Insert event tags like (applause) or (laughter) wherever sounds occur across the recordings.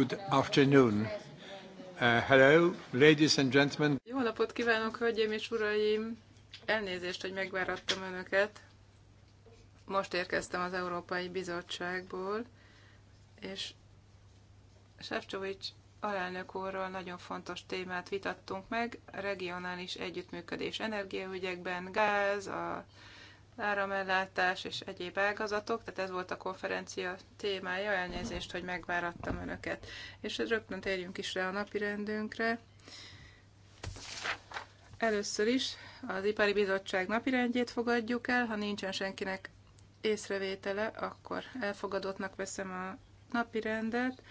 Good afternoon. Uh, hello, ladies and gentlemen. Jó napot kívánok, hölgyeim és uraim! Elnézést, hogy megvárattam önöket. Most érkeztem az Európai Bizottságból, és Sefcsovics alelnök úrról nagyon fontos témát vitattunk meg, regionális együttműködés energiaügyekben, gáz, a áramellátás és egyéb ágazatok, tehát ez volt a konferencia témája, elnézést, hogy megvárattam önöket. És rögtön térjünk is rá a napi rendünkre. Először is az Ipari Bizottság napirendjét fogadjuk el, ha nincsen senkinek észrevétele, akkor elfogadottnak veszem a napirendet.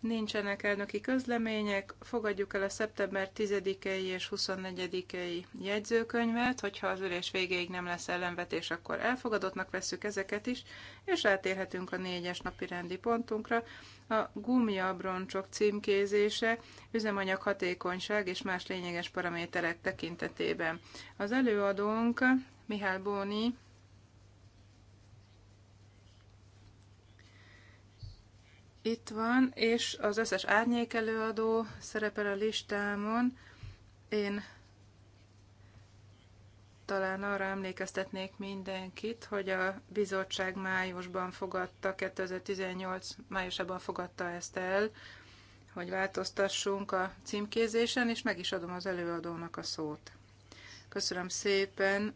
Nincsenek elnöki közlemények, fogadjuk el a szeptember 10 i és 24 i jegyzőkönyvet, hogyha az ülés végéig nem lesz ellenvetés, akkor elfogadottnak vesszük ezeket is, és rátérhetünk a négyes napi rendi pontunkra, a gumiabroncsok címkézése, üzemanyag hatékonyság és más lényeges paraméterek tekintetében. Az előadónk Mihály Bóni, itt van, és az összes árnyék előadó szerepel a listámon. Én talán arra emlékeztetnék mindenkit, hogy a bizottság májusban fogadta, 2018 májusában fogadta ezt el, hogy változtassunk a címkézésen, és meg is adom az előadónak a szót. Köszönöm szépen,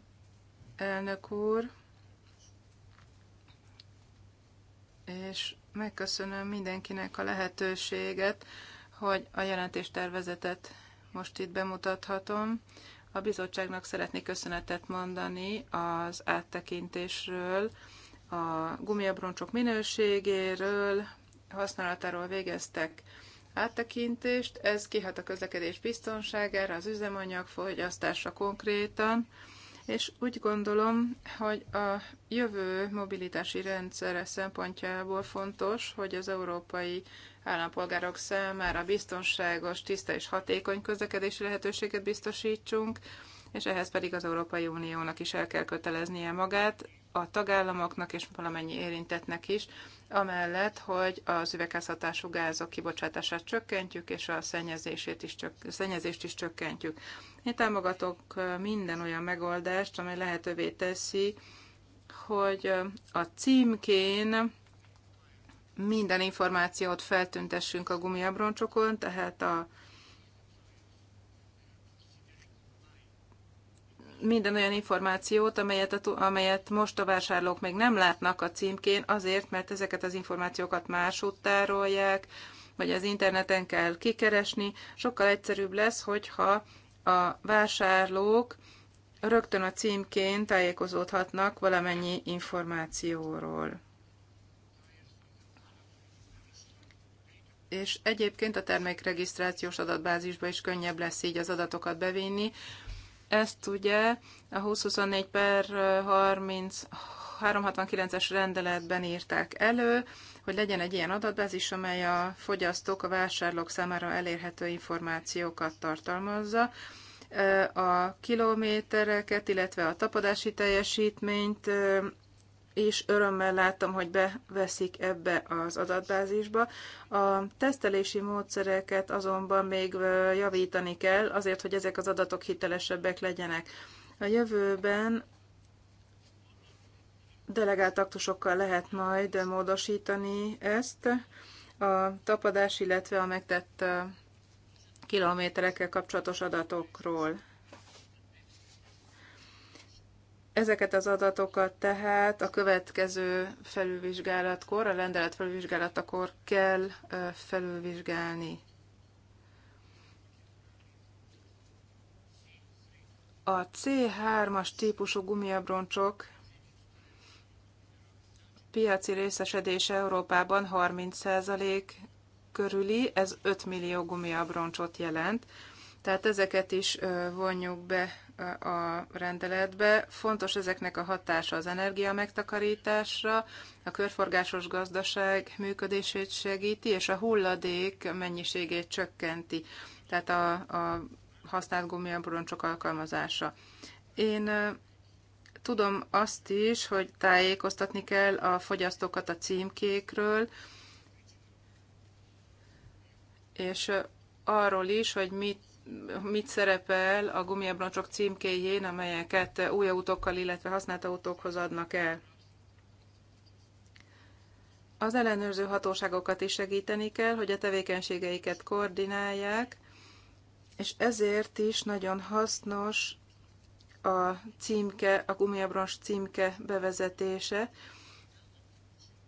elnök úr, és megköszönöm mindenkinek a lehetőséget, hogy a jelentéstervezetet most itt bemutathatom. A bizottságnak szeretnék köszönetet mondani az áttekintésről, a gumiabroncsok minőségéről, használatáról végeztek áttekintést. Ez kihat a közlekedés biztonságára, az üzemanyag fogyasztásra konkrétan, és úgy gondolom, hogy a jövő mobilitási rendszere szempontjából fontos, hogy az európai állampolgárok számára biztonságos, tiszta és hatékony közlekedési lehetőséget biztosítsunk, és ehhez pedig az Európai Uniónak is el kell köteleznie magát, a tagállamoknak és valamennyi érintetnek is, amellett, hogy az üvegházhatású gázok kibocsátását csökkentjük, és a szennyezését is csök, szennyezést is csökkentjük. Én támogatok minden olyan megoldást, amely lehetővé teszi, hogy a címkén minden információt feltüntessünk a gumiabroncsokon, tehát a minden olyan információt, amelyet, a, amelyet most a vásárlók még nem látnak a címkén, azért, mert ezeket az információkat máshogy tárolják, vagy az interneten kell kikeresni. Sokkal egyszerűbb lesz, hogyha a vásárlók rögtön a címkén tájékozódhatnak valamennyi információról. És egyébként a termék regisztrációs adatbázisba is könnyebb lesz így az adatokat bevinni, ezt ugye a 2024 per 30 369-es rendeletben írták elő, hogy legyen egy ilyen adatbázis, amely a fogyasztók, a vásárlók számára elérhető információkat tartalmazza. A kilométereket, illetve a tapadási teljesítményt és örömmel láttam, hogy beveszik ebbe az adatbázisba. A tesztelési módszereket azonban még javítani kell, azért, hogy ezek az adatok hitelesebbek legyenek. A jövőben delegált aktusokkal lehet majd módosítani ezt. A tapadás, illetve a megtett kilométerekkel kapcsolatos adatokról Ezeket az adatokat tehát a következő felülvizsgálatkor, a rendelet felülvizsgálatakor kell felülvizsgálni. A C3-as típusú gumiabroncsok piaci részesedése Európában 30% körüli, ez 5 millió gumiabroncsot jelent, tehát ezeket is vonjuk be a rendeletbe. Fontos ezeknek a hatása az energia megtakarításra, a körforgásos gazdaság működését segíti, és a hulladék mennyiségét csökkenti, tehát a, a használt gumiabroncsok alkalmazása. Én tudom azt is, hogy tájékoztatni kell a fogyasztókat a címkékről, és arról is, hogy mit mit szerepel a gumiabroncsok címkéjén, amelyeket új autókkal, illetve használt autókhoz adnak el. Az ellenőrző hatóságokat is segíteni kell, hogy a tevékenységeiket koordinálják, és ezért is nagyon hasznos a címke, a gumiabroncs címke bevezetése,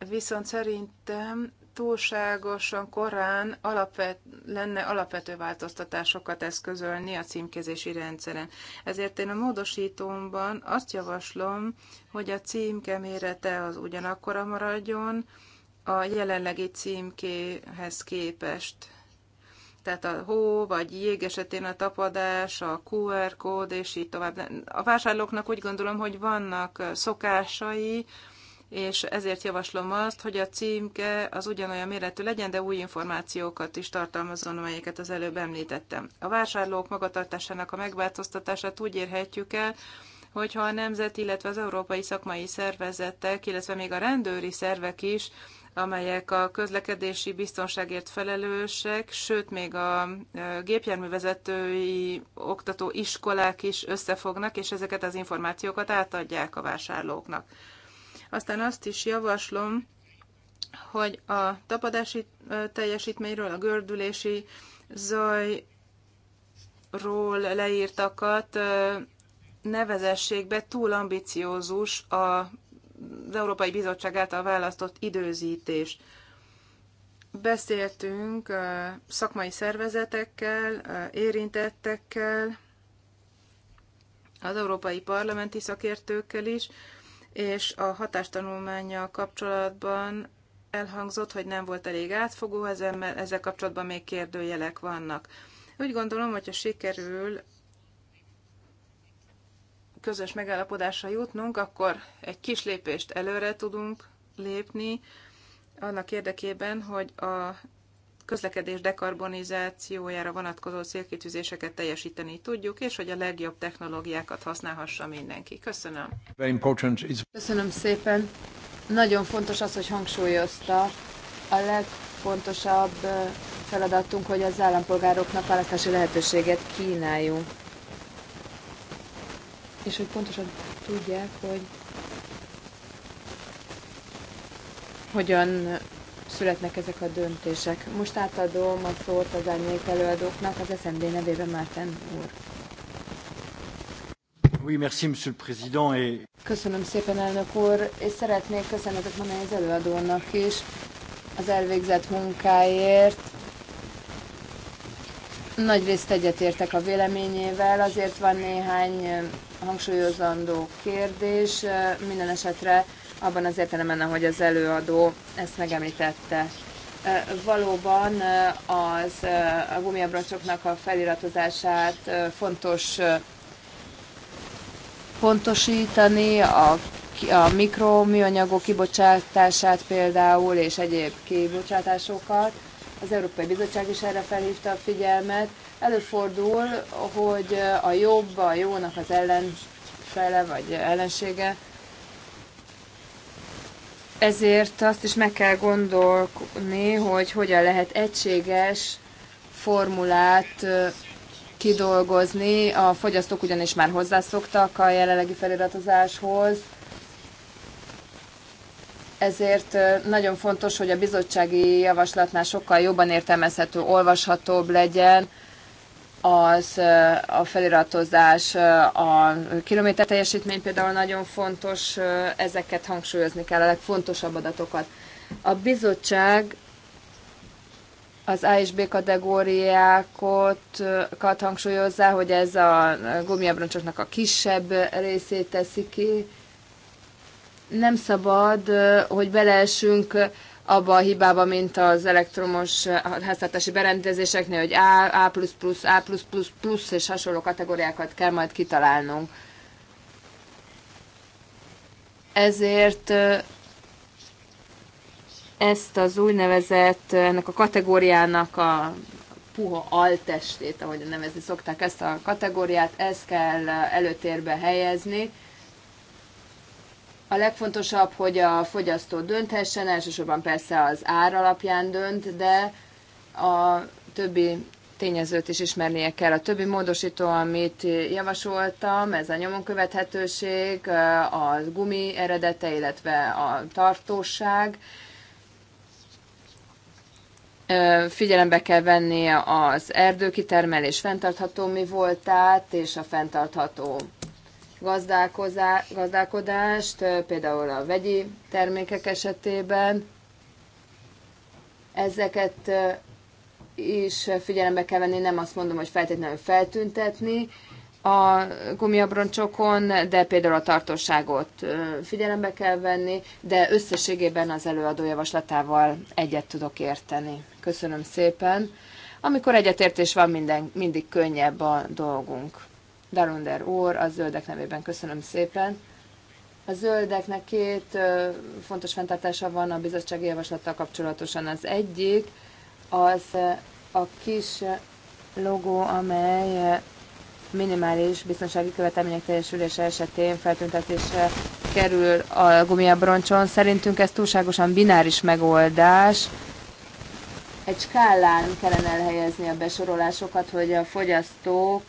viszont szerintem túlságosan korán alapvet, lenne alapvető változtatásokat eszközölni a címkézési rendszeren. Ezért én a módosítómban azt javaslom, hogy a címke mérete az ugyanakkora maradjon a jelenlegi címkéhez képest. Tehát a hó vagy jég esetén a tapadás, a QR kód és így tovább. A vásárlóknak úgy gondolom, hogy vannak szokásai, és ezért javaslom azt, hogy a címke az ugyanolyan méretű legyen, de új információkat is tartalmazzon, amelyeket az előbb említettem. A vásárlók magatartásának a megváltoztatását úgy érhetjük el, hogyha a nemzet, illetve az európai szakmai szervezetek, illetve még a rendőri szervek is, amelyek a közlekedési biztonságért felelősek, sőt, még a e, gépjárművezetői oktató iskolák is összefognak, és ezeket az információkat átadják a vásárlóknak. Aztán azt is javaslom, hogy a tapadási teljesítményről, a gördülési zajról leírtakat nevezessék be túl ambiciózus a az Európai Bizottság által választott időzítés. Beszéltünk szakmai szervezetekkel, érintettekkel, az európai parlamenti szakértőkkel is, és a hatástanulmányjal kapcsolatban elhangzott, hogy nem volt elég átfogó, ezzel, ezzel kapcsolatban még kérdőjelek vannak. Úgy gondolom, hogyha sikerül közös megállapodásra jutnunk, akkor egy kis lépést előre tudunk lépni, annak érdekében, hogy a közlekedés dekarbonizációjára vonatkozó célkitűzéseket teljesíteni tudjuk, és hogy a legjobb technológiákat használhassa mindenki. Köszönöm. Köszönöm szépen. Nagyon fontos az, hogy hangsúlyozta. A legfontosabb feladatunk, hogy az állampolgároknak választási lehetőséget kínáljunk. És hogy pontosan tudják, hogy hogyan születnek ezek a döntések. Most átadom a szót az árnyék előadóknak, az SMD nevében Márten úr. Oui, merci, monsieur le président, et... Köszönöm szépen, elnök úr, és szeretnék köszönetet mondani az előadónak is az elvégzett munkáért. Nagyrészt egyetértek a véleményével, azért van néhány eh, hangsúlyozandó kérdés. Eh, minden esetre abban az értelemben, ahogy az előadó ezt megemlítette. Valóban az a gumiabroncsoknak a feliratozását fontos pontosítani, a, a mikroműanyagok kibocsátását például, és egyéb kibocsátásokat. Az Európai Bizottság is erre felhívta a figyelmet. Előfordul, hogy a jobb, a jónak az ellenfele vagy ellensége ezért azt is meg kell gondolni, hogy hogyan lehet egységes formulát kidolgozni. A fogyasztók ugyanis már hozzászoktak a jelenlegi feliratozáshoz, ezért nagyon fontos, hogy a bizottsági javaslatnál sokkal jobban értelmezhető, olvashatóbb legyen, az a feliratozás, a kilométer teljesítmény például nagyon fontos, ezeket hangsúlyozni kell, a legfontosabb adatokat. A bizottság az A és B kategóriákat hangsúlyozza, hogy ez a gumiabroncsoknak a kisebb részét teszi ki. Nem szabad, hogy beleessünk abba a hibába, mint az elektromos háztartási berendezéseknél, hogy A, A++, A++++, és hasonló kategóriákat kell majd kitalálnunk. Ezért ezt az úgynevezett, ennek a kategóriának a puha altestét, ahogy nevezni szokták ezt a kategóriát, ezt kell előtérbe helyezni, a legfontosabb, hogy a fogyasztó dönthessen, elsősorban persze az ár alapján dönt, de a többi tényezőt is ismernie kell. A többi módosító, amit javasoltam, ez a nyomon követhetőség, a gumi eredete, illetve a tartóság. Figyelembe kell vennie az erdőkitermelés fenntartható mi voltát és a fenntartható gazdálkodást, például a vegyi termékek esetében. Ezeket is figyelembe kell venni, nem azt mondom, hogy feltétlenül feltüntetni a gumiabroncsokon, de például a tartóságot figyelembe kell venni, de összességében az előadó javaslatával egyet tudok érteni. Köszönöm szépen. Amikor egyetértés van, minden, mindig könnyebb a dolgunk. Dalonder úr, a zöldek nevében köszönöm szépen. A zöldeknek két fontos fenntartása van a bizottsági javaslattal kapcsolatosan. Az egyik az a kis logó, amely minimális biztonsági követelmények teljesülése esetén feltüntetésre kerül a gumiabroncson. Szerintünk ez túlságosan bináris megoldás. Egy skálán kellene elhelyezni a besorolásokat, hogy a fogyasztók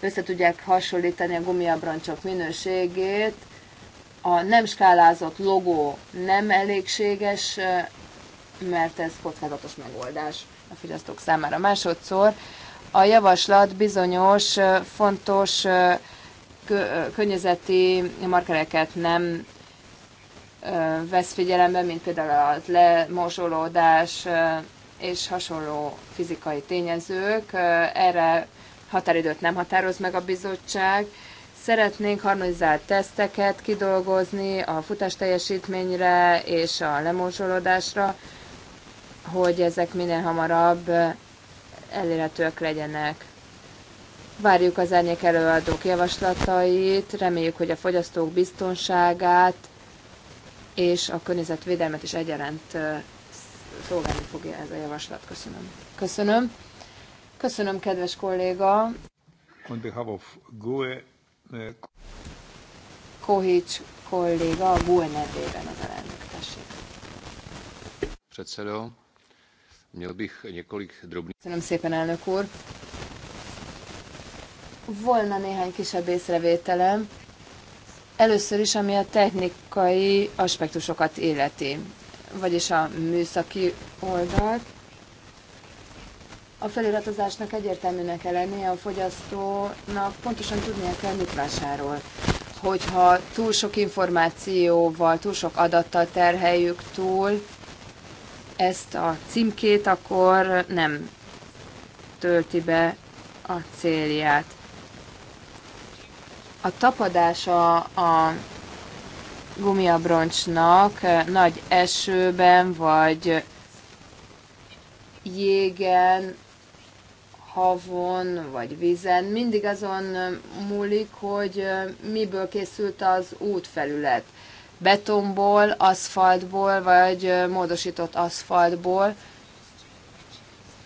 összetudják hasonlítani a gumiabrancsok minőségét. A nem skálázott logó nem elégséges, mert ez kockázatos megoldás a fogyasztók számára. Másodszor a javaslat bizonyos fontos környezeti markereket nem vesz figyelembe, mint például a lemosolódás és hasonló fizikai tényezők. Erre határidőt nem határoz meg a bizottság. Szeretnénk harmonizált teszteket kidolgozni a futás teljesítményre és a lemorzsolódásra, hogy ezek minél hamarabb elérhetőek legyenek. Várjuk az árnyék előadók javaslatait, reméljük, hogy a fogyasztók biztonságát és a környezetvédelmet is egyaránt szolgálni fogja ez a javaslat. Köszönöm. Köszönöm. Köszönöm, kedves kolléga. On behalf of GUE, eh, Kohics kolléga a GUE nevében az elnök, tessék. Předsedo, měl bych několik drobných... Köszönöm szépen, elnök úr. Volna néhány kisebb észrevételem. Először is, ami a technikai aspektusokat életi, vagyis a műszaki oldalt a feliratozásnak egyértelműnek kell lennie, a fogyasztónak pontosan tudnia kell, mit vásárol. Hogyha túl sok információval, túl sok adattal terheljük túl ezt a címkét, akkor nem tölti be a célját. A tapadása a gumiabroncsnak nagy esőben vagy jégen havon vagy vízen, mindig azon múlik, hogy miből készült az útfelület. Betonból, aszfaltból, vagy módosított aszfaltból,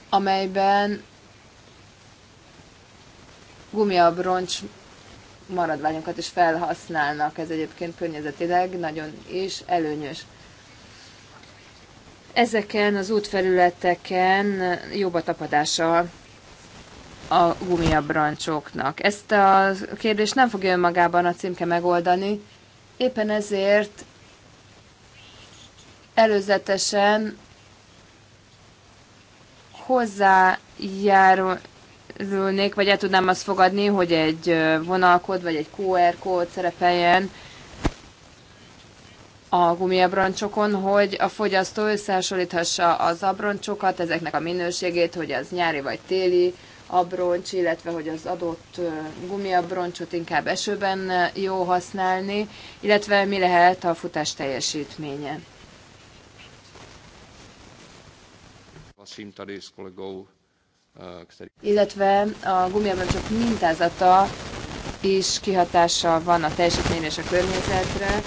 amelyben gumiabroncs maradványokat is felhasználnak. Ez egyébként környezetileg nagyon is előnyös. Ezeken az útfelületeken jobb a tapadása a gumiabrancsoknak. Ezt a kérdést nem fogja önmagában a címke megoldani, éppen ezért előzetesen hozzájárulnék, vagy el tudnám azt fogadni, hogy egy vonalkód vagy egy QR kód szerepeljen a gumiabroncsokon, hogy a fogyasztó összehasonlíthassa az abroncsokat, ezeknek a minőségét, hogy az nyári vagy téli, abroncs, illetve hogy az adott gumiabroncsot inkább esőben jó használni, illetve mi lehet a futás teljesítménye. Illetve a gumiabroncsok mintázata is kihatással van a teljesítményre és a környezetre.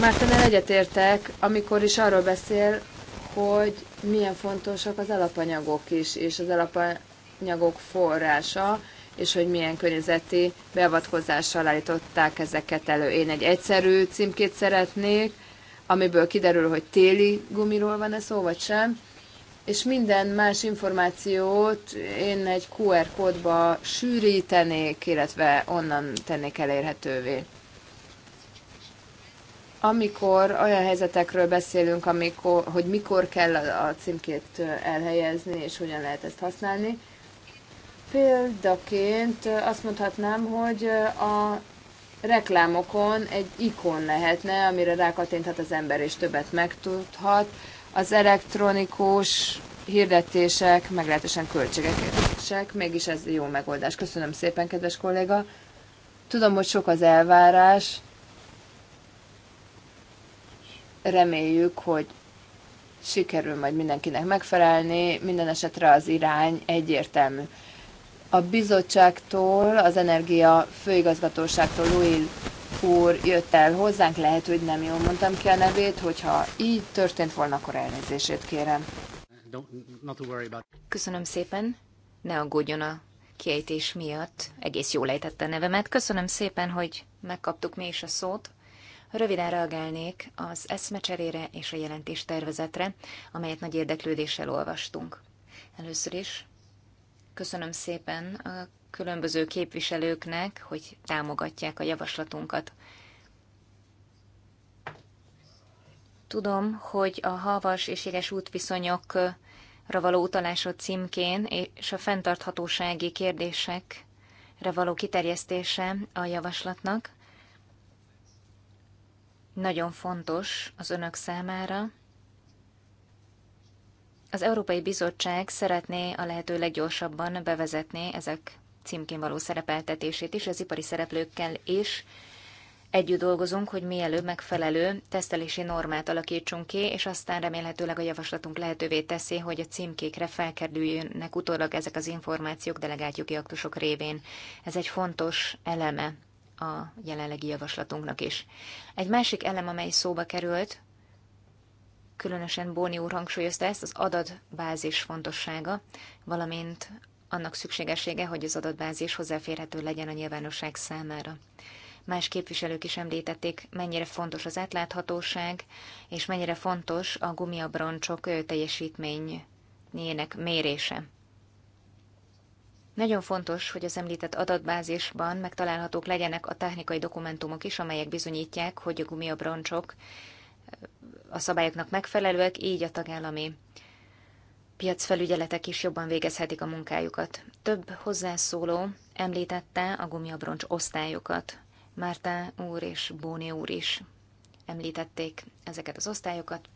Mártonál egyetértek, amikor is arról beszél, hogy milyen fontosak az alapanyagok is, és az alapanyagok nyersanyagok forrása, és hogy milyen környezeti beavatkozással állították ezeket elő. Én egy egyszerű címkét szeretnék, amiből kiderül, hogy téli gumiról van-e szó, vagy sem, és minden más információt én egy QR kódba sűrítenék, illetve onnan tennék elérhetővé. Amikor olyan helyzetekről beszélünk, amikor, hogy mikor kell a címkét elhelyezni, és hogyan lehet ezt használni, Példaként azt mondhatnám, hogy a reklámokon egy ikon lehetne, amire rákattinthat az ember és többet megtudhat. Az elektronikus hirdetések meglehetősen költségesek, mégis ez jó megoldás. Köszönöm szépen, kedves kolléga. Tudom, hogy sok az elvárás. Reméljük, hogy sikerül majd mindenkinek megfelelni. Minden esetre az irány egyértelmű. A bizottságtól, az Energia Főigazgatóságtól Louis úr jött el hozzánk, lehet, hogy nem jól mondtam ki a nevét, hogyha így történt volna, akkor elnézését kérem. Köszönöm szépen, ne aggódjon a kiejtés miatt, egész jól ejtette a nevemet. Köszönöm szépen, hogy megkaptuk mi is a szót. Röviden reagálnék az eszmecserére és a jelentés tervezetre, amelyet nagy érdeklődéssel olvastunk. Először is Köszönöm szépen a különböző képviselőknek, hogy támogatják a javaslatunkat. Tudom, hogy a havas és éles útviszonyokra való utalásod címkén és a fenntarthatósági kérdésekre való kiterjesztése a javaslatnak nagyon fontos az önök számára, az Európai Bizottság szeretné a lehető leggyorsabban bevezetni ezek címkén való szerepeltetését is, az ipari szereplőkkel is. Együtt dolgozunk, hogy mielőbb megfelelő tesztelési normát alakítsunk ki, és aztán remélhetőleg a javaslatunk lehetővé teszi, hogy a címkékre felkerüljönnek utólag ezek az információk delegált jogi aktusok révén. Ez egy fontos eleme a jelenlegi javaslatunknak is. Egy másik elem, amely szóba került, különösen Bóni úr hangsúlyozta ezt, az adatbázis fontossága, valamint annak szükségessége, hogy az adatbázis hozzáférhető legyen a nyilvánosság számára. Más képviselők is említették, mennyire fontos az átláthatóság, és mennyire fontos a gumiabroncsok teljesítményének mérése. Nagyon fontos, hogy az említett adatbázisban megtalálhatók legyenek a technikai dokumentumok is, amelyek bizonyítják, hogy a gumiabroncsok a szabályoknak megfelelőek, így a tagállami piacfelügyeletek is jobban végezhetik a munkájukat. Több hozzászóló említette a gumiabroncs osztályokat. Márta úr és Bóni úr is említették ezeket az osztályokat.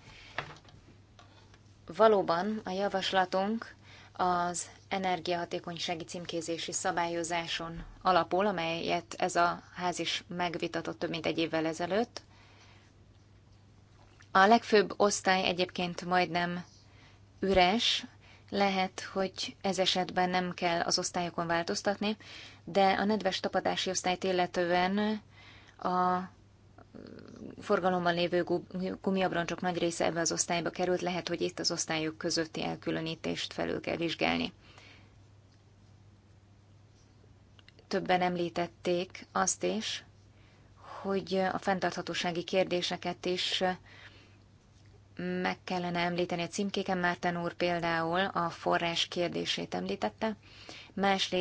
Valóban a javaslatunk az energiahatékonysági címkézési szabályozáson alapul, amelyet ez a ház is megvitatott több mint egy évvel ezelőtt. A legfőbb osztály egyébként majdnem üres, lehet, hogy ez esetben nem kell az osztályokon változtatni, de a nedves tapadási osztályt illetően a forgalomban lévő gumiabroncsok nagy része ebbe az osztályba került, lehet, hogy itt az osztályok közötti elkülönítést felül kell vizsgálni. Többen említették azt is, hogy a fenntarthatósági kérdéseket is meg kellene említeni a címkéken, Márten úr például a forrás kérdését említette. Más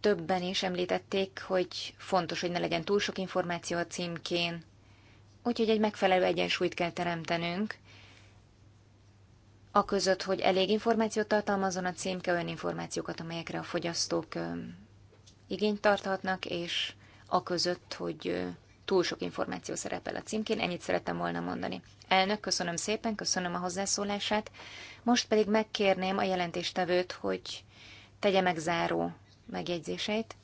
többen is említették, hogy fontos, hogy ne legyen túl sok információ a címkén, úgyhogy egy megfelelő egyensúlyt kell teremtenünk, a között, hogy elég információt tartalmazon a címke, olyan információkat, amelyekre a fogyasztók igényt tarthatnak, és a között, hogy túl sok információ szerepel a címkén, ennyit szerettem volna mondani. Elnök, köszönöm szépen, köszönöm a hozzászólását. Most pedig megkérném a jelentéstevőt, hogy tegye meg záró megjegyzéseit.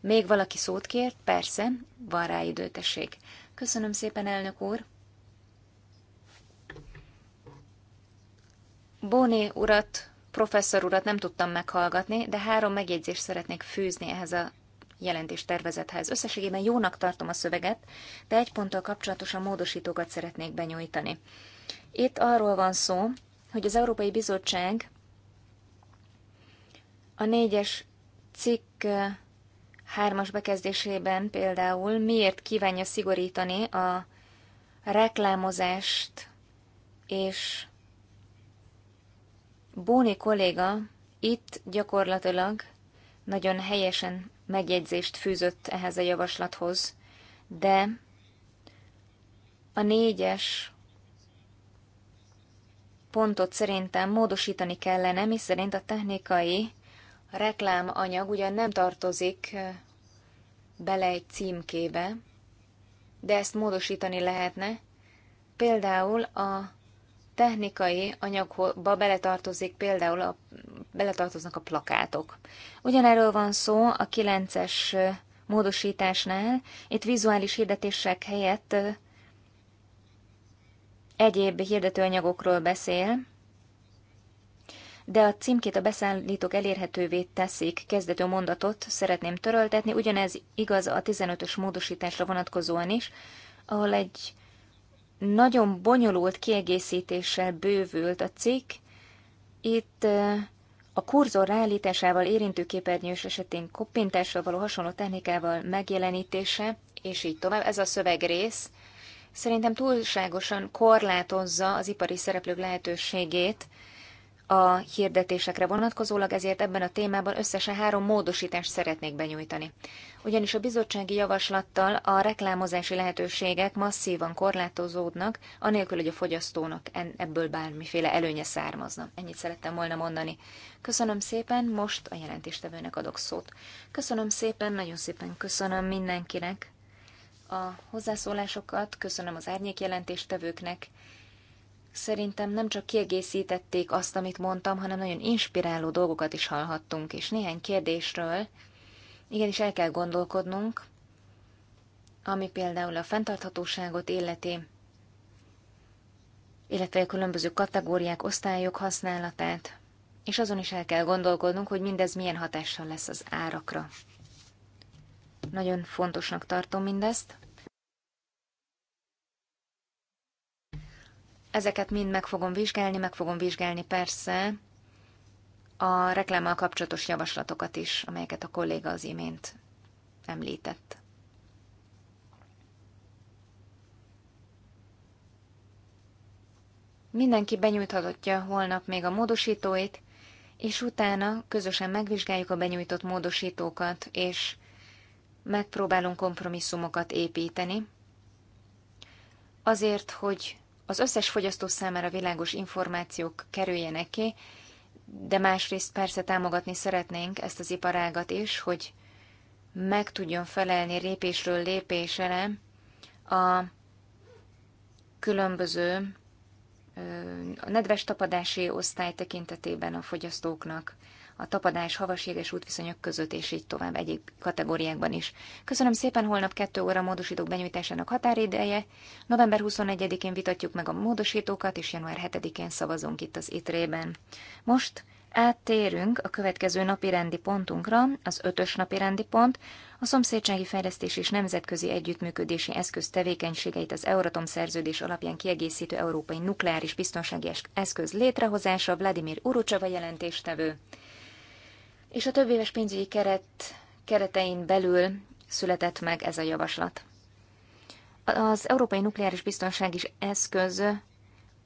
Még valaki szót kért? Persze, van rá időtesség. Köszönöm szépen, elnök úr. Bóné urat, professzor urat nem tudtam meghallgatni, de három megjegyzést szeretnék fűzni ehhez a jelentés tervezethez. Összességében jónak tartom a szöveget, de egy ponttal kapcsolatosan módosítókat szeretnék benyújtani. Itt arról van szó, hogy az Európai Bizottság a négyes cikk hármas bekezdésében például miért kívánja szigorítani a reklámozást, és Bóni kolléga itt gyakorlatilag nagyon helyesen megjegyzést fűzött ehhez a javaslathoz, de a négyes pontot szerintem módosítani kellene, szerint a technikai reklámanyag ugyan nem tartozik bele egy címkébe, de ezt módosítani lehetne. Például a technikai anyagba beletartozik például a, beletartoznak a plakátok. Ugyanerről van szó a 9-es módosításnál, itt vizuális hirdetések helyett egyéb hirdetőanyagokról beszél, de a címkét a beszállítók elérhetővé teszik kezdető mondatot szeretném töröltetni, ugyanez igaz a 15-ös módosításra vonatkozóan is, ahol egy nagyon bonyolult kiegészítéssel bővült a cikk. Itt a kurzor ráállításával, képernyős esetén koppintással való hasonló technikával megjelenítése, és így tovább. Ez a szövegrész szerintem túlságosan korlátozza az ipari szereplők lehetőségét a hirdetésekre vonatkozólag, ezért ebben a témában összesen három módosítást szeretnék benyújtani. Ugyanis a bizottsági javaslattal a reklámozási lehetőségek masszívan korlátozódnak, anélkül, hogy a fogyasztónak ebből bármiféle előnye származna. Ennyit szerettem volna mondani. Köszönöm szépen, most a jelentéstevőnek adok szót. Köszönöm szépen, nagyon szépen köszönöm mindenkinek a hozzászólásokat, köszönöm az árnyék jelentéstevőknek, Szerintem nem csak kiegészítették azt, amit mondtam, hanem nagyon inspiráló dolgokat is hallhattunk, és néhány kérdésről igenis el kell gondolkodnunk, ami például a fenntarthatóságot illeti, illetve a különböző kategóriák, osztályok használatát, és azon is el kell gondolkodnunk, hogy mindez milyen hatással lesz az árakra. Nagyon fontosnak tartom mindezt. Ezeket mind meg fogom vizsgálni, meg fogom vizsgálni persze a reklámmal kapcsolatos javaslatokat is, amelyeket a kolléga az imént említett. Mindenki benyújthatja holnap még a módosítóit, és utána közösen megvizsgáljuk a benyújtott módosítókat, és megpróbálunk kompromisszumokat építeni, azért, hogy az összes fogyasztó számára világos információk kerüljenek ki, de másrészt persze támogatni szeretnénk ezt az iparágat is, hogy meg tudjon felelni lépésről lépésre a különböző a nedves tapadási osztály tekintetében a fogyasztóknak a tapadás, havaség és útviszonyok között, és így tovább egyéb kategóriákban is. Köszönöm szépen, holnap 2 óra módosítók benyújtásának határideje. November 21-én vitatjuk meg a módosítókat, és január 7-én szavazunk itt az ITRE-ben. Most áttérünk a következő napi rendi pontunkra, az ötös napi rendi pont, a szomszédsági fejlesztés és nemzetközi együttműködési eszköz tevékenységeit az Euratom szerződés alapján kiegészítő európai nukleáris biztonsági eszköz létrehozása, Vladimir Urucsava jelentéstevő és a több éves pénzügyi keret keretein belül született meg ez a javaslat. Az Európai Nukleáris is Eszköz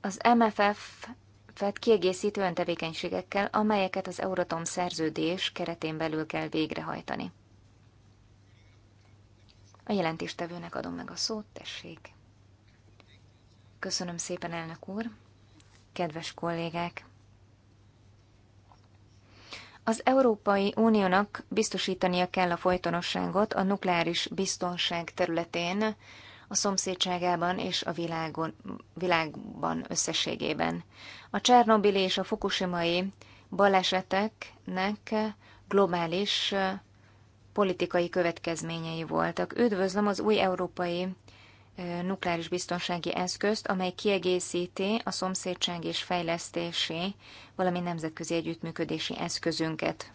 az MFF-et kiegészítő tevékenységekkel, amelyeket az Euratom szerződés keretén belül kell végrehajtani. A jelentéstevőnek adom meg a szót, tessék. Köszönöm szépen, elnök úr! Kedves kollégák! Az Európai Uniónak biztosítania kell a folytonosságot a nukleáris biztonság területén, a szomszédságában és a világon, világban összességében. A Csernobili és a Fukushimai baleseteknek globális eh, politikai következményei voltak. Üdvözlöm az új európai nukleáris biztonsági eszközt, amely kiegészíti a szomszédság és fejlesztési, valamint nemzetközi együttműködési eszközünket.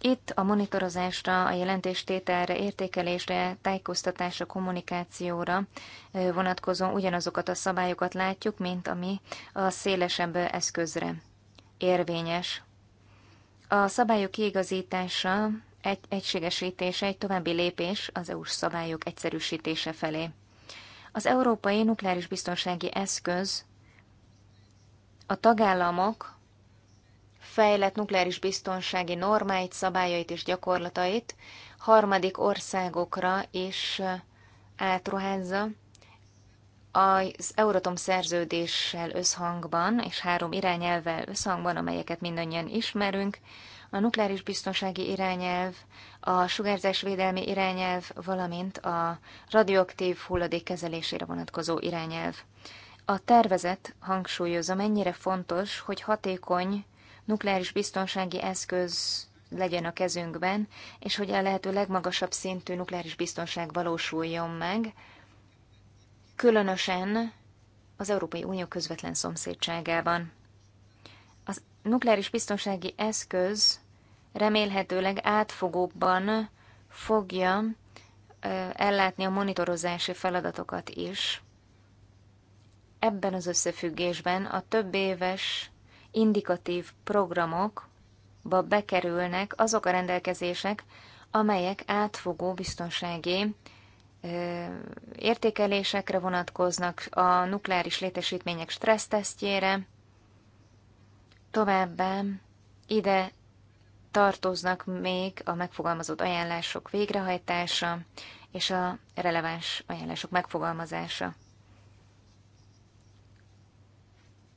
Itt a monitorozásra, a jelentéstételre, értékelésre, tájékoztatásra, kommunikációra vonatkozó ugyanazokat a szabályokat látjuk, mint ami a szélesebb eszközre érvényes. A szabályok kiigazítása egy egységesítése egy további lépés az EU-s szabályok egyszerűsítése felé. Az Európai Nukleáris Biztonsági Eszköz a tagállamok fejlett nukleáris biztonsági normáit, szabályait és gyakorlatait harmadik országokra is átruházza, az Euratom szerződéssel összhangban és három irányelvvel összhangban, amelyeket mindannyian ismerünk, a nukleáris biztonsági irányelv, a sugárzás védelmi irányelv, valamint a radioaktív hulladék kezelésére vonatkozó irányelv. A tervezet hangsúlyozza, mennyire fontos, hogy hatékony nukleáris biztonsági eszköz legyen a kezünkben, és hogy a lehető legmagasabb szintű nukleáris biztonság valósuljon meg, különösen az Európai Unió közvetlen szomszédságában. A nukleáris biztonsági eszköz remélhetőleg átfogóbban fogja ellátni a monitorozási feladatokat is. Ebben az összefüggésben a több éves indikatív programokba bekerülnek azok a rendelkezések, amelyek átfogó biztonsági értékelésekre vonatkoznak, a nukleáris létesítmények stressztesztjére, továbbá ide tartoznak még a megfogalmazott ajánlások végrehajtása és a releváns ajánlások megfogalmazása.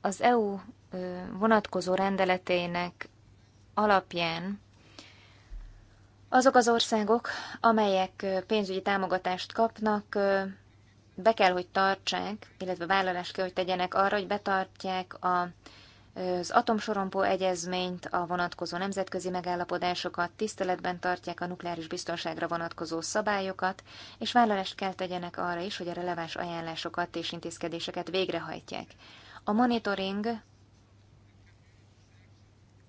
Az EU vonatkozó rendeletének alapján azok az országok, amelyek pénzügyi támogatást kapnak, be kell, hogy tartsák, illetve vállalást kell, hogy tegyenek arra, hogy betartják a az atomsorompó egyezményt, a vonatkozó nemzetközi megállapodásokat, tiszteletben tartják a nukleáris biztonságra vonatkozó szabályokat, és vállalást kell tegyenek arra is, hogy a releváns ajánlásokat és intézkedéseket végrehajtják. A monitoring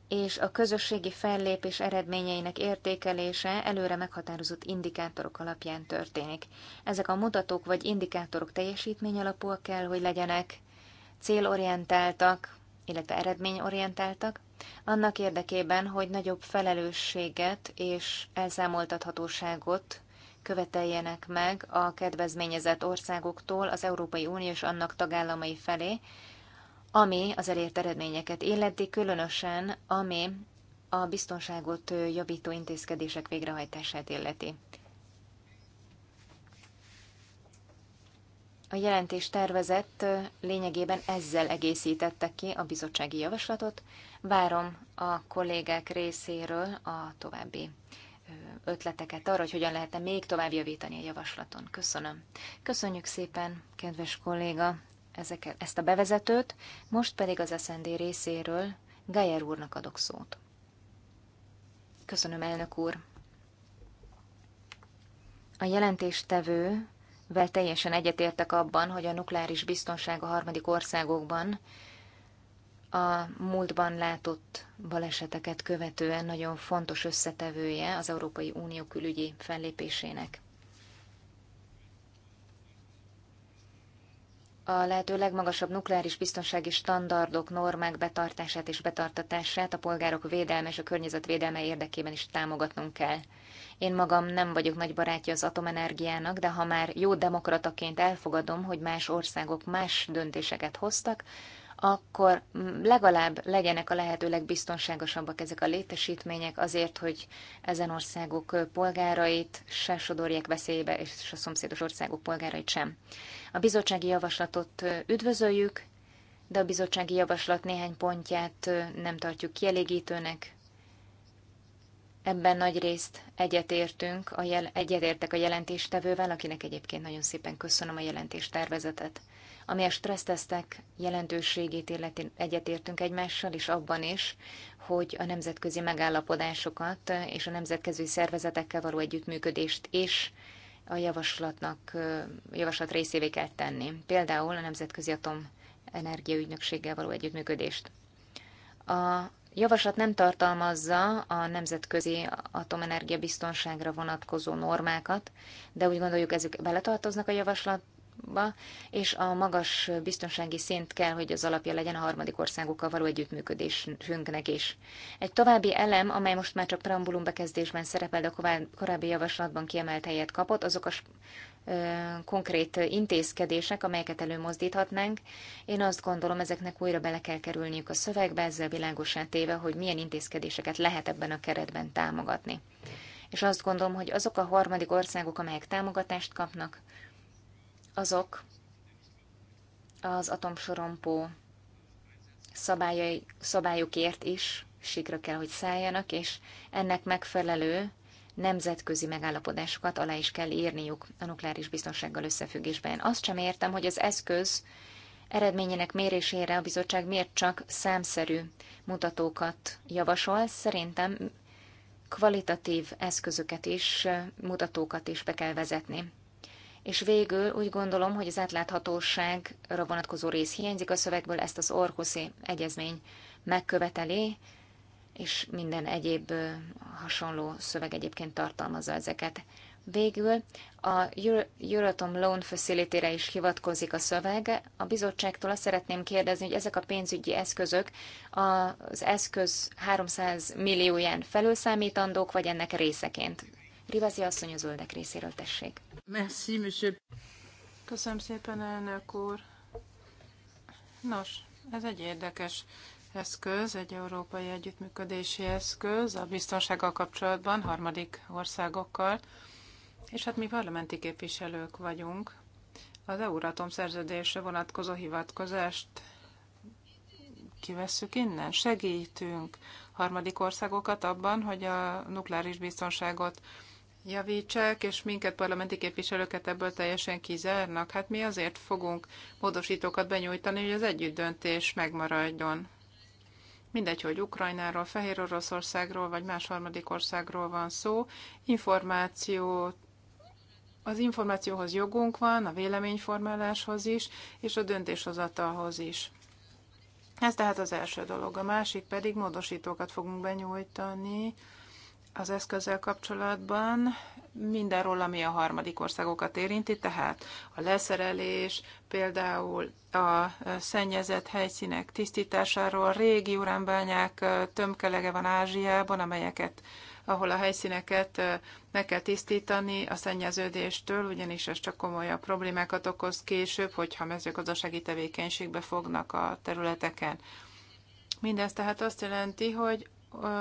és a közösségi fellépés eredményeinek értékelése előre meghatározott indikátorok alapján történik. Ezek a mutatók vagy indikátorok teljesítmény alapúak kell, hogy legyenek, célorientáltak, illetve eredményorientáltak, annak érdekében, hogy nagyobb felelősséget és elszámoltathatóságot követeljenek meg a kedvezményezett országoktól az Európai Unió és annak tagállamai felé, ami az elért eredményeket illeti, különösen ami a biztonságot javító intézkedések végrehajtását illeti. A jelentés tervezett lényegében ezzel egészítette ki a bizottsági javaslatot. Várom a kollégák részéről a további ötleteket arra, hogy hogyan lehetne még tovább javítani a javaslaton. Köszönöm. Köszönjük szépen, kedves kolléga, ezeket, ezt a bevezetőt. Most pedig az SND részéről Gajer úrnak adok szót. Köszönöm, elnök úr. A jelentéstevő vel teljesen egyetértek abban, hogy a nukleáris biztonság a harmadik országokban a múltban látott baleseteket követően nagyon fontos összetevője az Európai Unió külügyi fellépésének. a lehető legmagasabb nukleáris biztonsági standardok, normák betartását és betartatását a polgárok védelme és a környezet védelme érdekében is támogatnunk kell. Én magam nem vagyok nagy barátja az atomenergiának, de ha már jó demokrataként elfogadom, hogy más országok más döntéseket hoztak, akkor legalább legyenek a lehető legbiztonságosabbak ezek a létesítmények azért, hogy ezen országok polgárait se sodorják veszélybe, és a szomszédos országok polgárait sem. A bizottsági javaslatot üdvözöljük, de a bizottsági javaslat néhány pontját nem tartjuk kielégítőnek, Ebben nagy részt egyetértünk, a jel- egyetértek a jelentéstevővel, akinek egyébként nagyon szépen köszönöm a jelentéstervezetet. Ami a stressztesztek jelentőségét illeti, egyetértünk egymással, és abban is, hogy a nemzetközi megállapodásokat és a nemzetközi szervezetekkel való együttműködést is a javaslatnak, javaslat részévé kell tenni. Például a Nemzetközi Atom Energiaügynökséggel való együttműködést. A javaslat nem tartalmazza a nemzetközi atomenergia biztonságra vonatkozó normákat, de úgy gondoljuk, ezek beletartoznak a javaslatba, és a magas biztonsági szint kell, hogy az alapja legyen a harmadik országokkal való együttműködésünknek is. Egy további elem, amely most már csak preambulum bekezdésben szerepel, de a korábbi javaslatban kiemelt helyet kapott, azok a konkrét intézkedések, amelyeket előmozdíthatnánk. Én azt gondolom, ezeknek újra bele kell kerülniük a szövegbe, ezzel világosan téve, hogy milyen intézkedéseket lehet ebben a keretben támogatni. És azt gondolom, hogy azok a harmadik országok, amelyek támogatást kapnak, azok az atomsorompó szabályai, szabályokért is sikra kell, hogy szálljanak, és ennek megfelelő nemzetközi megállapodásokat alá is kell írniuk a nukleáris biztonsággal összefüggésben. Azt sem értem, hogy az eszköz eredményének mérésére a bizottság miért csak számszerű mutatókat javasol. Szerintem kvalitatív eszközöket is, mutatókat is be kell vezetni. És végül úgy gondolom, hogy az átláthatóságra vonatkozó rész hiányzik a szövegből, ezt az Orkuszi egyezmény megköveteli, és minden egyéb hasonló szöveg egyébként tartalmazza ezeket. Végül a Euratom Loan Facility-re is hivatkozik a szöveg. A bizottságtól azt szeretném kérdezni, hogy ezek a pénzügyi eszközök az eszköz 300 millióján felülszámítandók, vagy ennek részeként? Rivazi asszony az öldek részéről tessék. Merci, monsieur. Köszönöm szépen, elnök úr. Nos, ez egy érdekes eszköz, egy európai együttműködési eszköz a biztonsággal kapcsolatban, harmadik országokkal, és hát mi parlamenti képviselők vagyunk. Az Euratom szerződésre vonatkozó hivatkozást kivesszük innen, segítünk harmadik országokat abban, hogy a nukleáris biztonságot javítsák, és minket parlamenti képviselőket ebből teljesen kizárnak. Hát mi azért fogunk módosítókat benyújtani, hogy az együttdöntés megmaradjon mindegy, hogy Ukrajnáról, Fehér Oroszországról vagy más harmadik országról van szó, információt az információhoz jogunk van, a véleményformáláshoz is, és a döntéshozatalhoz is. Ez tehát az első dolog. A másik pedig módosítókat fogunk benyújtani az eszközzel kapcsolatban mindenről, ami a harmadik országokat érinti, tehát a leszerelés, például a szennyezett helyszínek tisztításáról, a régi uránbányák tömkelege van Ázsiában, amelyeket ahol a helyszíneket meg kell tisztítani a szennyeződéstől, ugyanis ez csak komolyabb problémákat okoz később, hogyha mezőgazdasági tevékenységbe fognak a területeken. Mindez tehát azt jelenti, hogy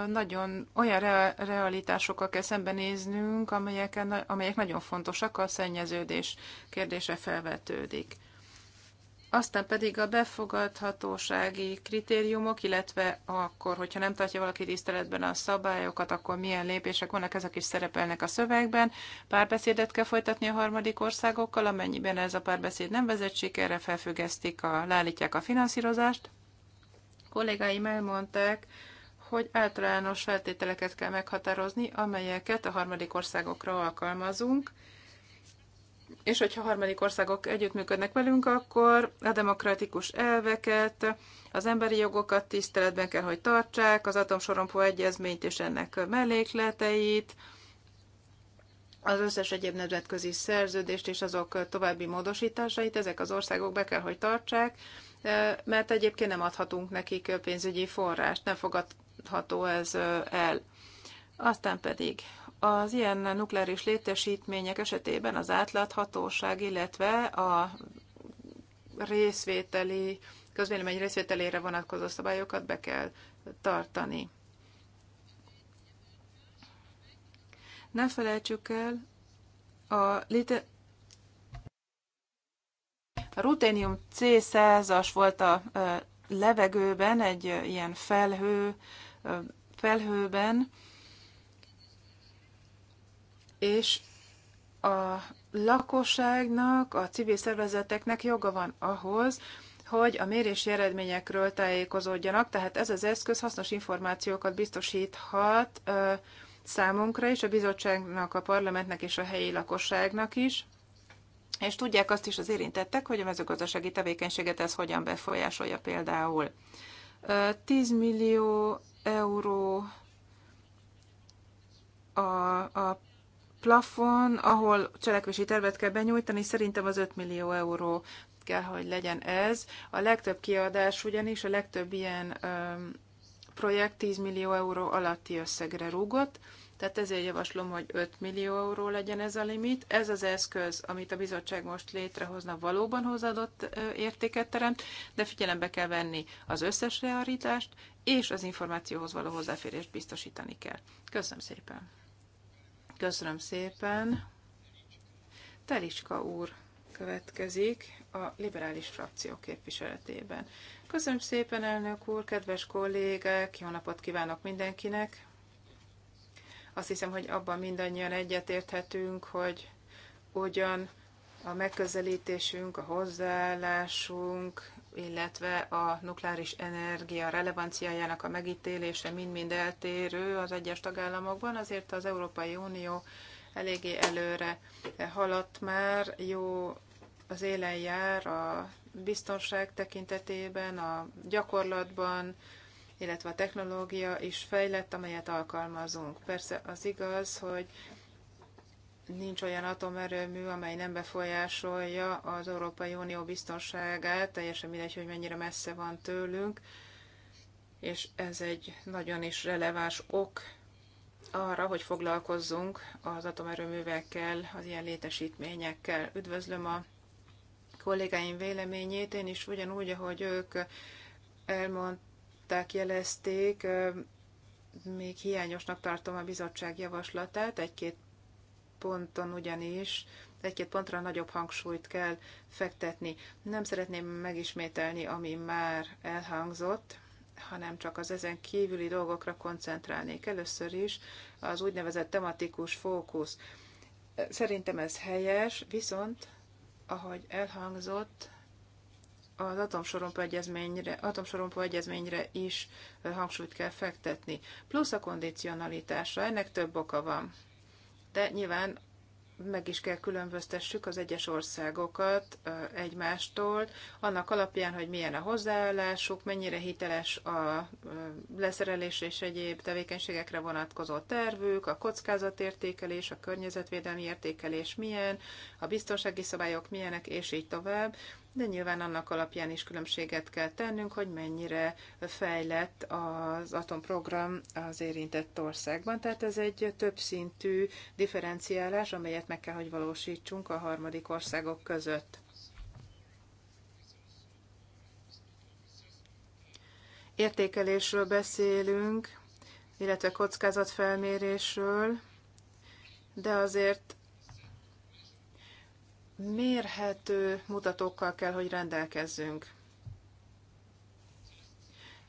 nagyon olyan realitásokkal kell szembenéznünk, amelyek, amelyek nagyon fontosak, a szennyeződés kérdése felvetődik. Aztán pedig a befogadhatósági kritériumok, illetve akkor, hogyha nem tartja valaki tiszteletben a szabályokat, akkor milyen lépések vannak, ezek is szerepelnek a szövegben. Párbeszédet kell folytatni a harmadik országokkal, amennyiben ez a párbeszéd nem vezet sikerre, felfüggesztik, a, leállítják a finanszírozást. Kollégáim elmondták, hogy általános feltételeket kell meghatározni, amelyeket a harmadik országokra alkalmazunk, és hogyha harmadik országok együttműködnek velünk, akkor a demokratikus elveket, az emberi jogokat tiszteletben kell, hogy tartsák, az atomsorompó egyezményt és ennek mellékleteit, az összes egyéb nemzetközi szerződést és azok további módosításait ezek az országok be kell, hogy tartsák, mert egyébként nem adhatunk nekik pénzügyi forrást, nem fogad, jutható ez el. Aztán pedig az ilyen nukleáris létesítmények esetében az átláthatóság, illetve a részvételi, közvélemény részvételére vonatkozó szabályokat be kell tartani. Ne felejtsük el a lite a ruténium C100-as volt a levegőben egy ilyen felhő felhőben, és a lakosságnak, a civil szervezeteknek joga van ahhoz, hogy a mérési eredményekről tájékozódjanak, tehát ez az eszköz hasznos információkat biztosíthat ö, számunkra is, a bizottságnak, a parlamentnek és a helyi lakosságnak is, és tudják azt is az érintettek, hogy a mezőgazdasági tevékenységet ez hogyan befolyásolja például. 10 millió euró a, a plafon, ahol cselekvési tervet kell benyújtani, szerintem az 5 millió euró kell, hogy legyen ez. A legtöbb kiadás ugyanis, a legtöbb ilyen projekt 10 millió euró alatti összegre rúgott, tehát ezért javaslom, hogy 5 millió euró legyen ez a limit. Ez az eszköz, amit a bizottság most létrehozna, valóban hozadott értéket teremt, de figyelembe kell venni az összes realitást, és az információhoz való hozzáférést biztosítani kell. Köszönöm szépen! Köszönöm szépen! Teliska úr következik a liberális frakció képviseletében. Köszönöm szépen, elnök úr, kedves kollégák, jó napot kívánok mindenkinek! Azt hiszem, hogy abban mindannyian egyetérthetünk, hogy ugyan a megközelítésünk, a hozzáállásunk, illetve a nukleáris energia relevanciájának a megítélése mind-mind eltérő az egyes tagállamokban, azért az Európai Unió eléggé előre haladt már, jó az élen jár a biztonság tekintetében, a gyakorlatban, illetve a technológia is fejlett, amelyet alkalmazunk. Persze az igaz, hogy nincs olyan atomerőmű, amely nem befolyásolja az Európai Unió biztonságát, teljesen mindegy, hogy mennyire messze van tőlünk, és ez egy nagyon is releváns ok arra, hogy foglalkozzunk az atomerőművekkel, az ilyen létesítményekkel. Üdvözlöm a kollégáim véleményét, én is ugyanúgy, ahogy ők elmond, kollégák jelezték, még hiányosnak tartom a bizottság javaslatát, egy-két ponton ugyanis egy-két pontra nagyobb hangsúlyt kell fektetni. Nem szeretném megismételni, ami már elhangzott, hanem csak az ezen kívüli dolgokra koncentrálnék. Először is az úgynevezett tematikus fókusz. Szerintem ez helyes, viszont, ahogy elhangzott, az atomsorompó egyezményre, atomsorompó egyezményre is hangsúlyt kell fektetni. Plusz a kondicionalitásra, ennek több oka van. De nyilván meg is kell különböztessük az egyes országokat egymástól, annak alapján, hogy milyen a hozzáállásuk, mennyire hiteles a leszerelés és egyéb tevékenységekre vonatkozó tervük, a kockázatértékelés, a környezetvédelmi értékelés milyen, a biztonsági szabályok milyenek, és így tovább de nyilván annak alapján is különbséget kell tennünk, hogy mennyire fejlett az atomprogram az érintett országban. Tehát ez egy többszintű differenciálás, amelyet meg kell, hogy valósítsunk a harmadik országok között. Értékelésről beszélünk, illetve kockázatfelmérésről, de azért mérhető mutatókkal kell, hogy rendelkezzünk.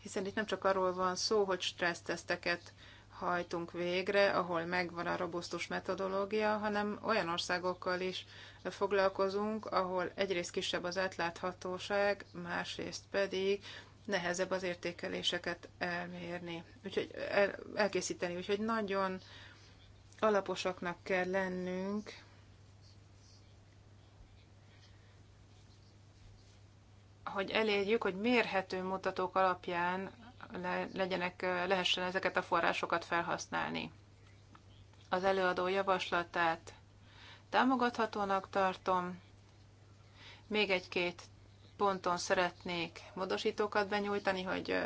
Hiszen itt nem csak arról van szó, hogy stresszteszteket hajtunk végre, ahol megvan a robusztus metodológia, hanem olyan országokkal is foglalkozunk, ahol egyrészt kisebb az átláthatóság, másrészt pedig nehezebb az értékeléseket elmérni, úgyhogy el, elkészíteni. Úgyhogy nagyon alaposaknak kell lennünk, hogy elérjük, hogy mérhető mutatók alapján le, legyenek, lehessen ezeket a forrásokat felhasználni. Az előadó javaslatát támogathatónak tartom. Még egy-két ponton szeretnék módosítókat benyújtani, hogy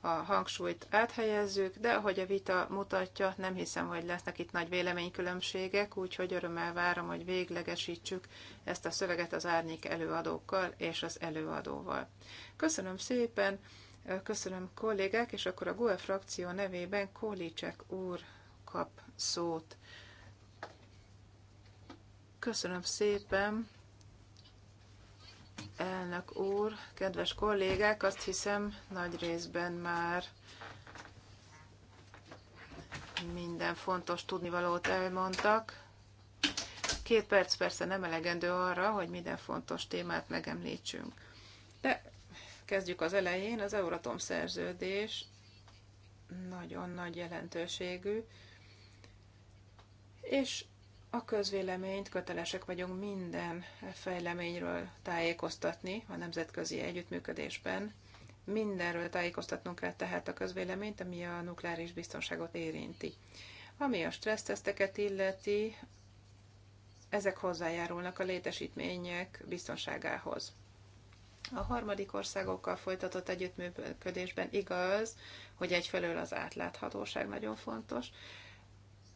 a hangsúlyt áthelyezzük, de ahogy a vita mutatja, nem hiszem, hogy lesznek itt nagy véleménykülönbségek, úgyhogy örömmel várom, hogy véglegesítsük ezt a szöveget az árnyék előadókkal és az előadóval. Köszönöm szépen, köszönöm kollégák, és akkor a GUE frakció nevében Kólicsek úr kap szót. Köszönöm szépen! elnök úr, kedves kollégák, azt hiszem nagy részben már minden fontos tudnivalót elmondtak. Két perc persze nem elegendő arra, hogy minden fontos témát megemlítsünk. De kezdjük az elején, az Euratom szerződés nagyon nagy jelentőségű, és a közvéleményt kötelesek vagyunk minden fejleményről tájékoztatni a nemzetközi együttműködésben. Mindenről tájékoztatnunk kell tehát a közvéleményt, ami a nukleáris biztonságot érinti. Ami a stresszteszteket illeti, ezek hozzájárulnak a létesítmények biztonságához. A harmadik országokkal folytatott együttműködésben igaz, hogy egyfelől az átláthatóság nagyon fontos,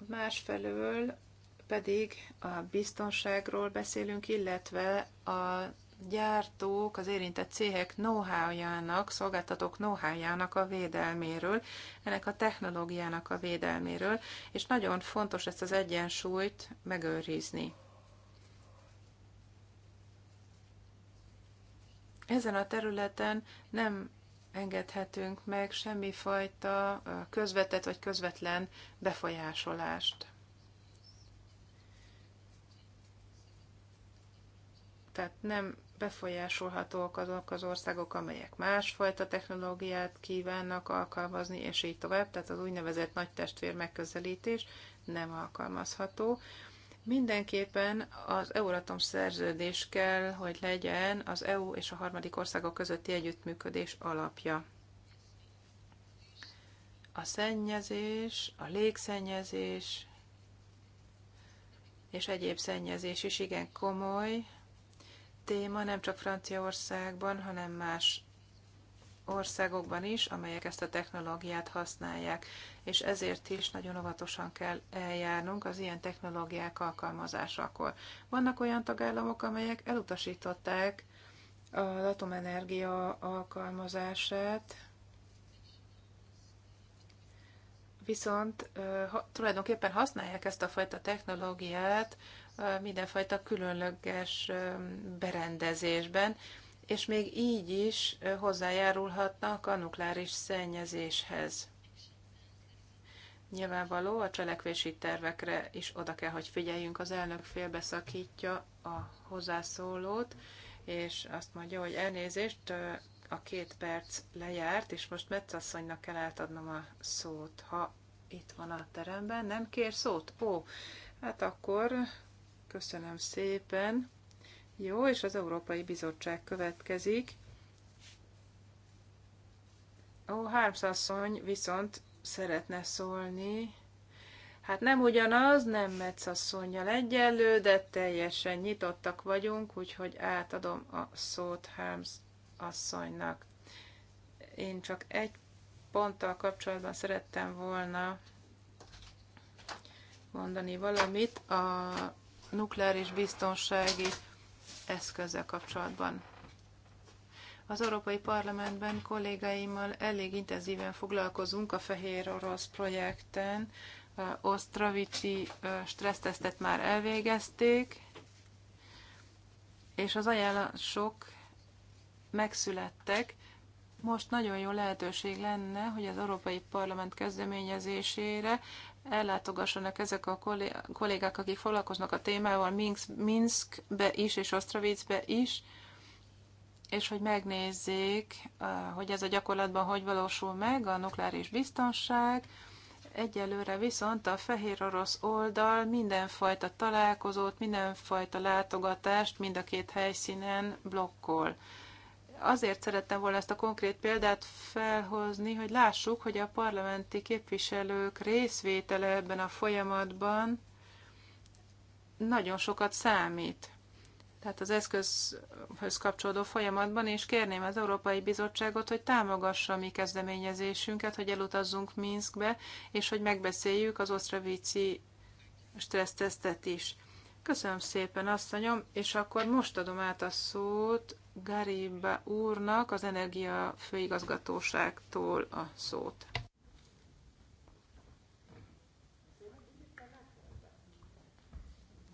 másfelől pedig a biztonságról beszélünk, illetve a gyártók, az érintett céhek know-how-jának, szolgáltatók know-how-jának a védelméről, ennek a technológiának a védelméről, és nagyon fontos ezt az egyensúlyt megőrizni. Ezen a területen nem engedhetünk meg semmifajta közvetett vagy közvetlen befolyásolást. tehát nem befolyásolhatóak azok az országok, amelyek másfajta technológiát kívánnak alkalmazni, és így tovább, tehát az úgynevezett nagy testvér megközelítés nem alkalmazható. Mindenképpen az Euratom szerződés kell, hogy legyen az EU és a harmadik országok közötti együttműködés alapja. A szennyezés, a légszennyezés és egyéb szennyezés is igen komoly téma nem csak Franciaországban, hanem más országokban is, amelyek ezt a technológiát használják, és ezért is nagyon óvatosan kell eljárnunk az ilyen technológiák alkalmazásakor. Vannak olyan tagállamok, amelyek elutasították az atomenergia alkalmazását, viszont ha, tulajdonképpen használják ezt a fajta technológiát mindenfajta különleges berendezésben, és még így is hozzájárulhatnak a nukleáris szennyezéshez. Nyilvánvaló, a cselekvési tervekre is oda kell, hogy figyeljünk. Az elnök félbeszakítja a hozzászólót, és azt mondja, hogy elnézést, a két perc lejárt, és most Metzasszonynak kell átadnom a szót, ha itt van a teremben. Nem kér szót? Ó, hát akkor Köszönöm szépen. Jó, és az Európai Bizottság következik. Ó, Hármszasszony viszont szeretne szólni. Hát nem ugyanaz, nem Metszasszonyjal egyenlő, de teljesen nyitottak vagyunk, úgyhogy átadom a szót Harms asszonynak. Én csak egy ponttal kapcsolatban szerettem volna mondani valamit. A nukleáris biztonsági eszközzel kapcsolatban. Az Európai Parlamentben kollégáimmal elég intenzíven foglalkozunk a Fehér Orosz projekten. Osztravici stressztesztet már elvégezték, és az ajánlások megszülettek. Most nagyon jó lehetőség lenne, hogy az Európai Parlament kezdeményezésére ellátogassanak ezek a kollégák, akik foglalkoznak a témával Minskbe is és Ostravicbe is, és hogy megnézzék, hogy ez a gyakorlatban hogy valósul meg a nukleáris biztonság. Egyelőre viszont a fehér orosz oldal mindenfajta találkozót, mindenfajta látogatást mind a két helyszínen blokkol azért szerettem volna ezt a konkrét példát felhozni, hogy lássuk, hogy a parlamenti képviselők részvétele ebben a folyamatban nagyon sokat számít. Tehát az eszközhöz kapcsolódó folyamatban, és kérném az Európai Bizottságot, hogy támogassa a mi kezdeményezésünket, hogy elutazzunk Minskbe, és hogy megbeszéljük az osztravíci stressztesztet is. Köszönöm szépen, asszonyom, és akkor most adom át a szót Gariba úrnak az Energia Főigazgatóságtól a szót.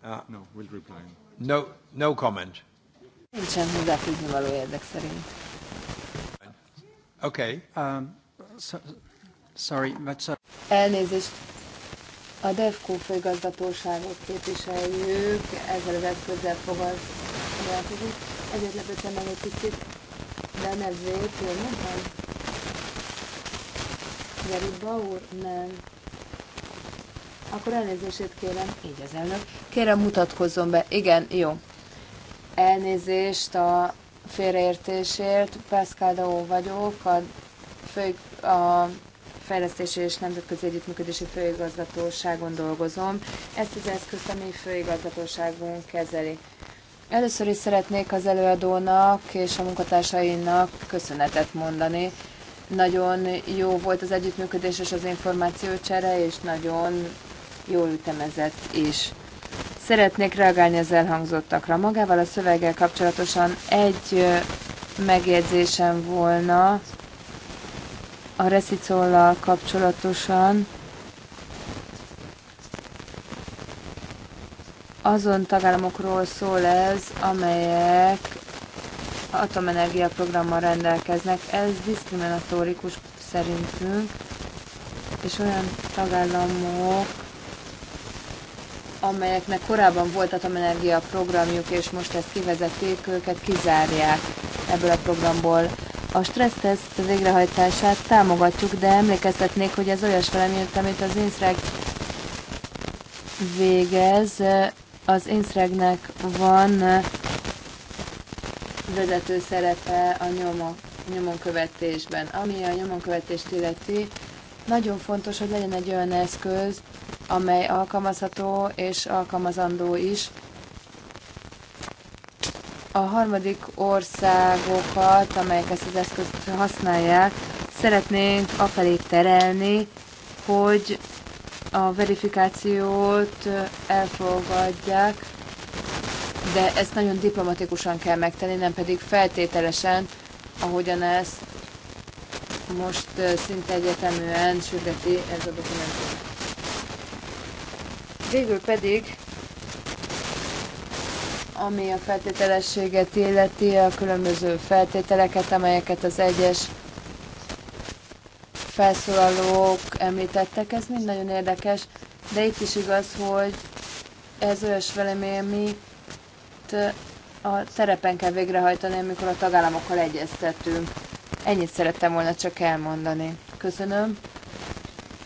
Uh, no, we'll reply. No, no comment. Nincsen hozzáfűzni való érdek szerint. Okay. Um, so, sorry, but so... Elnézést. A DEFCO főigazgatóságot képviseljük, ezzel az eszközzel foglalkozik ezért lepettem meg egy kicsit, de nem nevét jól mondtam? Geriba úr? Nem. Akkor elnézését kérem. Így az elnök. Kérem, mutatkozzon be. Igen, jó. Elnézést a félreértésért. Pászkádó vagyok, a, fő, a Fejlesztési és Nemzetközi Együttműködési Főigazgatóságon dolgozom. Ezt az eszközt a mi főigazgatóságunk kezeli. Először is szeretnék az előadónak és a munkatársainak köszönetet mondani. Nagyon jó volt az együttműködés és az információcsere, és nagyon jól ütemezett is. Szeretnék reagálni az elhangzottakra. Magával a szöveggel kapcsolatosan egy megjegyzésem volna a reszicollal kapcsolatosan. Azon tagállamokról szól ez, amelyek atomenergia programmal rendelkeznek. Ez diszkriminatórikus szerintünk, és olyan tagállamok, amelyeknek korábban volt atomenergia programjuk, és most ezt kivezették, őket kizárják ebből a programból. A stresszteszt végrehajtását támogatjuk, de emlékeztetnék, hogy ez olyas valami, amit az INSREG végez, az Inszregnek van vezető szerepe a nyomok, nyomonkövetésben. Ami a nyomonkövetést illeti, nagyon fontos, hogy legyen egy olyan eszköz, amely alkalmazható és alkalmazandó is. A harmadik országokat, amelyek ezt az eszközt használják, szeretnénk afelé terelni, hogy a verifikációt elfogadják, de ezt nagyon diplomatikusan kell megtenni, nem pedig feltételesen, ahogyan ezt most szinte egyeteműen sürgeti ez a dokumentum. Végül pedig, ami a feltételességet illeti, a különböző feltételeket, amelyeket az egyes felszólalók említettek, ez mind nagyon érdekes, de itt is igaz, hogy ez olyas velemi, amit a szerepen kell végrehajtani, amikor a tagállamokkal egyeztetünk. Ennyit szerettem volna csak elmondani. Köszönöm.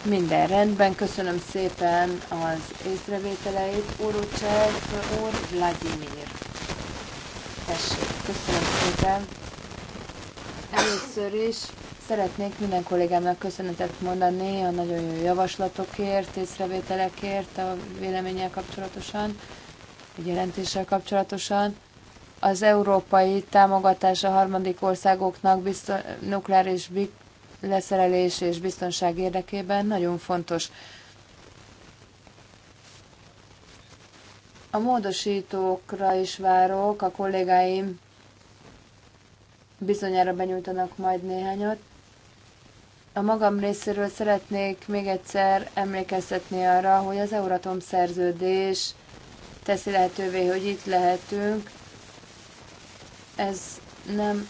Minden rendben, köszönöm szépen az észrevételeit. Urucsev úr, Vladimir. Tessék, köszönöm szépen. Először is szeretnék minden kollégámnak köszönetet mondani a nagyon jó javaslatokért, észrevételekért a véleménnyel kapcsolatosan, a jelentéssel kapcsolatosan. Az európai támogatás a harmadik országoknak bizton, nukleáris leszerelés és biztonság érdekében nagyon fontos. A módosítókra is várok, a kollégáim bizonyára benyújtanak majd néhányat. A magam részéről szeretnék még egyszer emlékeztetni arra, hogy az Euratom szerződés teszi lehetővé, hogy itt lehetünk. Ez nem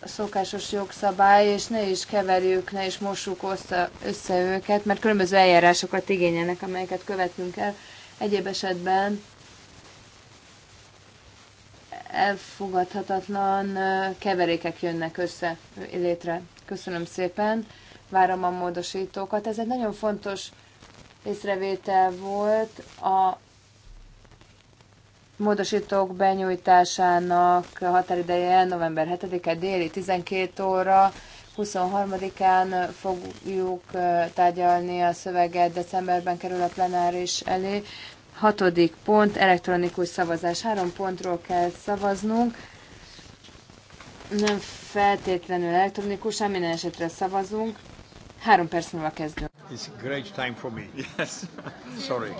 a szokásos jogszabály, és ne is keverjük, ne is mossuk össze, össze őket, mert különböző eljárásokat igényelnek, amelyeket követnünk kell. Egyéb esetben elfogadhatatlan keverékek jönnek össze létre. Köszönöm szépen, várom a módosítókat. Ez egy nagyon fontos észrevétel volt a módosítók benyújtásának határideje november 7-e déli 12 óra. 23-án fogjuk tárgyalni a szöveget, decemberben kerül a plenáris elé. Hatodik pont, elektronikus szavazás. Három pontról kell szavaznunk. Nem feltétlenül elektronikus, minden esetre szavazunk. Három perc múlva kezdünk. It's great time for me. Yes. Sorry.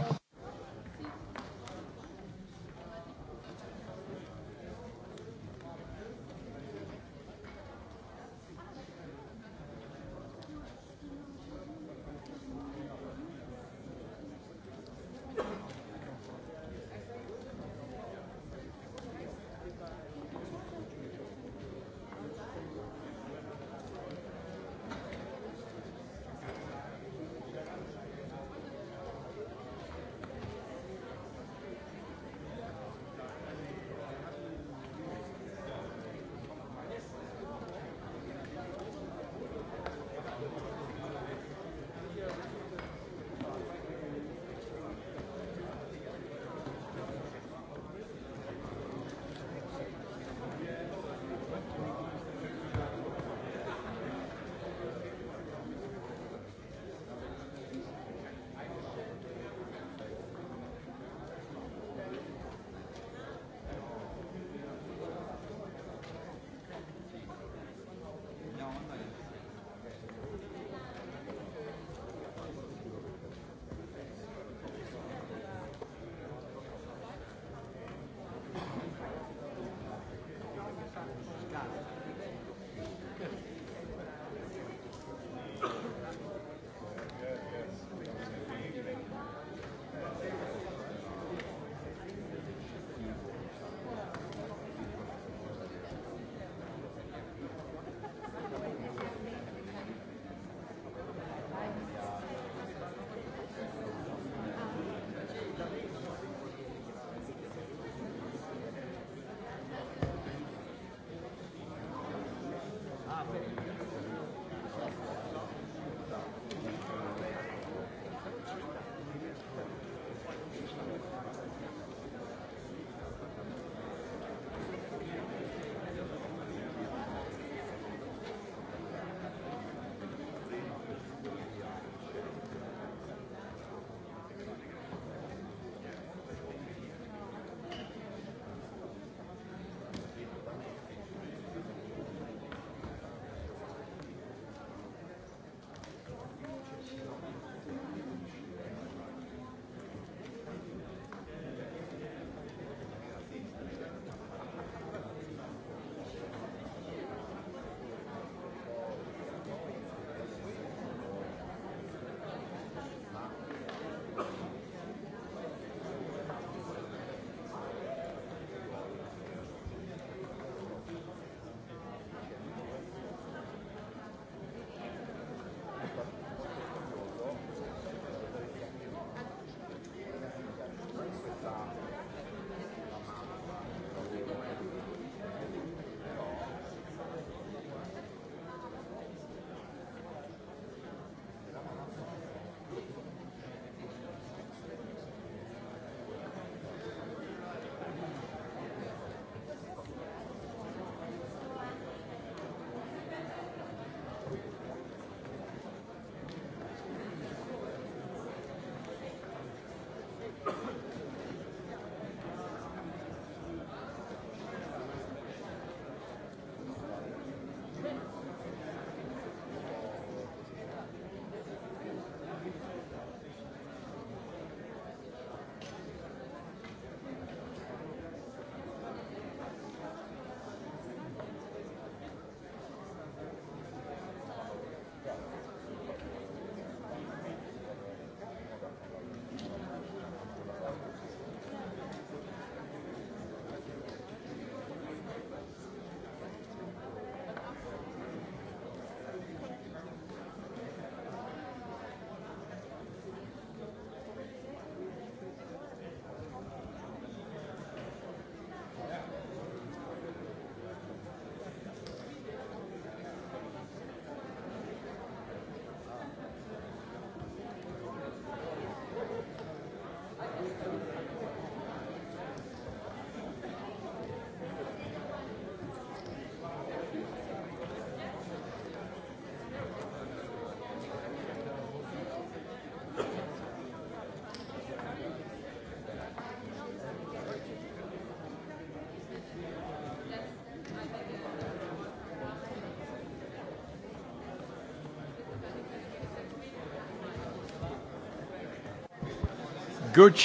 Good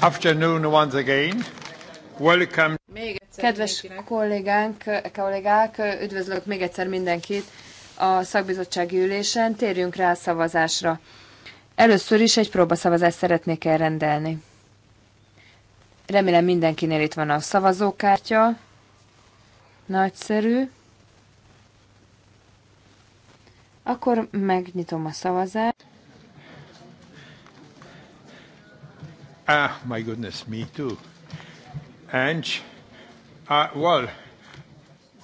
afternoon once again. Welcome. Még egyszer Kedves mindenkinek. kollégánk, kollégák, üdvözlök még egyszer mindenkit a szakbizottsági ülésen. Térjünk rá a szavazásra. Először is egy próbaszavazást szeretnék elrendelni. Remélem mindenkinél itt van a szavazókártya. Nagyszerű. Akkor megnyitom a szavazást. Ah, my goodness, me too. And, uh, well,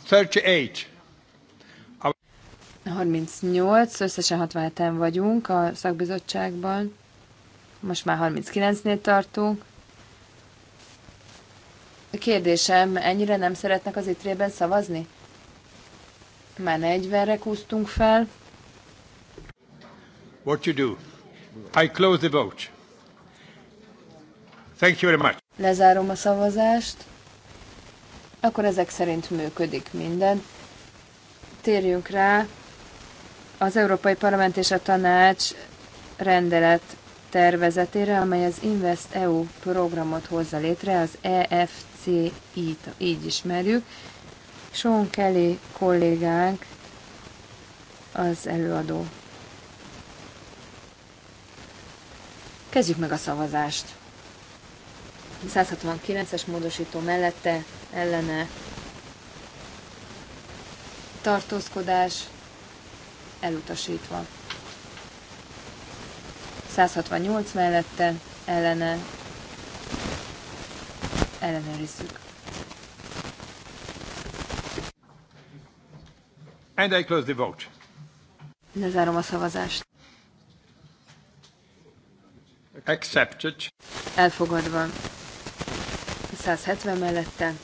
38. 38, összesen 67-en vagyunk a szakbizottságban. Most már 39-nél tartunk. Kérdésem, ennyire nem szeretnek az itrében szavazni? Már 40-re kúsztunk fel. What you do? I close the vote. Thank you very much. Lezárom a szavazást. Akkor ezek szerint működik minden. Térjünk rá az Európai Parlament és a Tanács rendelet tervezetére, amely az Invest EU programot hozza létre, az EFCI-t így ismerjük. Sean Kelly kollégánk az előadó. Kezdjük meg a szavazást! 169-es módosító mellette ellene tartózkodás elutasítva. 168 mellette ellene ellenőrizzük. And I close the vote. Lezárom a szavazást. Accepted. Elfogadva. 170 mellette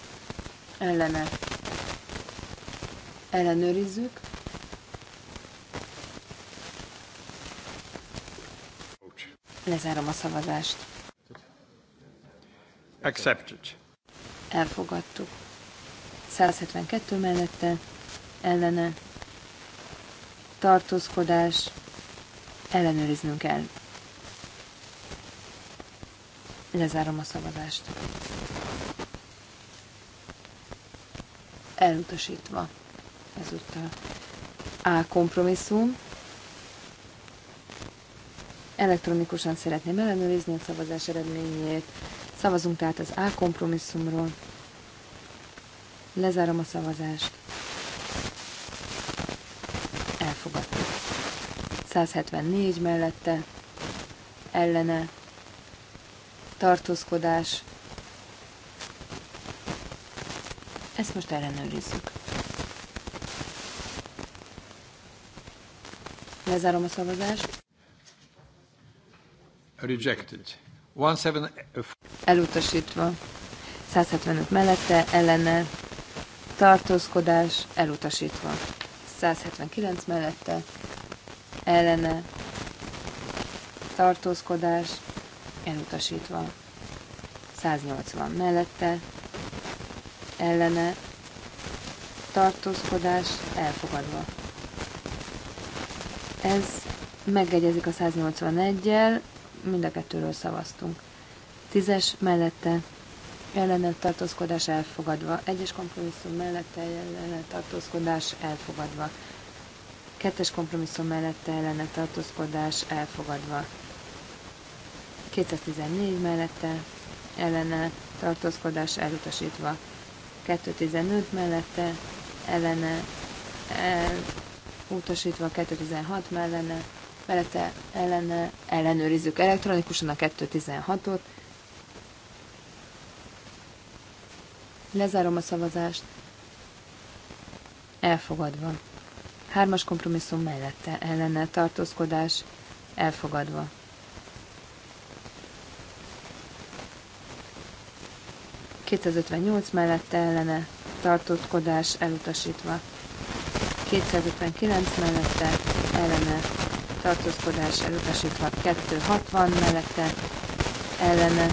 ellene ellenőrizzük. Lezárom a szavazást. Accepted. Elfogadtuk. 172 mellette ellene tartózkodás ellenőriznünk kell. Lezárom a szavazást. elutasítva. Ezúttal A kompromisszum. Elektronikusan szeretném ellenőrizni a szavazás eredményét. Szavazunk tehát az A kompromisszumról. Lezárom a szavazást. Elfogadtuk. 174 mellette, ellene, tartózkodás, Ezt most ellenőrizzük. Lezárom a szavazást. Rejected. 17... Elutasítva. 175 mellette, ellene, tartózkodás, elutasítva. 179 mellette, ellene, tartózkodás, elutasítva. 180 mellette, ellene tartózkodás elfogadva. Ez megegyezik a 181-jel, mind a kettőről szavaztunk. Tízes mellette ellene tartózkodás elfogadva. Egyes kompromisszum mellette ellene tartózkodás elfogadva. Kettes kompromisszum mellette ellene tartózkodás elfogadva. 214 mellette ellene tartózkodás elutasítva. 2.15 mellette ellene elutasítva, 2.16 mellene, mellette ellene ellenőrizzük elektronikusan a 2.16-ot. Lezárom a szavazást. Elfogadva. Hármas kompromisszum mellette ellene tartózkodás elfogadva. 258 mellette ellene tartózkodás elutasítva. 259 mellette ellene tartózkodás elutasítva. 260 mellette ellene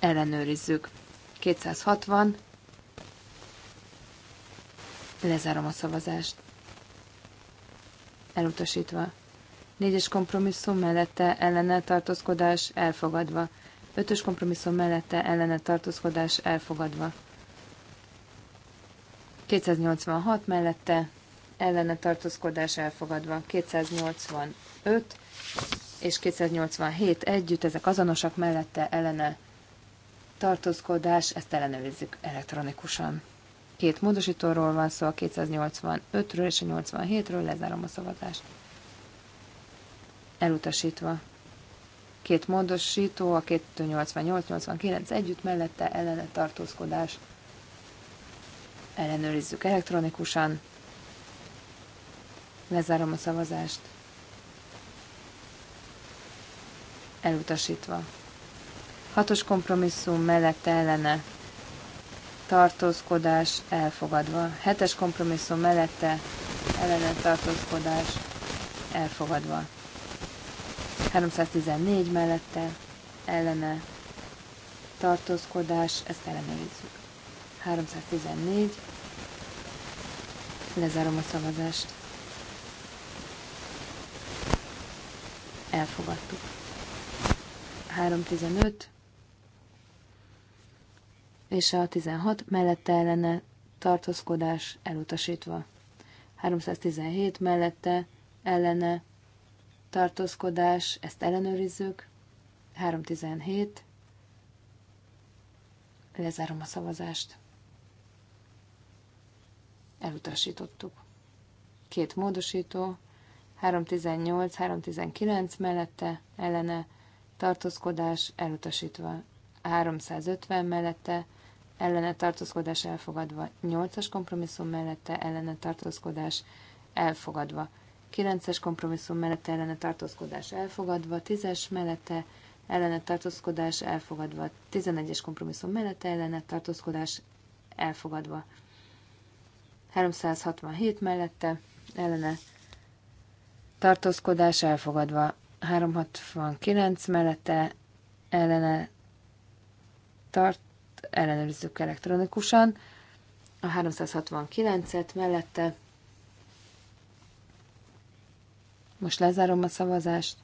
ellenőrizzük. 260 lezárom a szavazást. Elutasítva. Négyes kompromisszum mellette ellene tartózkodás elfogadva. Ötös kompromisszum mellette ellene tartózkodás elfogadva. 286 mellette ellene tartózkodás elfogadva. 285 és 287 együtt, ezek azonosak mellette ellene tartózkodás, ezt ellenőrizzük elektronikusan. Két módosítóról van szó, a 285-ről és a 87-ről, lezárom a szavazást. Elutasítva két módosító, a 288-89 együtt mellette ellene tartózkodás. Ellenőrizzük elektronikusan. Lezárom a szavazást. Elutasítva. Hatos kompromisszum mellette ellene tartózkodás elfogadva. Hetes kompromisszum mellette ellene tartózkodás elfogadva. 314 mellette ellene tartózkodás, ezt ellenőrizzük. 314, lezárom a szavazást. Elfogadtuk. 315, és a 16 mellette ellene tartózkodás elutasítva. 317 mellette ellene tartózkodás, ezt ellenőrizzük. 317. Lezárom a szavazást. Elutasítottuk. Két módosító, 318, 319 mellette, ellene, tartózkodás elutasítva. 350 mellette, ellene tartózkodás elfogadva. 8-as kompromisszum mellette, ellene tartózkodás elfogadva. 9-es kompromisszum mellette ellene tartózkodás elfogadva, 10-es mellette ellene tartózkodás elfogadva, 11-es kompromisszum mellette ellene tartózkodás elfogadva, 367 mellette ellene tartózkodás elfogadva, 369 mellette ellene tart, ellenőrizzük elektronikusan, a 369-et mellette Most lezárom a szavazást.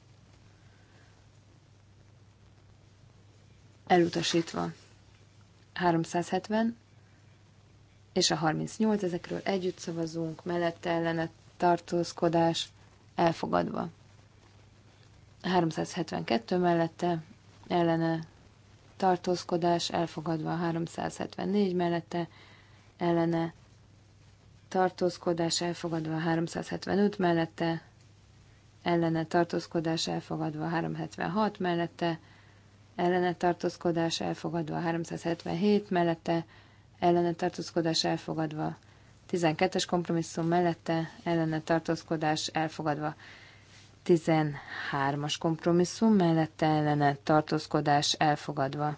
Elutasítva. 370 és a 38 ezekről együtt szavazunk, mellette ellene tartózkodás elfogadva. 372 mellette ellene tartózkodás elfogadva, 374 mellette ellene tartózkodás elfogadva, 375 mellette ellene tartózkodás elfogadva 376 mellette, ellene tartózkodás elfogadva 377 mellette, ellene tartózkodás elfogadva 12-es kompromisszum mellette, ellene tartózkodás elfogadva 13-as kompromisszum mellette, ellene tartózkodás elfogadva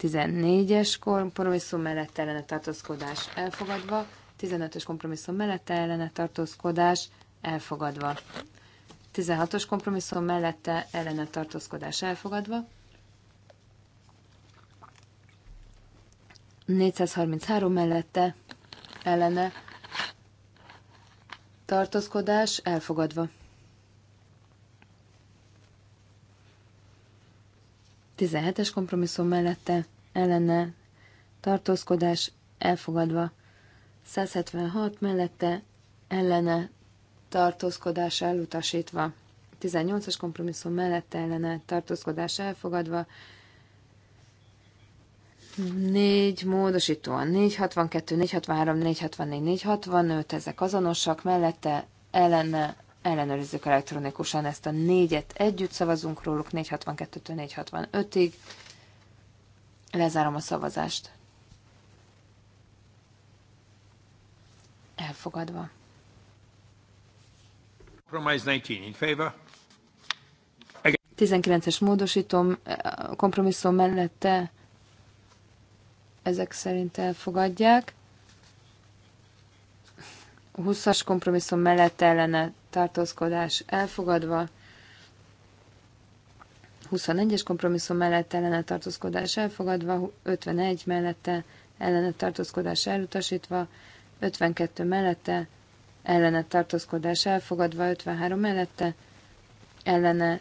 14-es kompromisszum mellette, ellene tartózkodás elfogadva, 15-ös kompromisszum mellette, ellene tartózkodás elfogadva. 16-os kompromisszum mellette ellene tartózkodás elfogadva. 433 mellette ellene tartózkodás elfogadva. 17-es kompromisszum mellette ellene tartózkodás elfogadva. 176 mellette ellene tartózkodás elutasítva. 18-as kompromisszum mellette ellene tartózkodás elfogadva. 4 módosítóan 462, 463, 464, 465, ezek azonosak, mellette ellene ellenőrizzük elektronikusan ezt a négyet együtt szavazunk róluk 462-től 465-ig. Lezárom a szavazást. Elfogadva. 19 19-es módosítom, kompromisszum mellette ezek szerint elfogadják. 20-as kompromisszum mellett ellene tartózkodás elfogadva. 21-es kompromisszum mellett ellene tartózkodás elfogadva, 51 mellette ellene tartózkodás elutasítva, 52 mellette ellene tartózkodás elfogadva, 53 mellette ellene,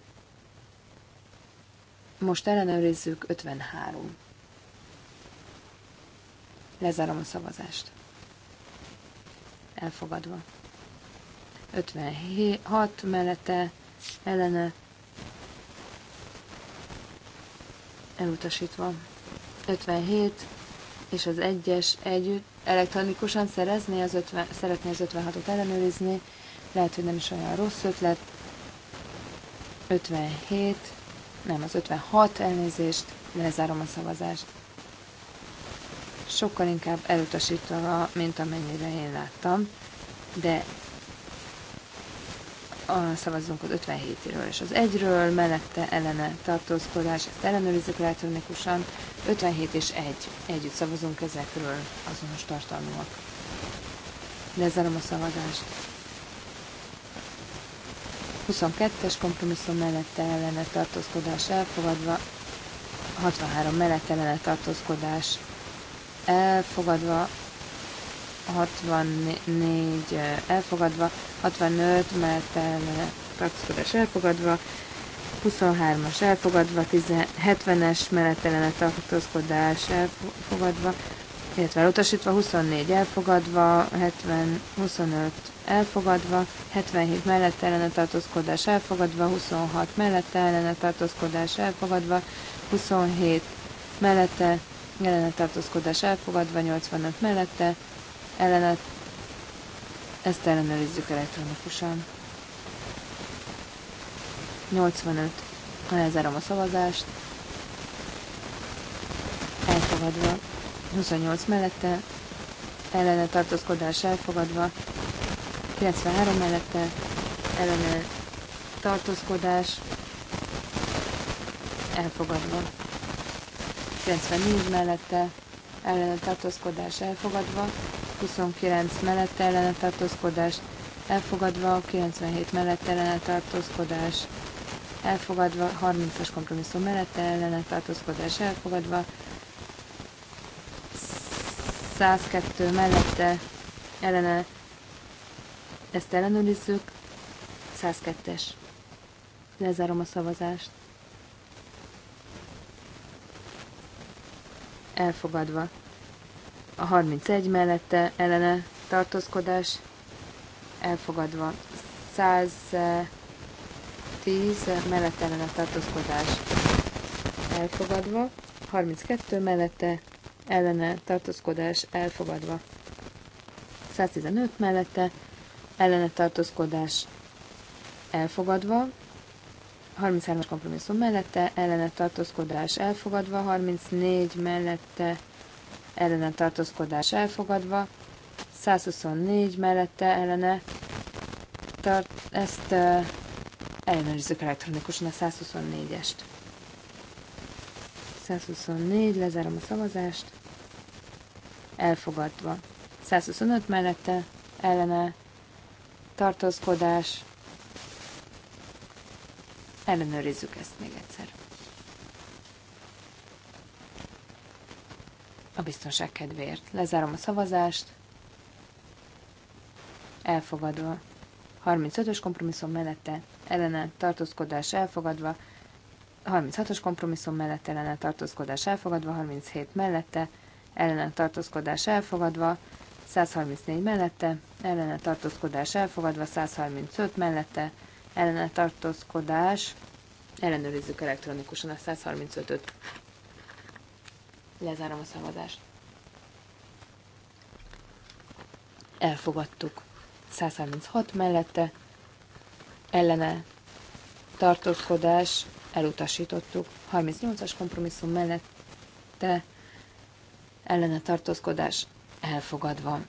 most ellenőrizzük 53. Lezárom a szavazást. Elfogadva. 56 mellette ellene elutasítva. 57 és az egyes együtt elektronikusan szerezni az ötven szeretné az 56-ot ellenőrizni, lehet, hogy nem is olyan rossz ötlet. 57, nem, az 56 elnézést, lezárom a szavazást. Sokkal inkább elutasítva, mint amennyire én láttam, de a, szavazzunk az 57-ről és az 1-ről, mellette ellene tartózkodás, ezt ellenőrizzük elektronikusan, 57 és 1. Együtt szavazunk ezekről azonos tartalmúak. Lezárom a szavazást. 22-es kompromisszum mellette ellene tartózkodás elfogadva, 63 mellette ellene tartózkodás elfogadva, 64 eh, elfogadva, 65 Mertel ellene eh, tartózkodás elfogadva, 23-as elfogadva, 70-es menetelene tartózkodás elfogadva, illetve utasítva 24 elfogadva, 70, 25 elfogadva, 77 mellett ellene tartózkodás elfogadva, 26 mellett ellene tartózkodás elfogadva, 27 mellette ellene tartózkodás elfogadva, 85 mellette ellenet. Ezt ellenőrizzük elektronikusan. 85. Lezárom a szavazást. Elfogadva. 28 mellette. Ellene tartózkodás elfogadva. 93 mellette. Ellene tartózkodás elfogadva. 94 mellette ellene tartózkodás elfogadva, 29 mellett ellene tartózkodás elfogadva, 97 mellett ellene tartózkodás elfogadva, 30-as kompromisszum mellett ellene tartózkodás elfogadva, 102 mellette ellene ezt ellenőrizzük, 102-es. Lezárom a szavazást. Elfogadva a 31 mellette ellene tartózkodás elfogadva. 110 mellette ellene tartózkodás elfogadva. 32 mellette ellene tartózkodás elfogadva. 115 mellette ellene tartózkodás elfogadva. 33-as kompromisszum mellette ellene tartózkodás elfogadva. 34 mellette ellene tartózkodás elfogadva, 124 mellette ellene tart, ezt uh, ellenőrizzük elektronikusan a 124-est. 124, lezárom a szavazást, elfogadva. 125 mellette ellene tartózkodás, ellenőrizzük ezt még egyszer. a biztonság kedvéért. Lezárom a szavazást. Elfogadva. 35-ös kompromisszum mellette ellene tartózkodás elfogadva. 36-os kompromisszum mellett ellene tartózkodás elfogadva, 37 mellette ellene tartózkodás elfogadva, 134 mellette ellene tartózkodás elfogadva, 135 mellette ellene tartózkodás ellenőrizzük elektronikusan a 135-öt. Lezárom a szavazást. Elfogadtuk. 136 mellette, ellene tartózkodás, elutasítottuk. 38-as kompromisszum mellette, ellene tartózkodás, elfogadva.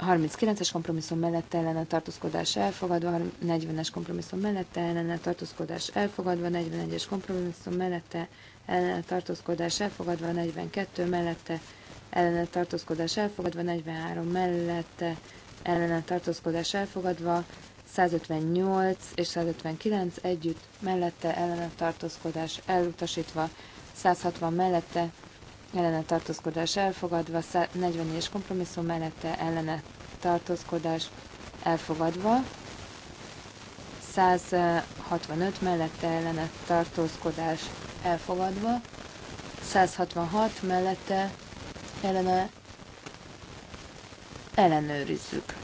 39-es kompromisszum mellett ellene tartózkodás elfogadva, 40-es kompromisszum mellette ellene tartózkodás elfogadva, 41-es kompromisszum mellette ellene tartózkodás elfogadva, 42 mellette ellene tartózkodás elfogadva, 43 mellette ellene tartózkodás elfogadva, 158 és 159 együtt, mellette ellene tartózkodás elutasítva, 160 mellette ellene tartózkodás elfogadva, 40 és kompromisszum mellette ellene tartózkodás elfogadva, 165 mellette ellene tartózkodás elfogadva, 166 mellette ellene ellenőrizzük.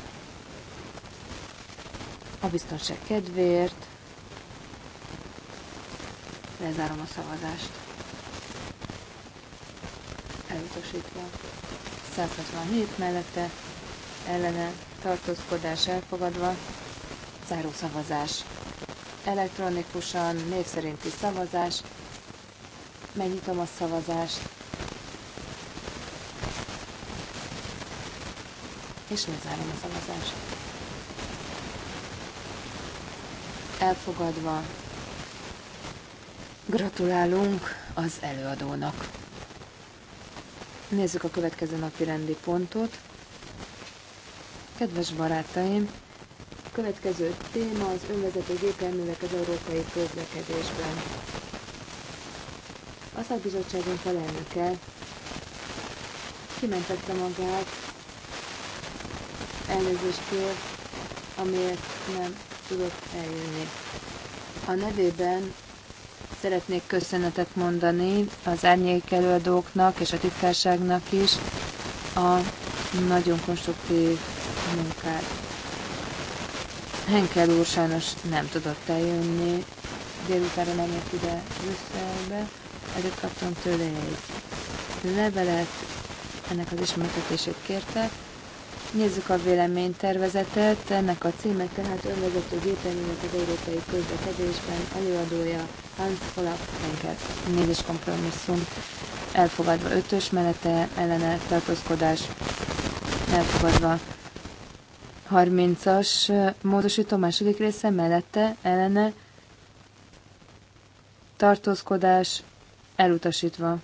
A biztonság kedvéért lezárom a szavazást. Elutasítva. 167 mellette ellene tartózkodás elfogadva. Záró szavazás. Elektronikusan név szerinti szavazás. Megnyitom a szavazást. És lezárom a szavazást. Elfogadva. Gratulálunk az előadónak. Nézzük a következő napi rendi pontot. Kedves barátaim, a következő téma az önvezető gépjárművek az európai közlekedésben. A szakbizottságunk alelnöke kimentette magát, elnézést kér, amiért nem tudott eljönni. A nevében szeretnék köszönetet mondani az árnyék előadóknak és a titkárságnak is a nagyon konstruktív munkát. Henkel úr sajnos nem tudott eljönni, délutára nem ért ide Brüsszelbe, ezért kaptam tőle egy levelet, ennek az ismertetését kérte. Nézzük a véleménytervezetet, ennek a címe tehát önvezető gépjárművek az európai közlekedésben, előadója Hans Olaf Henkel, négyes kompromisszum, elfogadva ötös menete, ellene tartózkodás, elfogadva 30-as módosító második része mellette, ellene tartózkodás, elutasítva.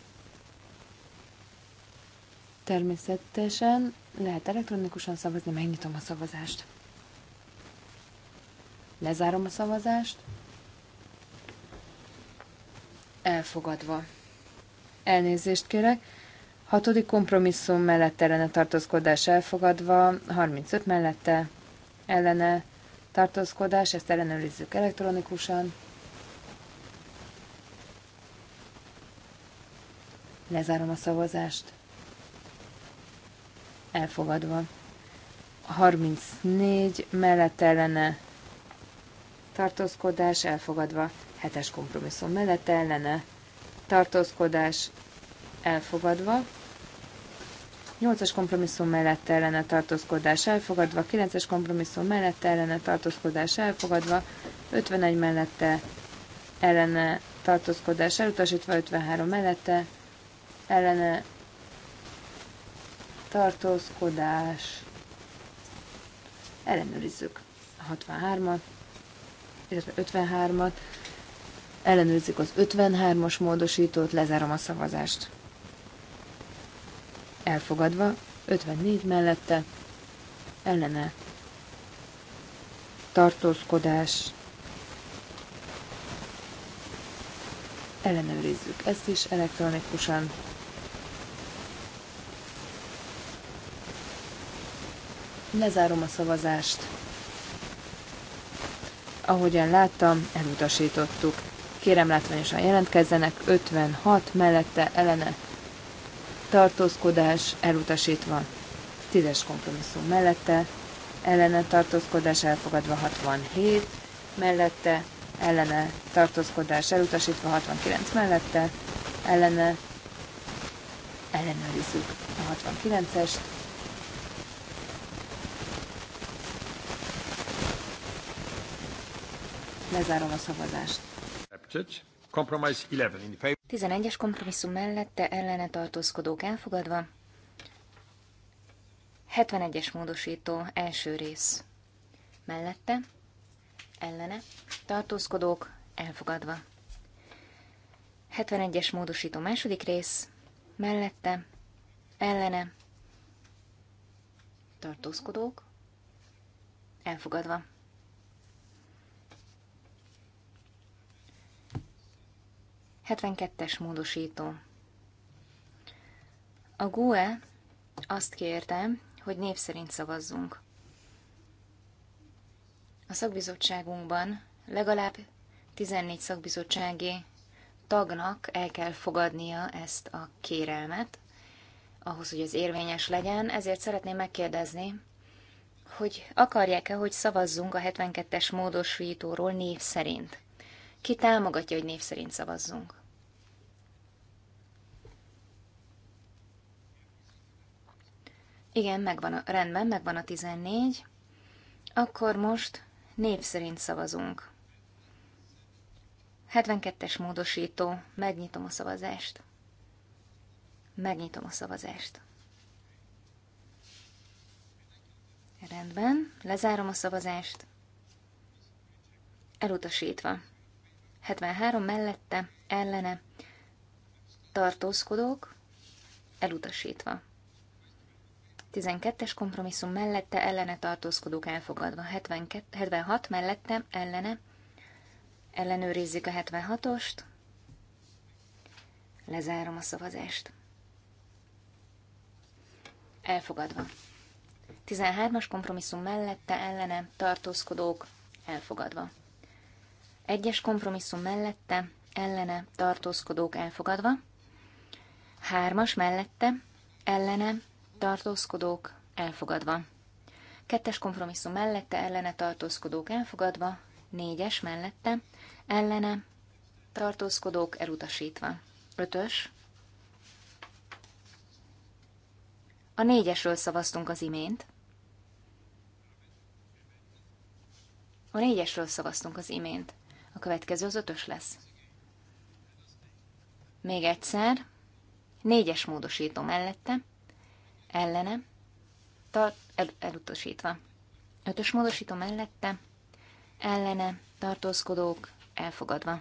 Természetesen lehet elektronikusan szavazni, megnyitom a szavazást. Lezárom a szavazást. Elfogadva. Elnézést kérek. Hatodik kompromisszum mellett ellene tartózkodás elfogadva, 35 mellette ellene tartózkodás, ezt ellenőrizzük elektronikusan. Lezárom a szavazást. Elfogadva. 34 mellett ellene tartózkodás, elfogadva. 7-es kompromisszum mellett ellene tartózkodás, elfogadva. 8-as kompromisszum mellett ellene tartózkodás elfogadva, 9-es kompromisszum mellett ellene tartózkodás elfogadva, 51 mellette ellene tartózkodás elutasítva, 53 mellette ellene tartózkodás, ellenőrizzük a 63-at, illetve 53-at, ellenőrizzük az 53-as módosítót, lezárom a szavazást. Elfogadva, 54 mellette, ellene tartózkodás, ellenőrizzük ezt is elektronikusan. Lezárom a szavazást. Ahogyan láttam, elutasítottuk. Kérem látványosan jelentkezzenek, 56 mellette ellene tartózkodás elutasítva. 10-es kompromisszum mellette ellene tartózkodás elfogadva 67, mellette ellene tartózkodás elutasítva 69 mellette, ellene ellenőrizzük a 69-est, Lezárom a szavazást. 11-es kompromisszum mellette ellene tartózkodók elfogadva. 71-es módosító első rész mellette ellene tartózkodók elfogadva. 71-es módosító második rész mellette ellene tartózkodók elfogadva. 72-es módosító. A GUE azt kérte, hogy név szerint szavazzunk. A szakbizottságunkban legalább 14 szakbizottsági tagnak el kell fogadnia ezt a kérelmet, ahhoz, hogy ez érvényes legyen, ezért szeretném megkérdezni, hogy akarják-e, hogy szavazzunk a 72-es módosítóról név szerint. Ki támogatja, hogy név szerint szavazzunk? Igen, megvan a, rendben, megvan a 14. Akkor most név szerint szavazunk. 72-es módosító. Megnyitom a szavazást. Megnyitom a szavazást. Rendben, lezárom a szavazást. Elutasítva. 73 mellette, ellene, tartózkodók, elutasítva. 12-es kompromisszum mellette, ellene tartózkodók elfogadva. 72, 76 mellette, ellene, ellenőrizzük a 76-ost, lezárom a szavazást. Elfogadva. 13-as kompromisszum mellette, ellene, tartózkodók, elfogadva. Egyes kompromisszum mellette, ellene tartózkodók elfogadva. Hármas mellette, ellene tartózkodók elfogadva. Kettes kompromisszum mellette, ellene tartózkodók elfogadva. Négyes mellette, ellene tartózkodók elutasítva. Ötös. A négyesről szavaztunk az imént. A négyesről szavaztunk az imént. A következő az ötös lesz. Még egyszer, négyes módosító mellette, ellene, Tar- el, elutasítva. Ötös módosító mellette, ellene, tartózkodók, elfogadva.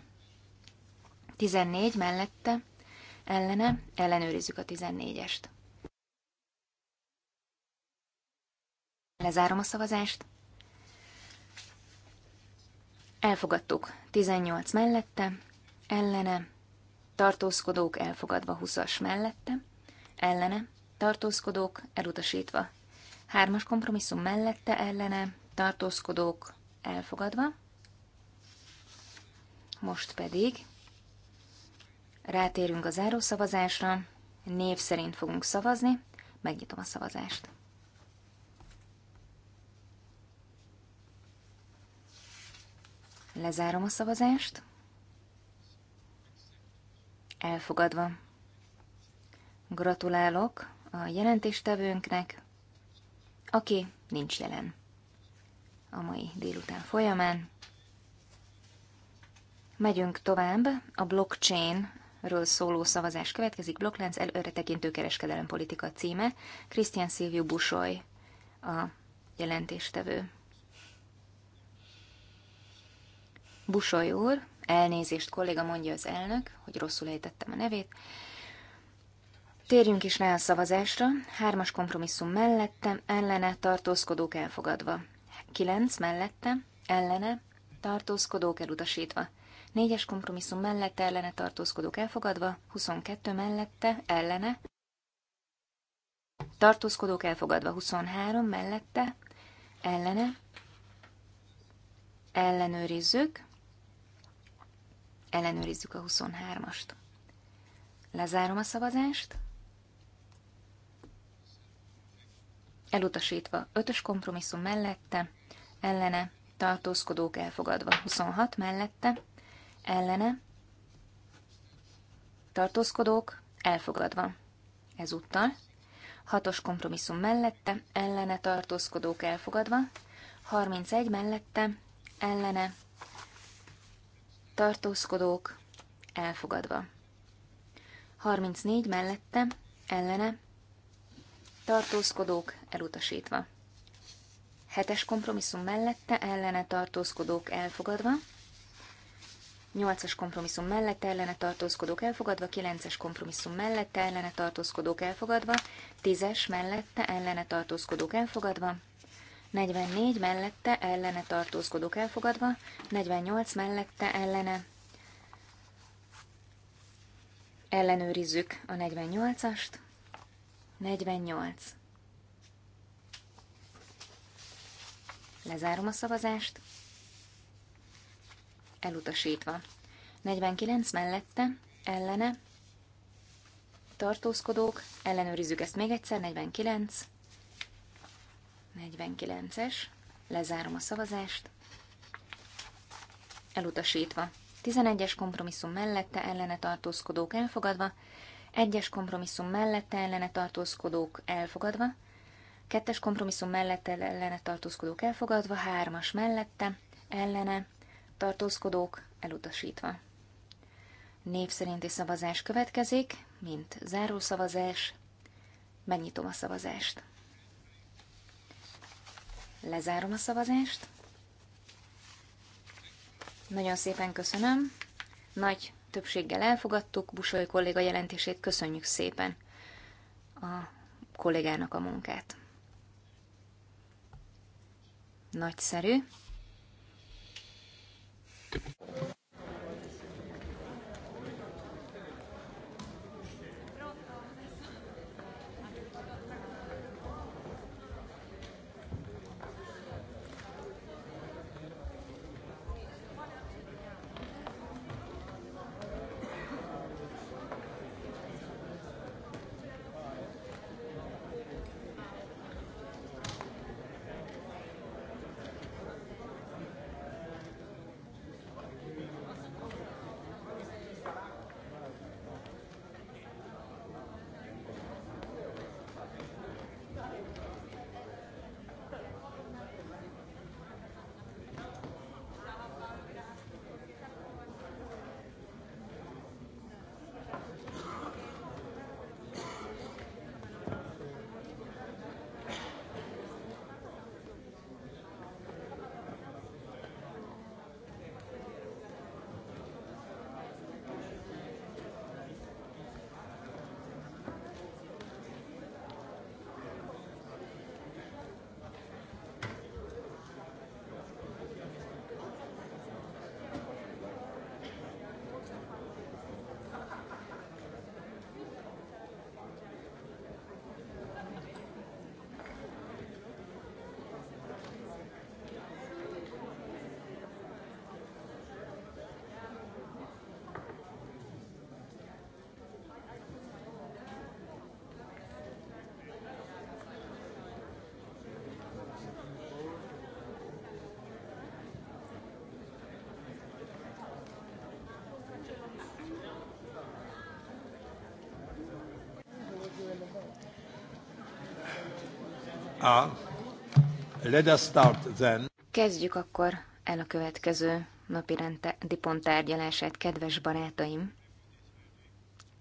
14 mellette, ellene, ellenőrizzük a 14-est. Lezárom a szavazást. Elfogadtuk. 18 mellette, ellene, tartózkodók elfogadva 20-as mellette, ellene, tartózkodók elutasítva. Hármas kompromisszum mellette, ellene, tartózkodók elfogadva. Most pedig rátérünk a zárószavazásra, név szerint fogunk szavazni, megnyitom a szavazást. Lezárom a szavazást. Elfogadva. Gratulálok a jelentéstevőnknek, aki nincs jelen a mai délután folyamán. Megyünk tovább, a blockchainről szóló szavazás következik, blokklánc előre tekintő kereskedelem politika címe, Krisztián Szilviu Busoy a jelentéstevő. Busoly úr, elnézést kolléga mondja az elnök, hogy rosszul ejtettem a nevét. Térjünk is rá a szavazásra. Hármas kompromisszum mellette, ellene, tartózkodók elfogadva. Kilenc mellette, ellene, tartózkodók elutasítva. Négyes kompromisszum mellette, ellene, tartózkodók elfogadva. 22 mellette, ellene. Tartózkodók elfogadva. 23 mellette, ellene. Ellenőrizzük. Ellenőrizzük a 23-ast. Lezárom a szavazást. Elutasítva 5-ös kompromisszum mellette, ellene, tartózkodók elfogadva 26 mellette, ellene, tartózkodók elfogadva. Ezúttal hatos kompromisszum mellette, ellene tartózkodók elfogadva, 31 mellette, ellene tartózkodók, elfogadva. 34 mellette, ellene, tartózkodók, elutasítva. 7-es kompromisszum mellette, ellene, tartózkodók, elfogadva. 8-as kompromisszum mellette ellene tartózkodók elfogadva, 9-es kompromisszum mellette ellene tartózkodók elfogadva, 10-es mellette ellene tartózkodók elfogadva, 44 mellette ellene tartózkodok elfogadva, 48 mellette ellene ellenőrizzük a 48-ast, 48. Lezárom a szavazást, elutasítva. 49 mellette ellene tartózkodók, ellenőrizzük ezt még egyszer, 49, 49-es, lezárom a szavazást, elutasítva. 11-es kompromisszum mellette ellene tartózkodók elfogadva, 1-es kompromisszum mellette ellene tartózkodók elfogadva, 2-es kompromisszum mellette ellene tartózkodók elfogadva, 3-as mellette ellene tartózkodók elutasítva. Név szerinti szavazás következik, mint zárószavazás. Megnyitom a szavazást. Lezárom a szavazást. Nagyon szépen köszönöm. Nagy többséggel elfogadtuk, Busoly kolléga jelentését köszönjük szépen a kollégának a munkát. Nagyszerű. let us start then. Kezdjük akkor el a következő napi rendi pont tárgyalását, kedves barátaim.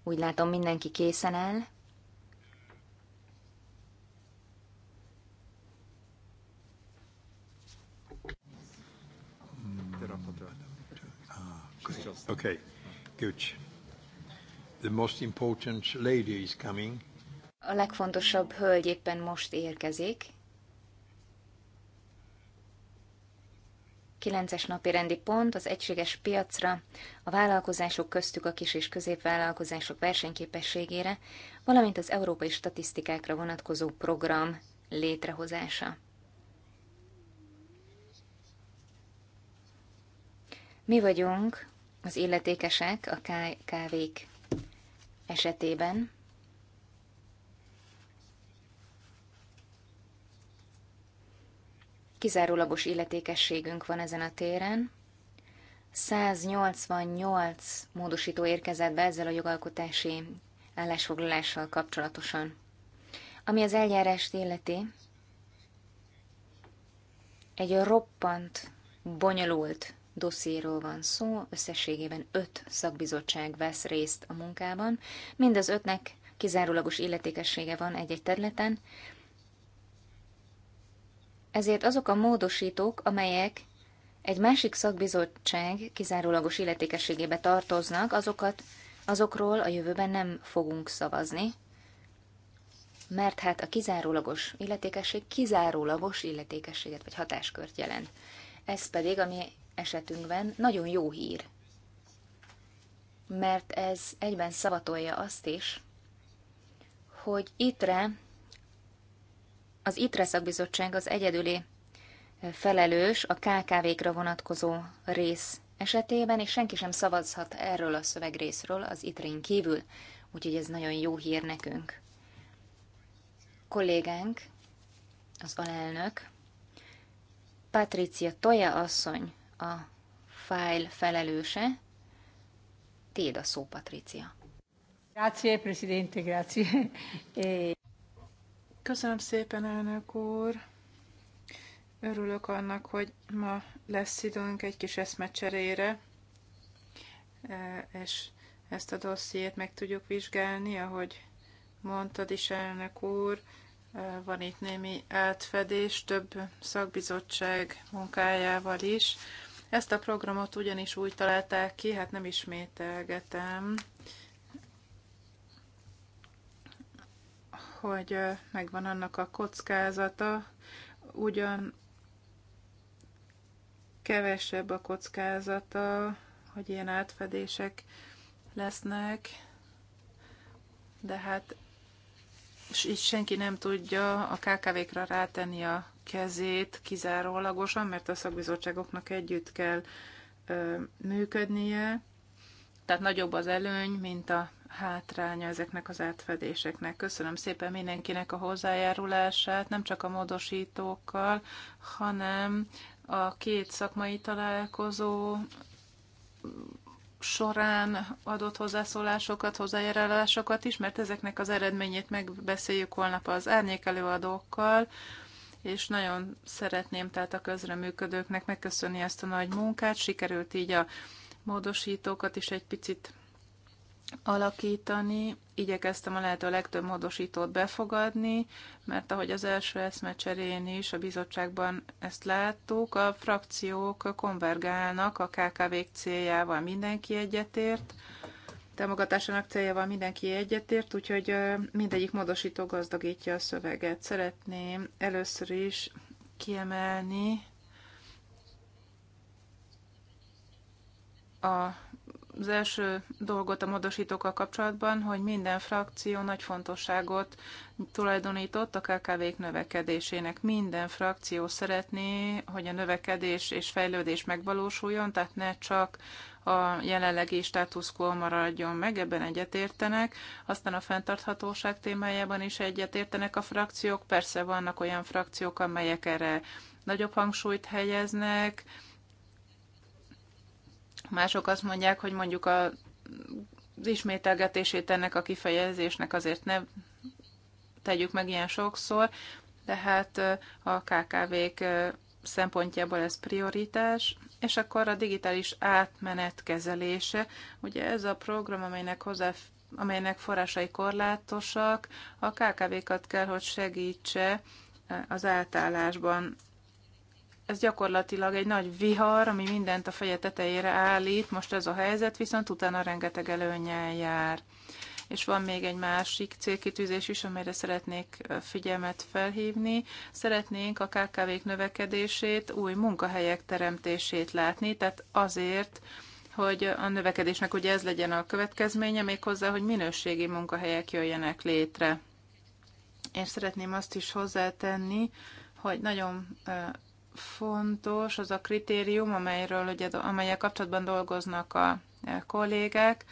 Úgy látom, mindenki készen áll. Ah, okay, good. The most important lady is coming a legfontosabb hölgy éppen most érkezik. Kilences napi rendi pont az egységes piacra, a vállalkozások köztük a kis és középvállalkozások versenyképességére, valamint az európai statisztikákra vonatkozó program létrehozása. Mi vagyunk az illetékesek a kávék esetében. Kizárólagos illetékességünk van ezen a téren. 188 módosító érkezett be ezzel a jogalkotási állásfoglalással kapcsolatosan. Ami az eljárást illeti, egy roppant, bonyolult dosszéről van szó, összességében öt szakbizottság vesz részt a munkában, mind az ötnek kizárólagos illetékessége van egy-egy területen, ezért azok a módosítók, amelyek egy másik szakbizottság kizárólagos illetékességébe tartoznak, azokat, azokról a jövőben nem fogunk szavazni, mert hát a kizárólagos illetékesség kizárólagos illetékességet vagy hatáskört jelent. Ez pedig a mi esetünkben nagyon jó hír, mert ez egyben szavatolja azt is, hogy ittre az ITRE szakbizottság az egyedüli felelős a KKV-kra vonatkozó rész esetében, és senki sem szavazhat erről a szövegrészről az ITRE-n kívül, úgyhogy ez nagyon jó hír nekünk. Kollégánk, az alelnök, Patricia Toja asszony a fájl felelőse. Téd a szó, Patricia. Grazie, Presidente, grazie. (laughs) Eh, Köszönöm szépen, elnök úr! Örülök annak, hogy ma lesz időnk egy kis eszmecserére, e, és ezt a dossziét meg tudjuk vizsgálni, ahogy mondtad is, elnök úr, e, van itt némi átfedés több szakbizottság munkájával is. Ezt a programot ugyanis úgy találták ki, hát nem ismételgetem, hogy megvan annak a kockázata, ugyan kevesebb a kockázata, hogy ilyen átfedések lesznek, de hát így senki nem tudja a KKV-kra rátenni a kezét kizárólagosan, mert a szakbizottságoknak együtt kell ö, működnie. Tehát nagyobb az előny, mint a hátránya ezeknek az átfedéseknek. Köszönöm szépen mindenkinek a hozzájárulását, nem csak a módosítókkal, hanem a két szakmai találkozó során adott hozzászólásokat, hozzájárulásokat is, mert ezeknek az eredményét megbeszéljük holnap az árnyékelőadókkal, és nagyon szeretném tehát a közreműködőknek megköszönni ezt a nagy munkát, sikerült így a módosítókat is egy picit alakítani. Igyekeztem a lehető legtöbb módosítót befogadni, mert ahogy az első eszmecserén is a bizottságban ezt láttuk, a frakciók konvergálnak a kkv céljával mindenki egyetért, támogatásának céljával mindenki egyetért, úgyhogy mindegyik módosító gazdagítja a szöveget. Szeretném először is kiemelni a az első dolgot a módosítókkal kapcsolatban, hogy minden frakció nagy fontosságot tulajdonított a KKV-k növekedésének. Minden frakció szeretné, hogy a növekedés és fejlődés megvalósuljon, tehát ne csak a jelenlegi status quo maradjon meg, ebben egyetértenek. Aztán a fenntarthatóság témájában is egyetértenek a frakciók. Persze vannak olyan frakciók, amelyek erre nagyobb hangsúlyt helyeznek, Mások azt mondják, hogy mondjuk a, az ismételgetését ennek a kifejezésnek azért ne tegyük meg ilyen sokszor, de hát a KKV-k szempontjából ez prioritás, és akkor a digitális átmenet kezelése. Ugye ez a program, amelynek hozzá amelynek forrásai korlátosak, a KKV-kat kell, hogy segítse az átállásban ez gyakorlatilag egy nagy vihar, ami mindent a feje tetejére állít, most ez a helyzet, viszont utána rengeteg előnyel jár. És van még egy másik célkitűzés is, amelyre szeretnék figyelmet felhívni. Szeretnénk a KKV-k növekedését, új munkahelyek teremtését látni, tehát azért, hogy a növekedésnek ugye ez legyen a következménye, méghozzá, hogy minőségi munkahelyek jöjjenek létre. Én szeretném azt is hozzátenni, hogy nagyon fontos az a kritérium, amelyről, ugye, amelyek kapcsolatban dolgoznak a e, kollégek,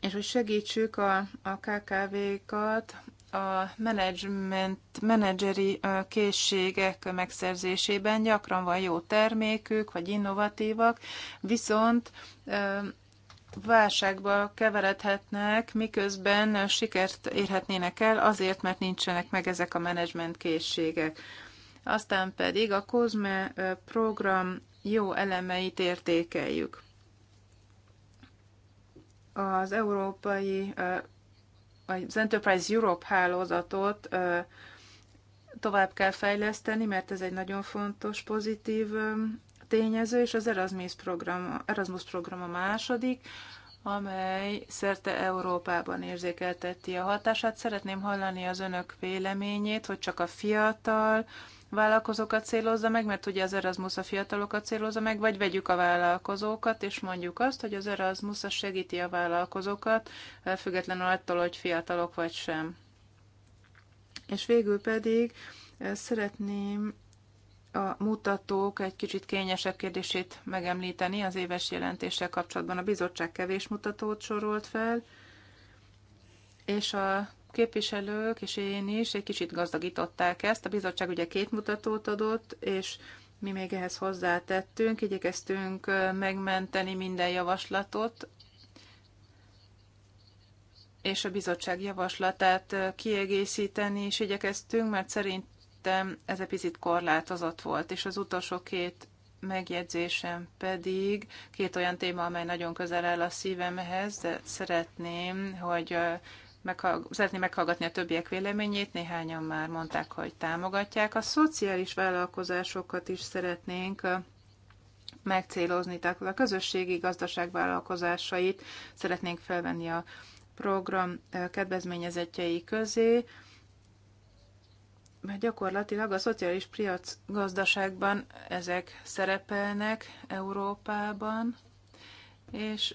és hogy segítsük a, a KKV-kat a menedzsment, menedzseri készségek megszerzésében gyakran van jó termékük, vagy innovatívak, viszont válságba keveredhetnek, miközben sikert érhetnének el azért, mert nincsenek meg ezek a menedzsment készségek aztán pedig a COSME program jó elemeit értékeljük. Az európai, az Enterprise Europe hálózatot tovább kell fejleszteni, mert ez egy nagyon fontos, pozitív tényező, és az Erasmus program, Erasmus program a második amely szerte Európában érzékelteti a hatását. Szeretném hallani az önök véleményét, hogy csak a fiatal vállalkozókat célozza meg, mert ugye az Erasmus a fiatalokat célozza meg, vagy vegyük a vállalkozókat, és mondjuk azt, hogy az Erasmus az segíti a vállalkozókat, eh, függetlenül attól, hogy fiatalok vagy sem. És végül pedig eh, szeretném a mutatók egy kicsit kényesebb kérdését megemlíteni az éves jelentéssel kapcsolatban. A bizottság kevés mutatót sorolt fel, és a képviselők és én is egy kicsit gazdagították ezt. A bizottság ugye két mutatót adott, és mi még ehhez hozzátettünk, igyekeztünk megmenteni minden javaslatot, és a bizottság javaslatát kiegészíteni is igyekeztünk, mert szerint szerintem ez egy picit korlátozott volt, és az utolsó két megjegyzésem pedig két olyan téma, amely nagyon közel áll a szívemhez, de szeretném, hogy meghall- szeretném meghallgatni a többiek véleményét, néhányan már mondták, hogy támogatják. A szociális vállalkozásokat is szeretnénk megcélozni, tehát a közösségi gazdaság vállalkozásait szeretnénk felvenni a program kedvezményezetjei közé, mert gyakorlatilag a szociális piac gazdaságban ezek szerepelnek Európában, és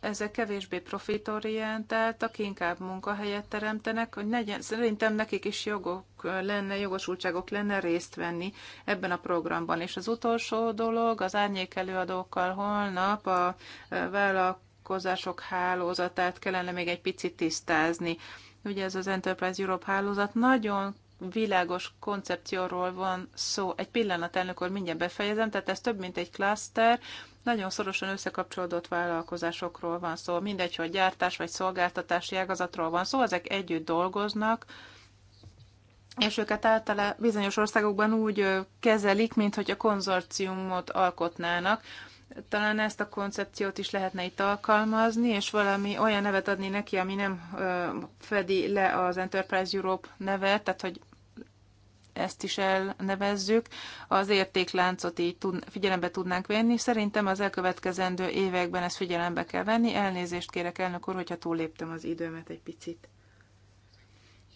ezek kevésbé profitorientáltak, inkább munkahelyet teremtenek, hogy negyen, szerintem nekik is jogok lenne, jogosultságok lenne részt venni ebben a programban. És az utolsó dolog, az árnyék előadókkal holnap a e, vállalkozások hálózatát kellene még egy picit tisztázni. Ugye ez az Enterprise Europe hálózat nagyon világos koncepcióról van szó. Egy pillanat, elnök mindjárt befejezem, tehát ez több, mint egy klaszter, nagyon szorosan összekapcsolódott vállalkozásokról van szó. Mindegy, hogy gyártás vagy szolgáltatási ágazatról van szó, ezek együtt dolgoznak, és őket általában bizonyos országokban úgy kezelik, mint hogy a konzorciumot alkotnának. Talán ezt a koncepciót is lehetne itt alkalmazni, és valami olyan nevet adni neki, ami nem fedi le az Enterprise Europe nevet, tehát hogy ezt is elnevezzük, az értékláncot így tud, figyelembe tudnánk venni. Szerintem az elkövetkezendő években ezt figyelembe kell venni. Elnézést kérek elnök úr, hogyha túléptem az időmet egy picit.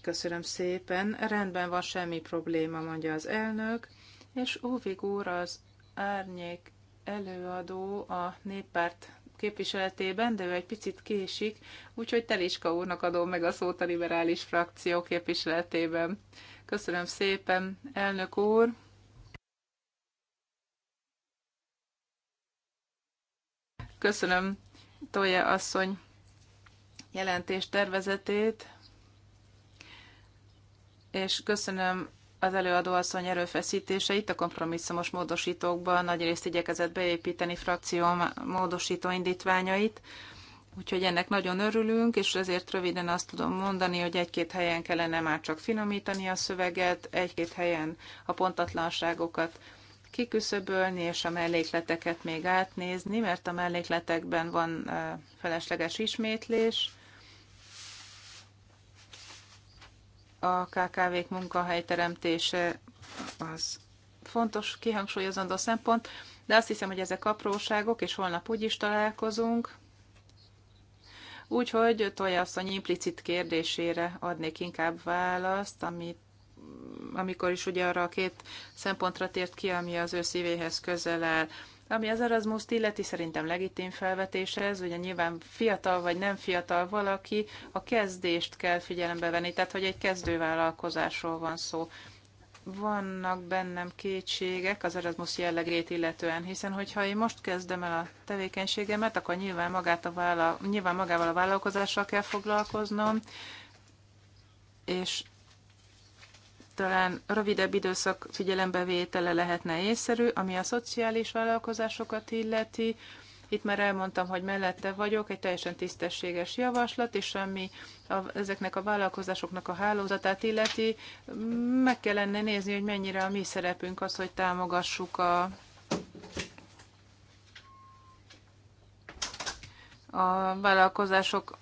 Köszönöm szépen. Rendben van, semmi probléma, mondja az elnök. És Óvig úr az árnyék előadó a néppárt képviseletében, de ő egy picit késik, úgyhogy Teliska úrnak adom meg a szót a liberális frakció képviseletében. Köszönöm szépen, elnök úr! Köszönöm Tolja asszony jelentés tervezetét, és köszönöm az előadó asszony erőfeszítéseit a kompromisszumos módosítókban nagyrészt igyekezett beépíteni frakció módosító indítványait. Úgyhogy ennek nagyon örülünk, és ezért röviden azt tudom mondani, hogy egy-két helyen kellene már csak finomítani a szöveget, egy-két helyen a pontatlanságokat kiküszöbölni, és a mellékleteket még átnézni, mert a mellékletekben van felesleges ismétlés. A KKV-k munkahelyteremtése az fontos, kihangsúlyozandó szempont, de azt hiszem, hogy ezek apróságok, és holnap úgy is találkozunk Úgyhogy Tojasszony implicit kérdésére adnék inkább választ, amit amikor is ugye arra a két szempontra tért ki, ami az ő szívéhez közel áll. Ami az erasmus illeti, szerintem legitim felvetése ez, ugye nyilván fiatal vagy nem fiatal valaki, a kezdést kell figyelembe venni, tehát hogy egy kezdővállalkozásról van szó vannak bennem kétségek az Erasmus jellegét illetően, hiszen hogyha én most kezdem el a tevékenységemet, akkor nyilván, magát a vállal, nyilván magával a vállalkozással kell foglalkoznom, és talán rövidebb időszak figyelembevétele lehetne észszerű, ami a szociális vállalkozásokat illeti, itt már elmondtam, hogy mellette vagyok, egy teljesen tisztességes javaslat, és ami a, ezeknek a vállalkozásoknak a hálózatát illeti, meg kellene nézni, hogy mennyire a mi szerepünk az, hogy támogassuk a, a vállalkozások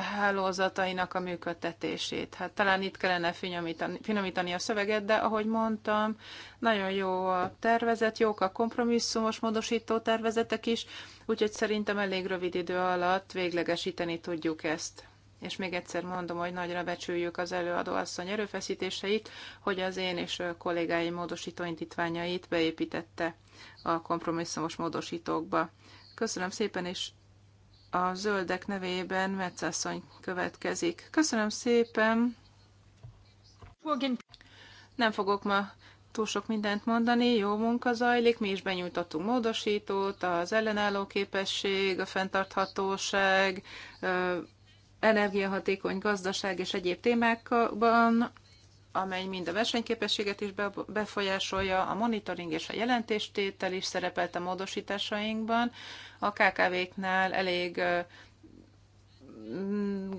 hálózatainak a működtetését. Hát talán itt kellene finomítani, finomítani a szöveget, de ahogy mondtam, nagyon jó a tervezet, jók a kompromisszumos módosító tervezetek is, úgyhogy szerintem elég rövid idő alatt véglegesíteni tudjuk ezt. És még egyszer mondom, hogy nagyra becsüljük az előadó asszony erőfeszítéseit, hogy az én és kollégái módosító indítványait beépítette a kompromisszumos módosítókba. Köszönöm szépen, és a zöldek nevében Metzasszony következik. Köszönöm szépen! Nem fogok ma túl sok mindent mondani, jó munka zajlik, mi is benyújtottunk módosítót, az ellenálló képesség, a fenntarthatóság, energiahatékony gazdaság és egyéb témákban amely mind a versenyképességet is befolyásolja, a monitoring és a jelentéstétel is szerepelt a módosításainkban. A KKV-knál elég mm,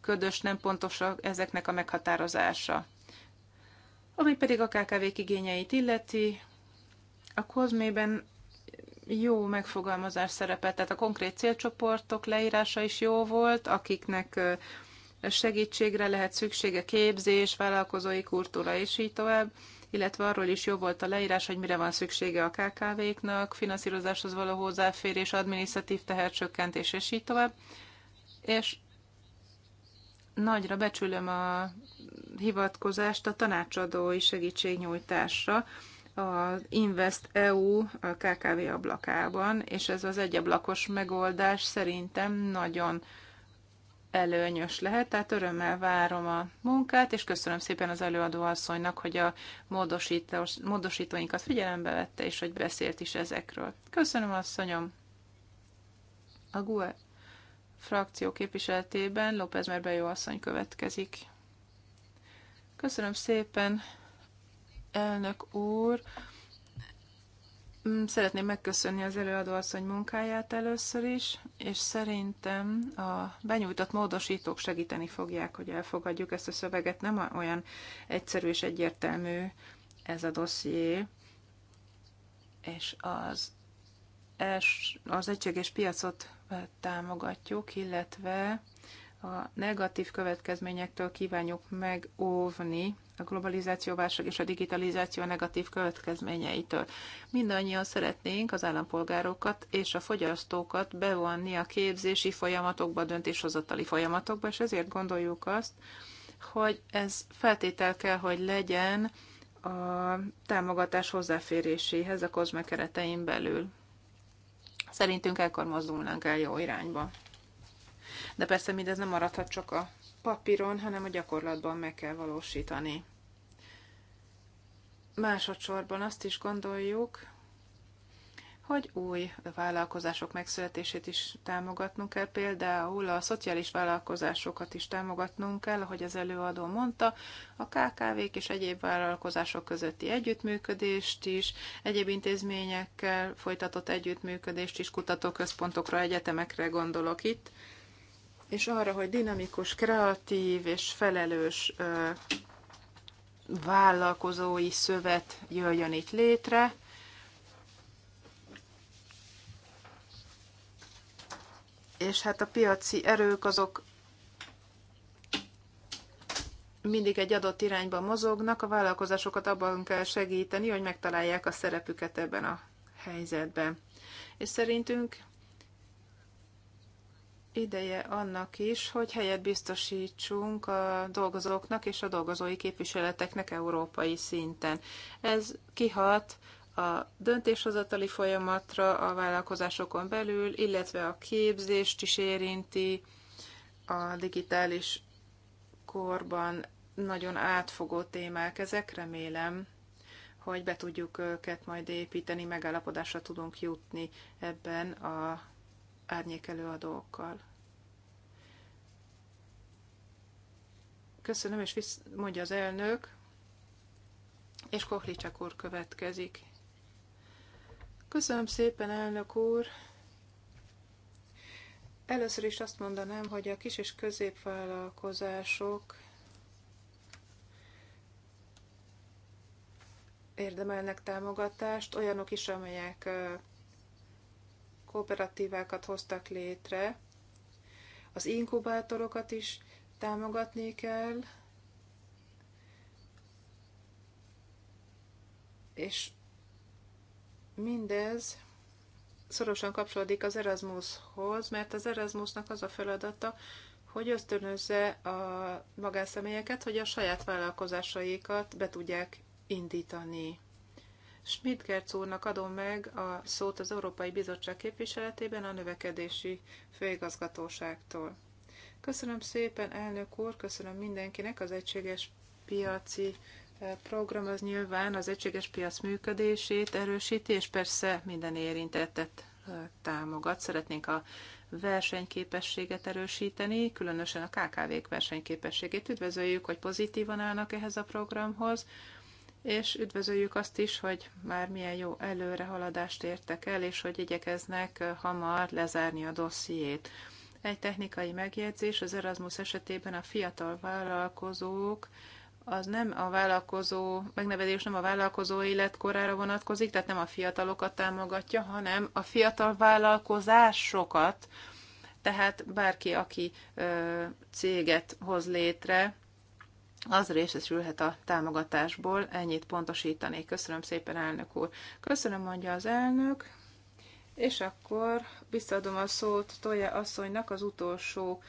ködös, nem pontos ezeknek a meghatározása. Ami pedig a KKV-k igényeit illeti, a kozmében jó megfogalmazás szerepelt, tehát a konkrét célcsoportok leírása is jó volt, akiknek segítségre lehet szüksége, képzés, vállalkozói kultúra és így tovább, illetve arról is jó volt a leírás, hogy mire van szüksége a KKV-knak, finanszírozáshoz való hozzáférés, adminisztratív tehercsökkentés és így tovább. És nagyra becsülöm a hivatkozást a tanácsadói segítségnyújtásra, az Invest EU a KKV ablakában, és ez az egyablakos megoldás szerintem nagyon előnyös lehet, tehát örömmel várom a munkát, és köszönöm szépen az előadó asszonynak, hogy a módosítós, módosítóinkat figyelembe vette, és hogy beszélt is ezekről. Köszönöm, asszonyom! A GUE frakció képviseletében López Merbejó asszony következik. Köszönöm szépen, elnök úr! Mm, szeretném megköszönni az előadóasszony munkáját először is, és szerintem a benyújtott módosítók segíteni fogják, hogy elfogadjuk ezt a szöveget. Nem olyan egyszerű és egyértelmű ez a dosszié, és az, els, az egységes piacot támogatjuk, illetve a negatív következményektől kívánjuk megóvni a globalizáció válság és a digitalizáció negatív következményeitől. Mindannyian szeretnénk az állampolgárokat és a fogyasztókat bevonni a képzési folyamatokba, döntéshozatali folyamatokba, és ezért gondoljuk azt, hogy ez feltétel kell, hogy legyen a támogatás hozzáféréséhez a kozme keretein belül. Szerintünk ekkor mozdulnánk el jó irányba. De persze mindez nem maradhat csak a papíron, hanem a gyakorlatban meg kell valósítani. Másodszorban azt is gondoljuk, hogy új vállalkozások megszületését is támogatnunk kell, például a szociális vállalkozásokat is támogatnunk kell, ahogy az előadó mondta, a KKV-k és egyéb vállalkozások közötti együttműködést is, egyéb intézményekkel folytatott együttműködést is, kutatóközpontokra, egyetemekre gondolok itt, és arra, hogy dinamikus, kreatív és felelős ö, vállalkozói szövet jöjjön itt létre. És hát a piaci erők azok mindig egy adott irányba mozognak, a vállalkozásokat abban kell segíteni, hogy megtalálják a szerepüket ebben a helyzetben. És szerintünk ideje annak is, hogy helyet biztosítsunk a dolgozóknak és a dolgozói képviseleteknek európai szinten. Ez kihat a döntéshozatali folyamatra a vállalkozásokon belül, illetve a képzést is érinti a digitális korban nagyon átfogó témák ezek, remélem, hogy be tudjuk őket majd építeni, megállapodásra tudunk jutni ebben a árnyék előadókkal. Köszönöm, és visz, mondja az elnök, és Kohlicsak úr következik. Köszönöm szépen, elnök úr! Először is azt mondanám, hogy a kis és középvállalkozások érdemelnek támogatást, olyanok is, amelyek kooperatívákat hoztak létre, az inkubátorokat is támogatni kell, és mindez szorosan kapcsolódik az Erasmushoz, mert az Erasmusnak az a feladata, hogy ösztönözze a magánszemélyeket, hogy a saját vállalkozásaikat be tudják indítani. Schmidt-Gerc úrnak adom meg a szót az Európai Bizottság képviseletében a növekedési főigazgatóságtól. Köszönöm szépen, elnök úr, köszönöm mindenkinek az egységes piaci eh, program az nyilván az egységes piac működését erősíti, és persze minden érintettet eh, támogat. Szeretnénk a versenyképességet erősíteni, különösen a KKV-k versenyképességét. Üdvözöljük, hogy pozitívan állnak ehhez a programhoz és üdvözöljük azt is, hogy már milyen jó előrehaladást értek el, és hogy igyekeznek hamar lezárni a dossziét. Egy technikai megjegyzés, az Erasmus esetében a fiatal vállalkozók az nem a vállalkozó, megnevezés nem a vállalkozó életkorára vonatkozik, tehát nem a fiatalokat támogatja, hanem a fiatal vállalkozásokat, tehát bárki, aki ö, céget hoz létre, az részesülhet a támogatásból. Ennyit pontosítani. Köszönöm szépen, elnök úr. Köszönöm, mondja az elnök. És akkor visszaadom a szót Tolja asszonynak az utolsó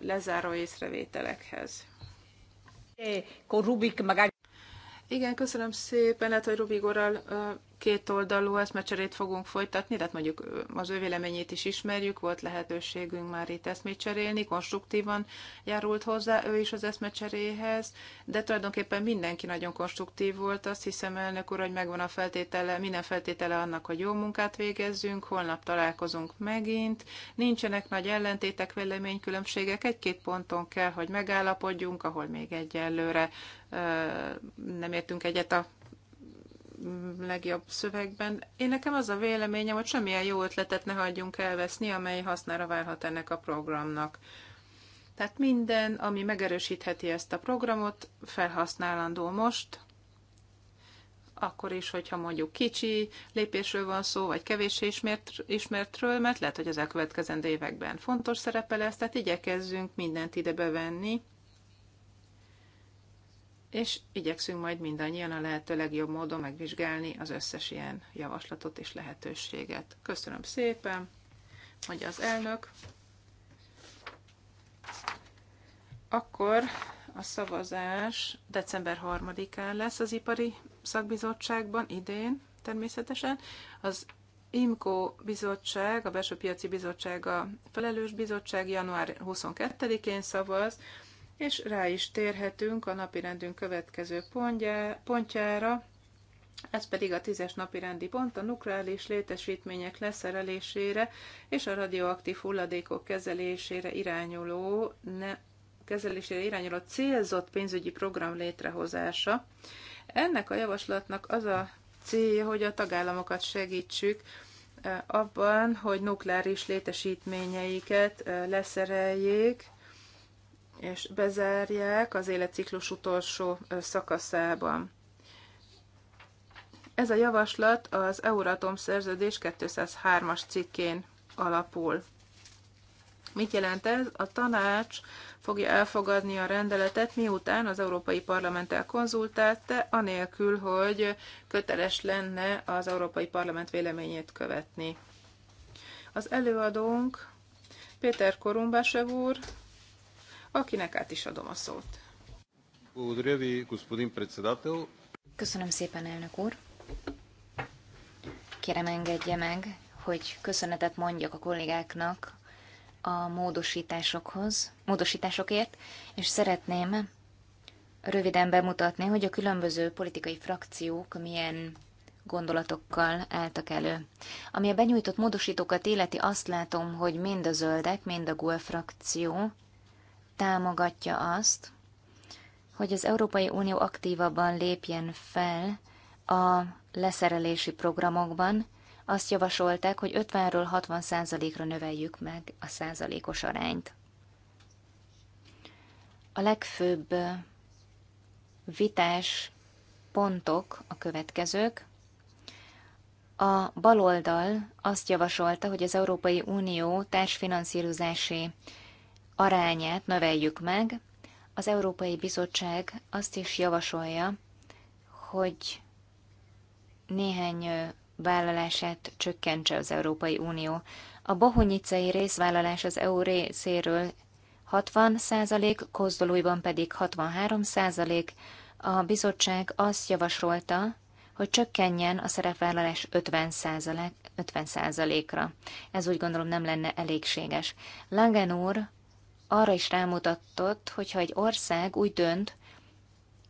lezáró észrevételekhez. Igen, köszönöm szépen. Lehet, hogy Rubigorral két oldalú eszmecserét fogunk folytatni, tehát mondjuk az ő véleményét is ismerjük, volt lehetőségünk már itt eszmét cserélni, konstruktívan járult hozzá ő is az eszmecseréhez, de tulajdonképpen mindenki nagyon konstruktív volt, azt hiszem elnök úr, hogy megvan a feltétele, minden feltétele annak, hogy jó munkát végezzünk, holnap találkozunk megint, nincsenek nagy ellentétek, véleménykülönbségek, egy-két ponton kell, hogy megállapodjunk, ahol még egyelőre nem értünk egyet a legjobb szövegben. Én nekem az a véleményem, hogy semmilyen jó ötletet ne hagyjunk elveszni, amely hasznára válhat ennek a programnak. Tehát minden, ami megerősítheti ezt a programot, felhasználandó most, akkor is, hogyha mondjuk kicsi lépésről van szó, vagy kevés ismert, ismertről, mert lehet, hogy az elkövetkezendő években fontos szerepe lesz, tehát igyekezzünk mindent ide bevenni, és igyekszünk majd mindannyian a lehető legjobb módon megvizsgálni az összes ilyen javaslatot és lehetőséget. Köszönöm szépen, mondja az elnök. Akkor a szavazás december 3-án lesz az ipari szakbizottságban idén természetesen. Az IMCO bizottság, a belső piaci bizottság, a felelős bizottság január 22-én szavaz, és rá is térhetünk a napirendünk következő pontjá, pontjára, ez pedig a tízes napirendi pont a nukleáris létesítmények leszerelésére és a radioaktív hulladékok kezelésére irányuló, ne, kezelésére irányuló célzott pénzügyi program létrehozása. Ennek a javaslatnak az a célja, hogy a tagállamokat segítsük eh, abban, hogy nukleáris létesítményeiket eh, leszereljék, és bezárják az életciklus utolsó szakaszában. Ez a javaslat az Euratom szerződés 203-as cikkén alapul. Mit jelent ez? A tanács fogja elfogadni a rendeletet, miután az Európai Parlamenttel konzultálta, anélkül, hogy köteles lenne az Európai Parlament véleményét követni. Az előadónk Péter Korumbásev úr, akinek át is adom a szót. Köszönöm szépen, elnök úr. Kérem engedje meg, hogy köszönetet mondjak a kollégáknak a módosításokhoz, módosításokért, és szeretném röviden bemutatni, hogy a különböző politikai frakciók milyen gondolatokkal álltak elő. Ami a benyújtott módosítókat életi, azt látom, hogy mind a zöldek, mind a GUE frakció támogatja azt, hogy az Európai Unió aktívabban lépjen fel a leszerelési programokban. Azt javasolták, hogy 50-ről 60%-ra növeljük meg a százalékos arányt. A legfőbb vitás pontok a következők. A baloldal azt javasolta, hogy az Európai Unió társfinanszírozási arányát növeljük meg. Az Európai Bizottság azt is javasolja, hogy néhány vállalását csökkentse az Európai Unió. A bohunyicei részvállalás az EU részéről 60 százalék, Kozdolújban pedig 63 százalék. A bizottság azt javasolta, hogy csökkenjen a szerepvállalás 50 százalék, 50 százalékra. Ez úgy gondolom nem lenne elégséges. Langen úr arra is rámutatott, hogyha egy ország úgy dönt,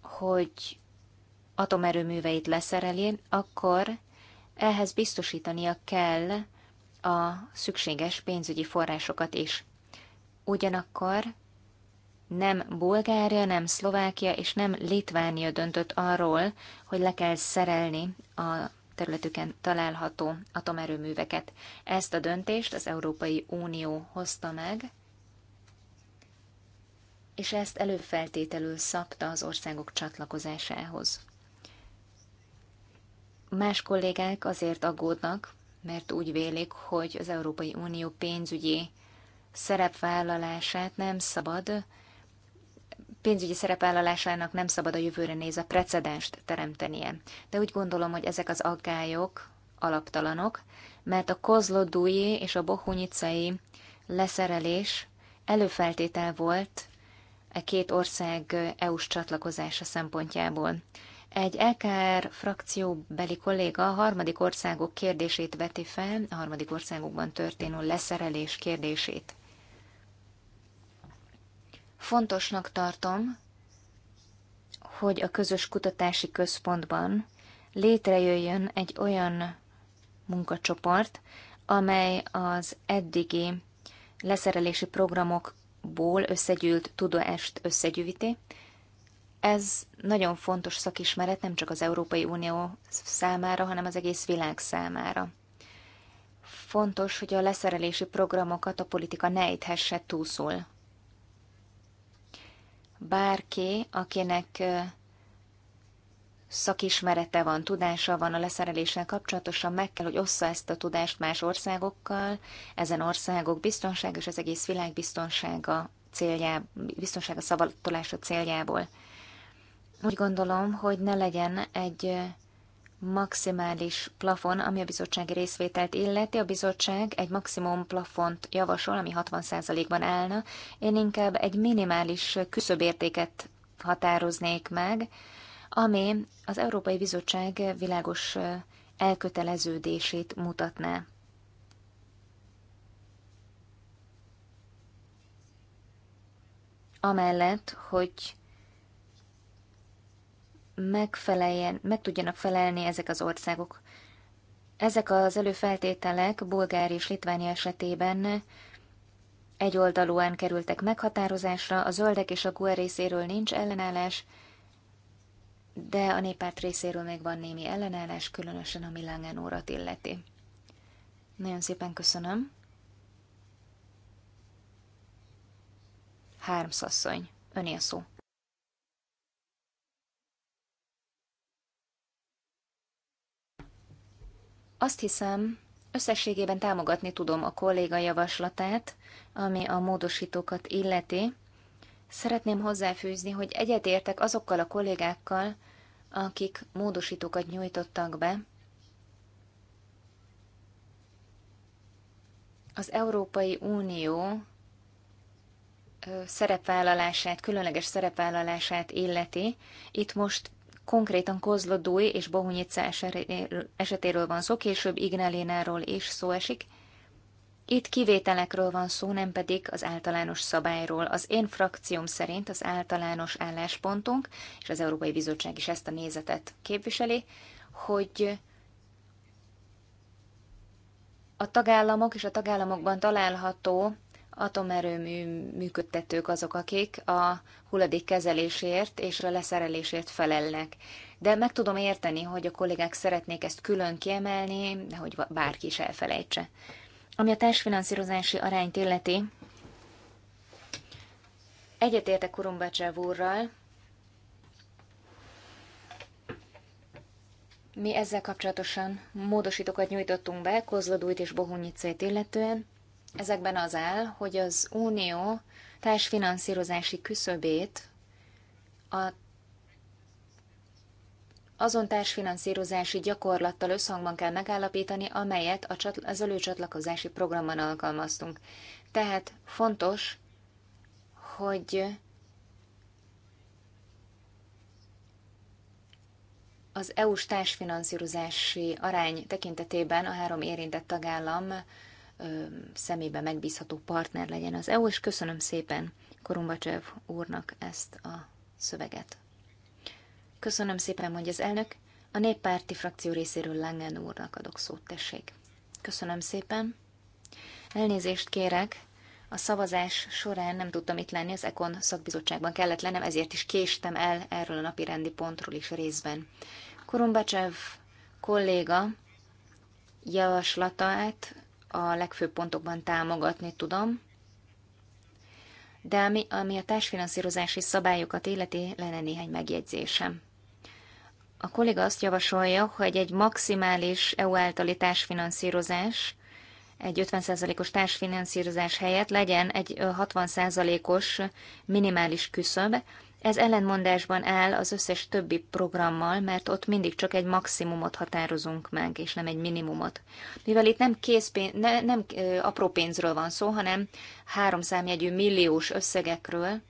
hogy atomerőműveit leszereli, akkor ehhez biztosítania kell a szükséges pénzügyi forrásokat is. Ugyanakkor nem Bulgária, nem Szlovákia és nem Litvánia döntött arról, hogy le kell szerelni a területüken található atomerőműveket. Ezt a döntést az Európai Unió hozta meg, és ezt előfeltételül szabta az országok csatlakozásához. Más kollégák azért aggódnak, mert úgy vélik, hogy az Európai Unió pénzügyi szerepvállalását nem szabad, pénzügyi szerepvállalásának nem szabad a jövőre néz a precedenst teremtenie. De úgy gondolom, hogy ezek az aggályok alaptalanok, mert a kozlodúi és a bohunyicai leszerelés előfeltétel volt e két ország EU-s csatlakozása szempontjából. Egy LKR frakcióbeli kolléga a harmadik országok kérdését veti fel, a harmadik országokban történő leszerelés kérdését. Fontosnak tartom, hogy a közös kutatási központban létrejöjjön egy olyan munkacsoport, amely az eddigi leszerelési programok ból összegyűlt tudást összegyűjti. Ez nagyon fontos szakismeret nem csak az Európai Unió számára, hanem az egész világ számára. Fontos, hogy a leszerelési programokat a politika ne ejthesse túlszul. Bárki, akinek szakismerete van, tudása van a leszereléssel kapcsolatosan, meg kell, hogy ossza ezt a tudást más országokkal, ezen országok biztonság és az egész világ biztonsága céljá, biztonsága szavatolása céljából. Úgy gondolom, hogy ne legyen egy maximális plafon, ami a bizottsági részvételt illeti. A bizottság egy maximum plafont javasol, ami 60%-ban állna. Én inkább egy minimális küszöbértéket határoznék meg, ami az Európai Bizottság világos elköteleződését mutatná. Amellett, hogy megfeleljen, meg tudjanak felelni ezek az országok. Ezek az előfeltételek Bulgári és Litvánia esetében egyoldalúan kerültek meghatározásra, a zöldek és a GUE részéről nincs ellenállás, de a néppárt részéről még van némi ellenállás, különösen a Milánán urat illeti. Nagyon szépen köszönöm. Hármszasszony, öné a szó. Azt hiszem, összességében támogatni tudom a kolléga javaslatát, ami a módosítókat illeti, Szeretném hozzáfűzni, hogy egyetértek azokkal a kollégákkal, akik módosítókat nyújtottak be. Az Európai Unió szerepvállalását, különleges szerepvállalását illeti. Itt most konkrétan Kozlodúj és Bohunyica esetéről van szó, később Ignalináról is szó esik. Itt kivételekről van szó, nem pedig az általános szabályról. Az én frakcióm szerint az általános álláspontunk, és az Európai Bizottság is ezt a nézetet képviseli, hogy a tagállamok és a tagállamokban található atomerőmű működtetők azok, akik a hulladék kezelésért és a leszerelésért felelnek. De meg tudom érteni, hogy a kollégák szeretnék ezt külön kiemelni, nehogy bárki is elfelejtse. Ami a társfinanszírozási arányt illeti, egyetértek Kurumbacsev úrral, Mi ezzel kapcsolatosan módosítókat nyújtottunk be Kozlodújt és Bohunyicét illetően. Ezekben az áll, hogy az unió társfinanszírozási küszöbét a azon társfinanszírozási gyakorlattal összhangban kell megállapítani, amelyet a csatl- az előcsatlakozási programban alkalmaztunk. Tehát fontos, hogy az EU-s társfinanszírozási arány tekintetében a három érintett tagállam ö, szemébe megbízható partner legyen az EU, és köszönöm szépen Korumbacsev úrnak ezt a szöveget. Köszönöm szépen, mondja az elnök. A néppárti frakció részéről Langen úrnak adok szót, tessék. Köszönöm szépen. Elnézést kérek, a szavazás során nem tudtam itt lenni, az Ekon szakbizottságban kellett lennem, ezért is késtem el erről a napi rendi pontról is részben. Korumbacsev kolléga javaslatát a legfőbb pontokban támogatni tudom, de ami, ami a társfinanszírozási szabályokat illeti, lenne néhány megjegyzésem a kolléga azt javasolja, hogy egy maximális EU általi társfinanszírozás, egy 50%-os társfinanszírozás helyett legyen egy 60%-os minimális küszöb. Ez ellenmondásban áll az összes többi programmal, mert ott mindig csak egy maximumot határozunk meg, és nem egy minimumot. Mivel itt nem, készpén, ne, nem apró pénzről van szó, hanem háromszámjegyű milliós összegekről,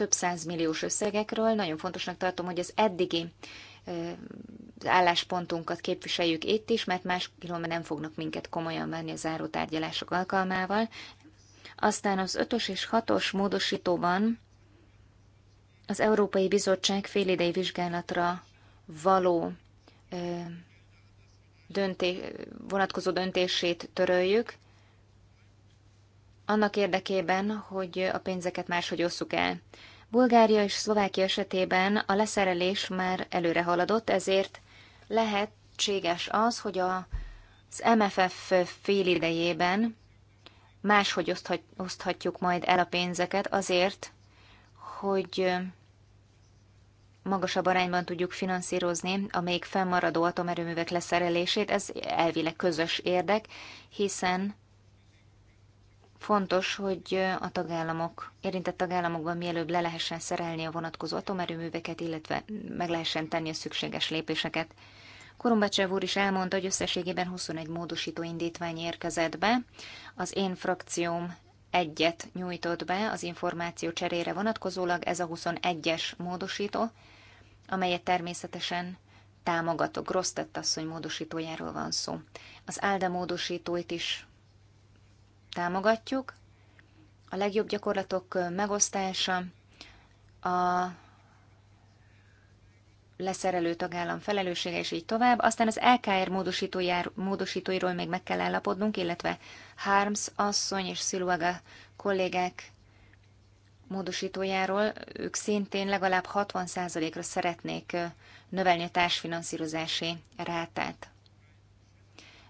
több százmilliós összegekről. Nagyon fontosnak tartom, hogy az eddigi álláspontunkat képviseljük itt is, mert máskülönben nem fognak minket komolyan venni a záró tárgyalások alkalmával. Aztán az ötös és hatos módosítóban az Európai Bizottság félidei vizsgálatra való ö, dönté, vonatkozó döntését töröljük, annak érdekében, hogy a pénzeket máshogy osszuk el. Bulgária és Szlovákia esetében a leszerelés már előre haladott, ezért lehetséges az, hogy a az MFF idejében máshogy oszthat, oszthatjuk majd el a pénzeket azért, hogy magasabb arányban tudjuk finanszírozni a még fennmaradó atomerőművek leszerelését. Ez elvileg közös érdek, hiszen Fontos, hogy a tagállamok, érintett tagállamokban mielőbb le lehessen szerelni a vonatkozó atomerőműveket, illetve meg lehessen tenni a szükséges lépéseket. Korombacsev úr is elmondta, hogy összességében 21 módosító indítvány érkezett be. Az én frakcióm egyet nyújtott be az információ cserére vonatkozólag, ez a 21-es módosító, amelyet természetesen támogatok. az, hogy módosítójáról van szó. Az ALDE módosítóit is támogatjuk. A legjobb gyakorlatok megosztása, a leszerelő tagállam felelőssége, és így tovább. Aztán az LKR módosítójár, módosítóiról még meg kell állapodnunk, illetve Harms asszony és Szilvaga kollégák módosítójáról. Ők szintén legalább 60%-ra szeretnék növelni a társfinanszírozási rátát.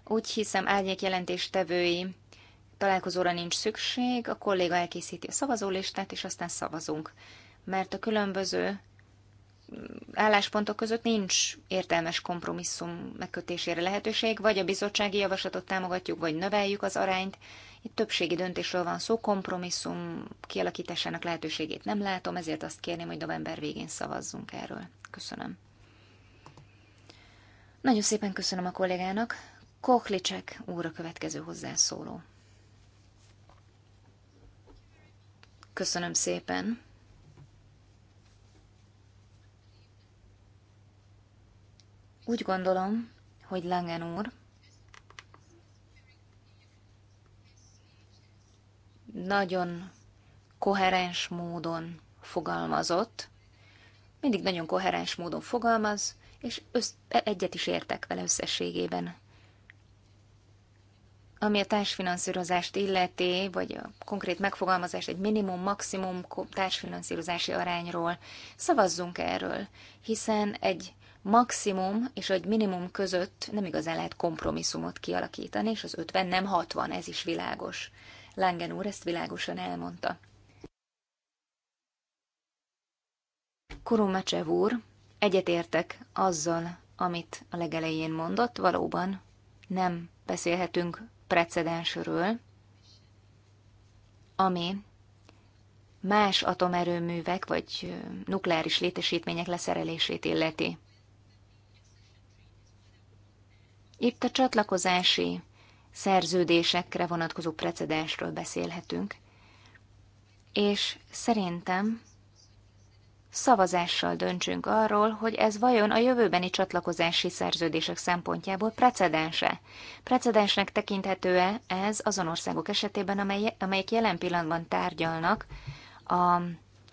Úgy hiszem, árnyék jelentéstevői találkozóra nincs szükség, a kolléga elkészíti a szavazólistát, és aztán szavazunk. Mert a különböző mm, álláspontok között nincs értelmes kompromisszum megkötésére lehetőség, vagy a bizottsági javaslatot támogatjuk, vagy növeljük az arányt. Itt többségi döntésről van szó, kompromisszum kialakításának lehetőségét nem látom, ezért azt kérném, hogy november végén szavazzunk erről. Köszönöm. Nagyon szépen köszönöm a kollégának. Kochlicek úr a következő hozzászóló. Köszönöm szépen. Úgy gondolom, hogy Langen úr nagyon koherens módon fogalmazott, mindig nagyon koherens módon fogalmaz, és össz, egyet is értek vele összességében. Ami a társfinanszírozást illeti, vagy a konkrét megfogalmazást egy minimum-maximum társfinanszírozási arányról, szavazzunk erről, hiszen egy maximum és egy minimum között nem igazán lehet kompromisszumot kialakítani, és az 50 nem 60, ez is világos. Langen úr ezt világosan elmondta. Kurumacsev úr, egyetértek azzal, amit a legelején mondott, valóban nem beszélhetünk precedensről, ami más atomerőművek vagy nukleáris létesítmények leszerelését illeti. Itt a csatlakozási szerződésekre vonatkozó precedensről beszélhetünk, és szerintem szavazással döntsünk arról, hogy ez vajon a jövőbeni csatlakozási szerződések szempontjából precedense. Precedensnek tekinthető-e ez azon országok esetében, amely, amelyek jelen pillanatban tárgyalnak a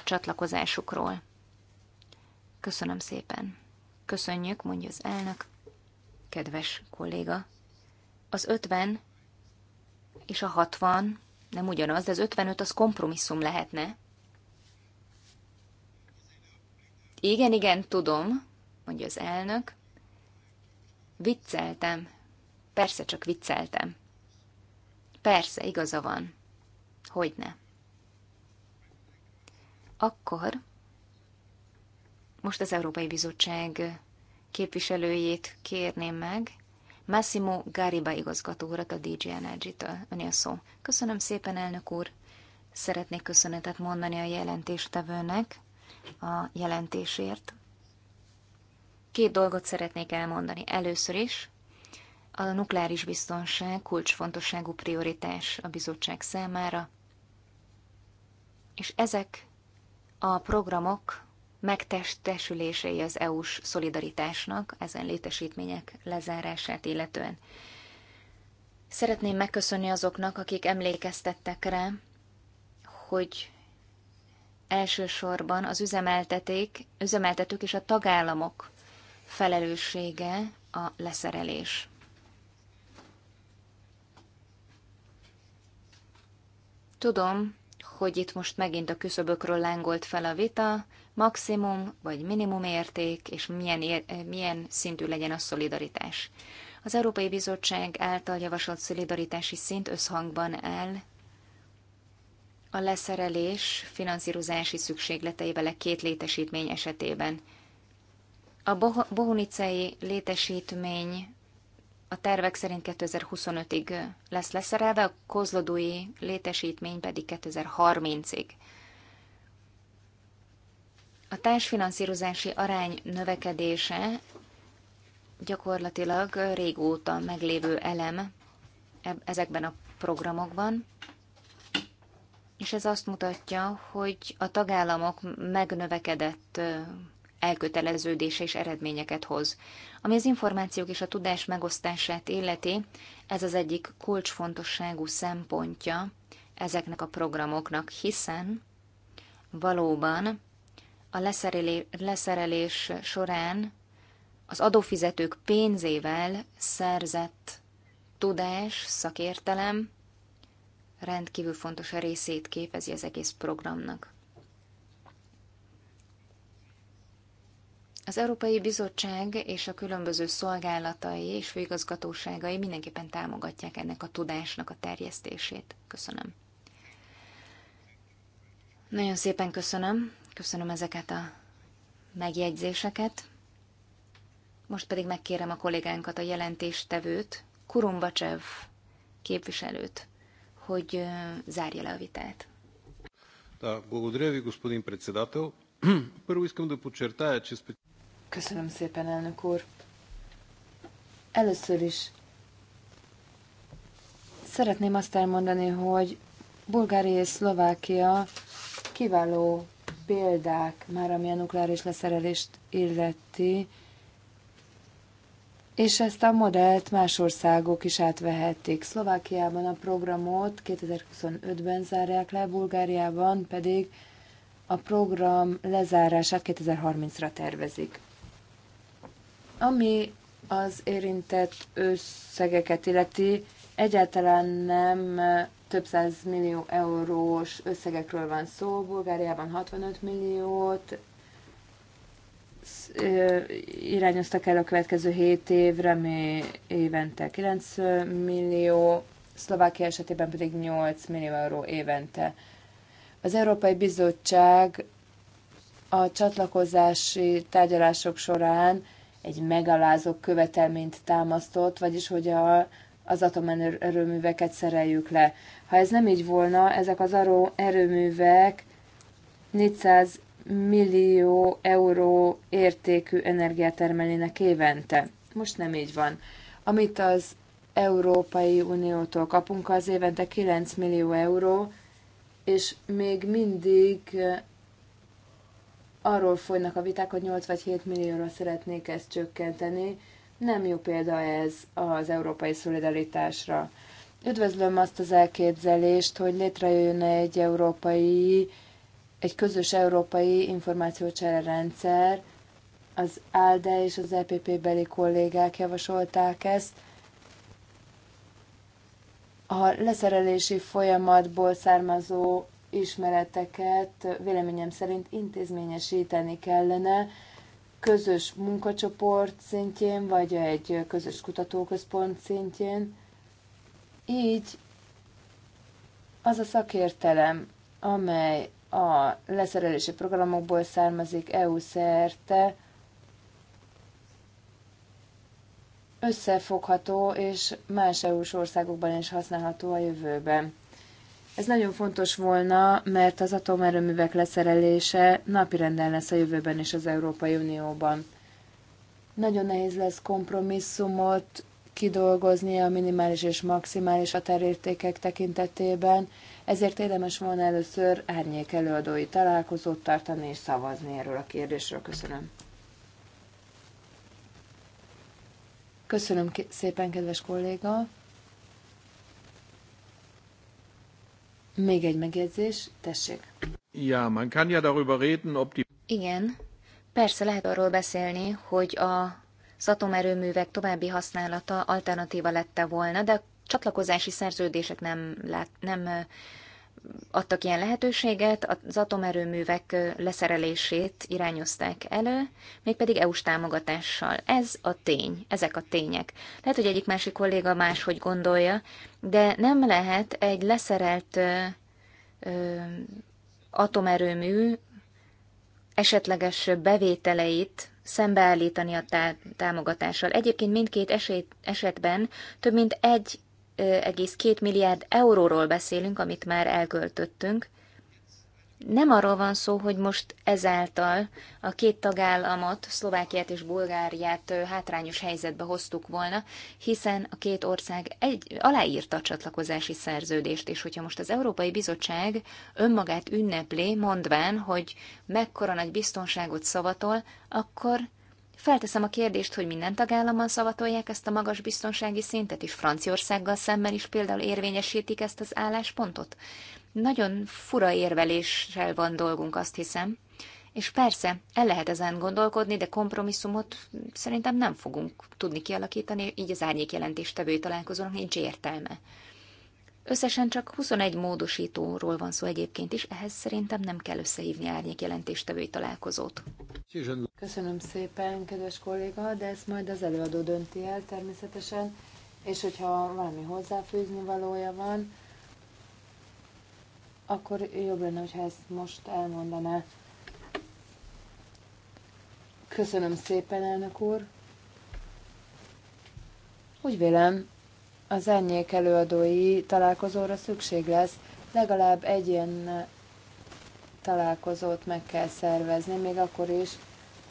csatlakozásukról? Köszönöm szépen. Köszönjük, mondja az elnök. Kedves kolléga, az 50 és a 60 nem ugyanaz, de az 55 az kompromisszum lehetne, Igen, igen, tudom, mondja az elnök. Vicceltem. Persze csak vicceltem. Persze, igaza van. Hogyne. Akkor most az Európai Bizottság képviselőjét kérném meg, Massimo Gariba igazgató urat a DJ Energy-től. a szó. Köszönöm szépen, elnök úr. Szeretnék köszönetet mondani a jelentéstevőnek a jelentésért. Két dolgot szeretnék elmondani. Először is, a nukleáris biztonság kulcsfontosságú prioritás a bizottság számára, és ezek a programok megtestesülései az EU-s szolidaritásnak, ezen létesítmények lezárását illetően. Szeretném megköszönni azoknak, akik emlékeztettek rá, hogy elsősorban az üzemelteték, üzemeltetők és a tagállamok felelőssége a leszerelés. Tudom, hogy itt most megint a küszöbökről lángolt fel a vita, maximum vagy minimum érték, és milyen, ér, milyen szintű legyen a szolidaritás. Az Európai Bizottság által javasolt szolidaritási szint összhangban áll a leszerelés finanszírozási szükségletei a két létesítmény esetében. A bohunicei létesítmény a tervek szerint 2025-ig lesz leszerelve, a kozlodói létesítmény pedig 2030-ig. A társfinanszírozási arány növekedése gyakorlatilag régóta meglévő elem e- ezekben a programokban, és ez azt mutatja, hogy a tagállamok megnövekedett elköteleződése és eredményeket hoz. Ami az információk és a tudás megosztását illeti, ez az egyik kulcsfontosságú szempontja ezeknek a programoknak, hiszen valóban a leszerelés során az adófizetők pénzével szerzett tudás, szakértelem rendkívül fontos a részét képezi az egész programnak. Az Európai Bizottság és a különböző szolgálatai és főigazgatóságai mindenképpen támogatják ennek a tudásnak a terjesztését. Köszönöm. Nagyon szépen köszönöm. Köszönöm ezeket a megjegyzéseket. Most pedig megkérem a kollégánkat, a jelentéstevőt, Kurumbacsev képviselőt, hogy zárja le a vitát. (clears throat) Köszönöm szépen, elnök úr. Először is szeretném azt elmondani, hogy Bulgária és Szlovákia kiváló példák már, ami a nukleáris leszerelést illeti, és ezt a modellt más országok is átvehették. Szlovákiában a programot 2025-ben zárják le, Bulgáriában pedig a program lezárását 2030-ra tervezik. Ami az érintett összegeket illeti, egyáltalán nem több száz millió eurós összegekről van szó, Bulgáriában 65 milliót irányoztak el a következő 7 évre, mi évente 9 millió, Szlovákia esetében pedig 8 millió euró évente. Az Európai Bizottság a csatlakozási tárgyalások során egy megalázó követelményt támasztott, vagyis hogy a, az atomerőműveket szereljük le. Ha ez nem így volna, ezek az erőművek 400 millió euró értékű energiát termelnének évente. Most nem így van. Amit az Európai Uniótól kapunk, az évente 9 millió euró, és még mindig eh, arról folynak a viták, hogy 8 vagy 7 millióra szeretnék ezt csökkenteni. Nem jó példa ez az európai szolidaritásra. Üdvözlöm azt az elképzelést, hogy létrejön egy európai egy közös európai információcsere rendszer, az ALDE és az EPP beli kollégák javasolták ezt. A leszerelési folyamatból származó ismereteket véleményem szerint intézményesíteni kellene, közös munkacsoport szintjén, vagy egy közös kutatóközpont szintjén. Így az a szakértelem, amely a leszerelési programokból származik EU szerte, összefogható és más EU-s országokban is használható a jövőben. Ez nagyon fontos volna, mert az atomerőművek leszerelése napirenden lesz a jövőben is az Európai Unióban. Nagyon nehéz lesz kompromisszumot kidolgozni a minimális és maximális határértékek tekintetében, ezért érdemes volna először árnyék előadói találkozót tartani és szavazni erről a kérdésről. Köszönöm. Köszönöm szépen, kedves kolléga. Még egy megjegyzés, tessék. Ja, man kann ja darüber reden, ob die... Igen, persze lehet arról beszélni, hogy a az atomerőművek további használata alternatíva lette volna, de csatlakozási szerződések nem, lát, nem adtak ilyen lehetőséget, az atomerőművek leszerelését irányozták elő, mégpedig EU-s támogatással. Ez a tény, ezek a tények. Lehet, hogy egyik másik kolléga máshogy gondolja, de nem lehet egy leszerelt ö, ö, atomerőmű esetleges bevételeit szembeállítani a támogatással. Egyébként mindkét esetben több mint egy 1,2 milliárd euróról beszélünk, amit már elköltöttünk. Nem arról van szó, hogy most ezáltal a két tagállamot, Szlovákiát és Bulgáriát hátrányos helyzetbe hoztuk volna, hiszen a két ország egy, aláírta a csatlakozási szerződést, és hogyha most az Európai Bizottság önmagát ünnepli, mondván, hogy mekkora nagy biztonságot szavatol, akkor Felteszem a kérdést, hogy minden tagállamban szavatolják ezt a magas biztonsági szintet, és Franciaországgal szemben is például érvényesítik ezt az álláspontot. Nagyon fura érveléssel van dolgunk, azt hiszem. És persze, el lehet ezen gondolkodni, de kompromisszumot szerintem nem fogunk tudni kialakítani, így az árnyék jelentéstevői találkozónak nincs értelme. Összesen csak 21 módosítóról van szó egyébként is, ehhez szerintem nem kell összehívni árnyék jelentéstevői találkozót. Köszönöm szépen, kedves kolléga, de ezt majd az előadó dönti el természetesen, és hogyha valami hozzáfűzni valója van, akkor jobb lenne, hogyha ezt most elmondaná. Köszönöm szépen, elnök úr. Úgy vélem, az árnyék előadói találkozóra szükség lesz. Legalább egy ilyen találkozót meg kell szervezni, még akkor is,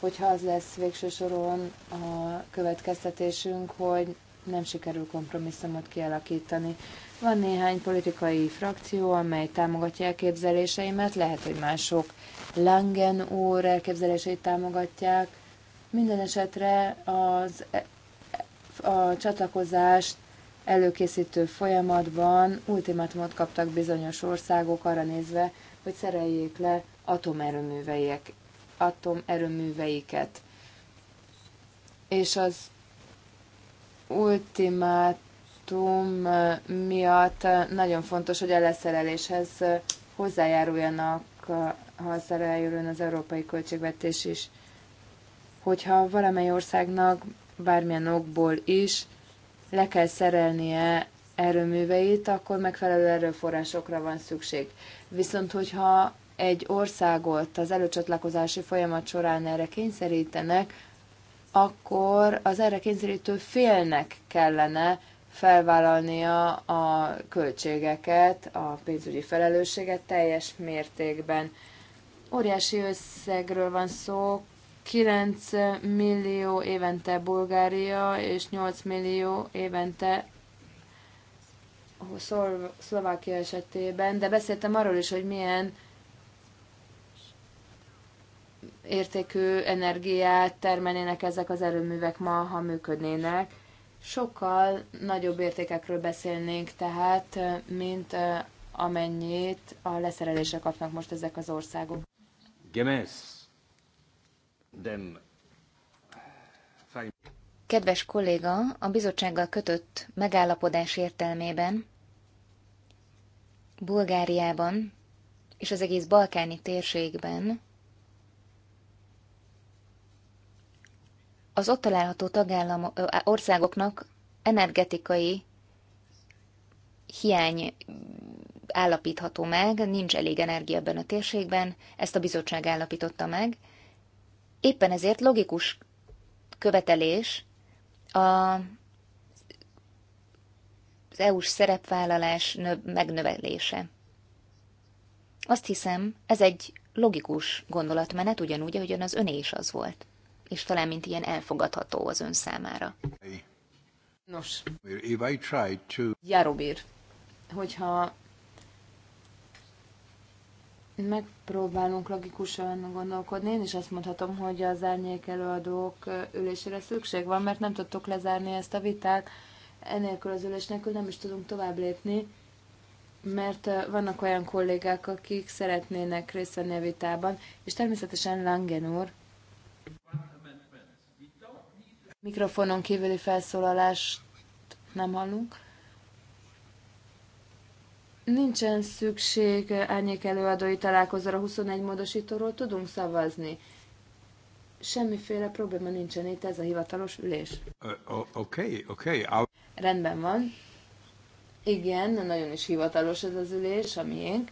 hogyha az lesz végső soron a következtetésünk, hogy nem sikerül kompromisszumot kialakítani. Van néhány politikai frakció, amely támogatja elképzeléseimet, lehet, hogy mások Langen úr elképzeléseit támogatják. Minden esetre az, e, e, a csatlakozást előkészítő folyamatban ultimátumot kaptak bizonyos országok arra nézve, hogy szereljék le atomerőműveiek, atomerőműveiket. És az ultimátum miatt nagyon fontos, hogy a leszereléshez hozzájáruljanak, ha szereljön az európai költségvetés is. Hogyha valamely országnak bármilyen okból is le kell szerelnie erőműveit, akkor megfelelő erőforrásokra van szükség. Viszont, hogyha egy országot az előcsatlakozási folyamat során erre kényszerítenek, akkor az erre kényszerítő félnek kellene felvállalnia a költségeket, a pénzügyi felelősséget teljes mértékben. Óriási összegről van szó, 9 millió évente Bulgária, és 8 millió évente Szlovákia esetében, de beszéltem arról is, hogy milyen értékű energiát termelnének ezek az erőművek ma, ha működnének. Sokkal nagyobb értékekről beszélnénk tehát, mint amennyit a leszerelésre kapnak most ezek az országok. Gemes. Kedves kolléga, a bizottsággal kötött megállapodás értelmében Bulgáriában és az egész balkáni térségben az ott található tagállam, országoknak energetikai hiány állapítható meg, nincs elég energia ebben a térségben, ezt a bizottság állapította meg, Éppen ezért logikus követelés a, az EU-s szerepvállalás növ, megnövelése. Azt hiszem, ez egy logikus gondolatmenet, ugyanúgy, ahogyan az öné is az volt. És talán mint ilyen elfogadható az ön számára. Nos. If hogyha megpróbálunk logikusan gondolkodni. Én is azt mondhatom, hogy az árnyék előadók ülésére szükség van, mert nem tudtuk lezárni ezt a vitát. Enélkül az ülés nélkül nem is tudunk tovább lépni, mert vannak olyan kollégák, akik szeretnének részt venni a vitában, és természetesen Langen úr. Mikrofonon kívüli felszólalást nem hallunk. Nincsen szükség árnyék előadói találkozóra 21 módosítóról tudunk szavazni. Semmiféle probléma nincsen itt, ez a hivatalos ülés. Oké, uh, oké. Okay, okay. Rendben van. Igen, nagyon is hivatalos ez az ülés, a miénk.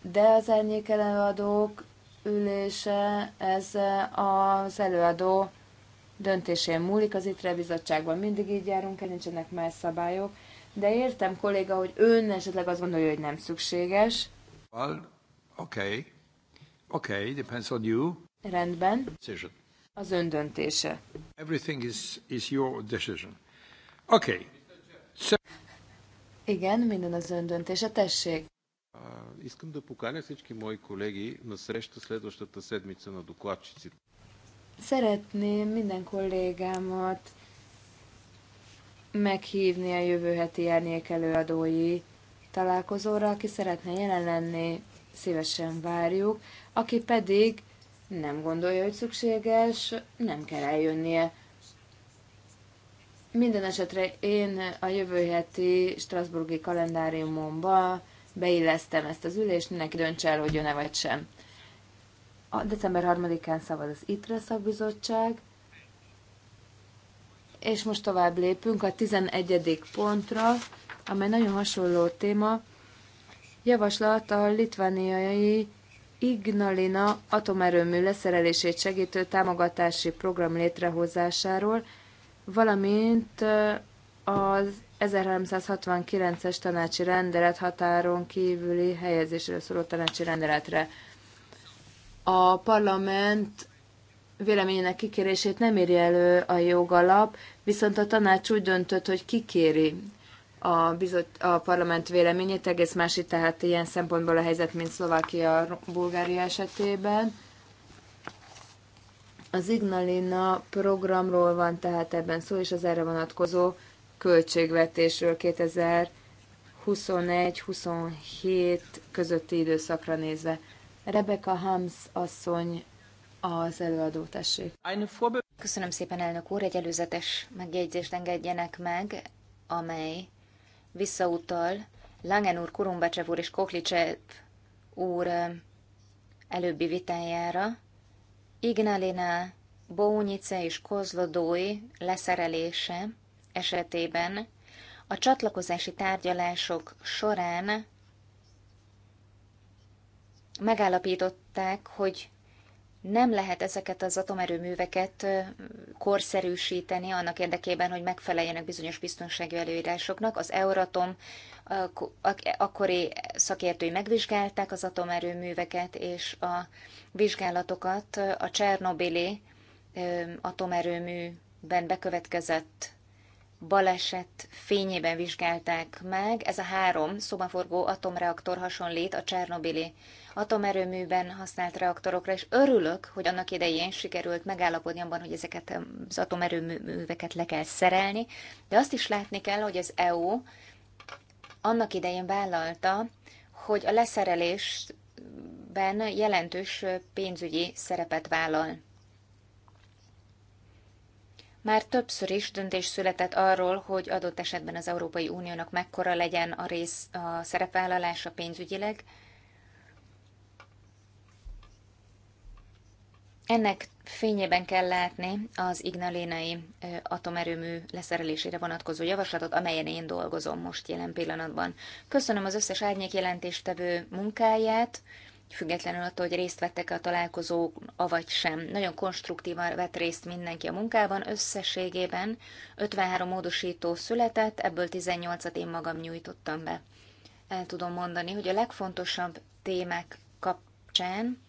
De az árnyék előadók ülése, ez az előadó döntésén múlik az ITRE bizottságban. Mindig így járunk nincsenek más szabályok de értem, kolléga, hogy ön esetleg azt gondolja, hogy nem szükséges. Well, okay. Okay, depends on you. Rendben. Decision. Az ön döntése. Everything is, is your decision. Okay. So... Igen, minden az ön döntése. Tessék. Uh, искам да поканя всички мои колеги на среща следващата седмица на докладчиците. Szeretném minden kollégámat meghívni a jövő heti árnyék előadói találkozóra, aki szeretne jelen lenni, szívesen várjuk, aki pedig nem gondolja, hogy szükséges, nem kell eljönnie. Minden esetre én a jövő heti Strasburgi kalendáriumomba beillesztem ezt az ülést, mindenki dönts el, hogy jön-e vagy sem. A december 3-án szavaz az ITRE szakbizottság, és most tovább lépünk a 11. pontra, amely nagyon hasonló téma. Javaslat a litvániai Ignalina atomerőmű leszerelését segítő támogatási program létrehozásáról, valamint az 1369-es tanácsi rendelet határon kívüli helyezésről szóló tanácsi rendeletre. A parlament véleményének kikérését nem írja elő a jogalap, viszont a tanács úgy döntött, hogy kikéri a, bizot, a parlament véleményét, egész itt tehát ilyen szempontból a helyzet, mint Szlovákia, Bulgária esetében. Az Ignalina programról van tehát ebben szó, és az erre vonatkozó költségvetésről 2021-27 közötti időszakra nézve. Rebecca Hams asszony az előadó, tessék. Köszönöm szépen, elnök úr, egy előzetes megjegyzést engedjenek meg, amely visszautal Langen úr, Kurumbacsev úr és Koklicsev úr előbbi vitájára. Ignalina Bónice és Kozlodói leszerelése esetében a csatlakozási tárgyalások során megállapították, hogy nem lehet ezeket az atomerőműveket korszerűsíteni annak érdekében, hogy megfeleljenek bizonyos biztonsági előírásoknak. Az Euratom akkori szakértői megvizsgálták az atomerőműveket, és a vizsgálatokat a Csernobili atomerőműben bekövetkezett baleset fényében vizsgálták meg. Ez a három szobaforgó atomreaktor hasonlít a Csernobili atomerőműben használt reaktorokra, és örülök, hogy annak idején sikerült megállapodni abban, hogy ezeket az atomerőműveket le kell szerelni, de azt is látni kell, hogy az EU annak idején vállalta, hogy a leszerelésben jelentős pénzügyi szerepet vállal. Már többször is döntés született arról, hogy adott esetben az Európai Uniónak mekkora legyen a rész a szerepvállalása pénzügyileg, Ennek fényében kell látni az ignalénai atomerőmű leszerelésére vonatkozó javaslatot, amelyen én dolgozom most jelen pillanatban. Köszönöm az összes árnyék jelentéstevő munkáját, függetlenül attól, hogy részt vettek a találkozók, avagy sem. Nagyon konstruktívan vett részt mindenki a munkában. Összességében 53 módosító született, ebből 18-at én magam nyújtottam be. El tudom mondani, hogy a legfontosabb témák kapcsán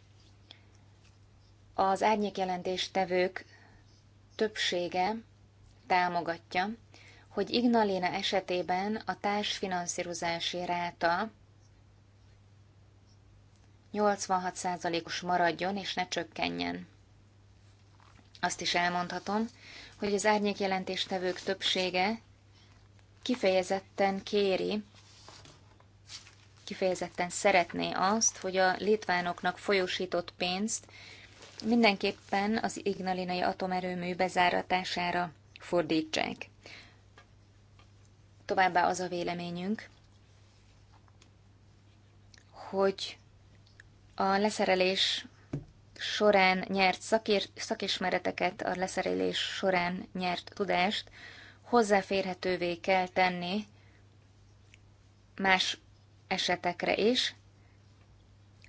az árnyékjelentés tevők többsége támogatja, hogy Ignalina esetében a társfinanszírozási ráta 86%-os maradjon és ne csökkenjen. Azt is elmondhatom, hogy az tevők többsége kifejezetten kéri, kifejezetten szeretné azt, hogy a litvánoknak folyósított pénzt mindenképpen az ignalinai atomerőmű bezáratására fordítsák. Továbbá az a véleményünk, hogy a leszerelés során nyert szakér, szakismereteket, a leszerelés során nyert tudást hozzáférhetővé kell tenni más esetekre is,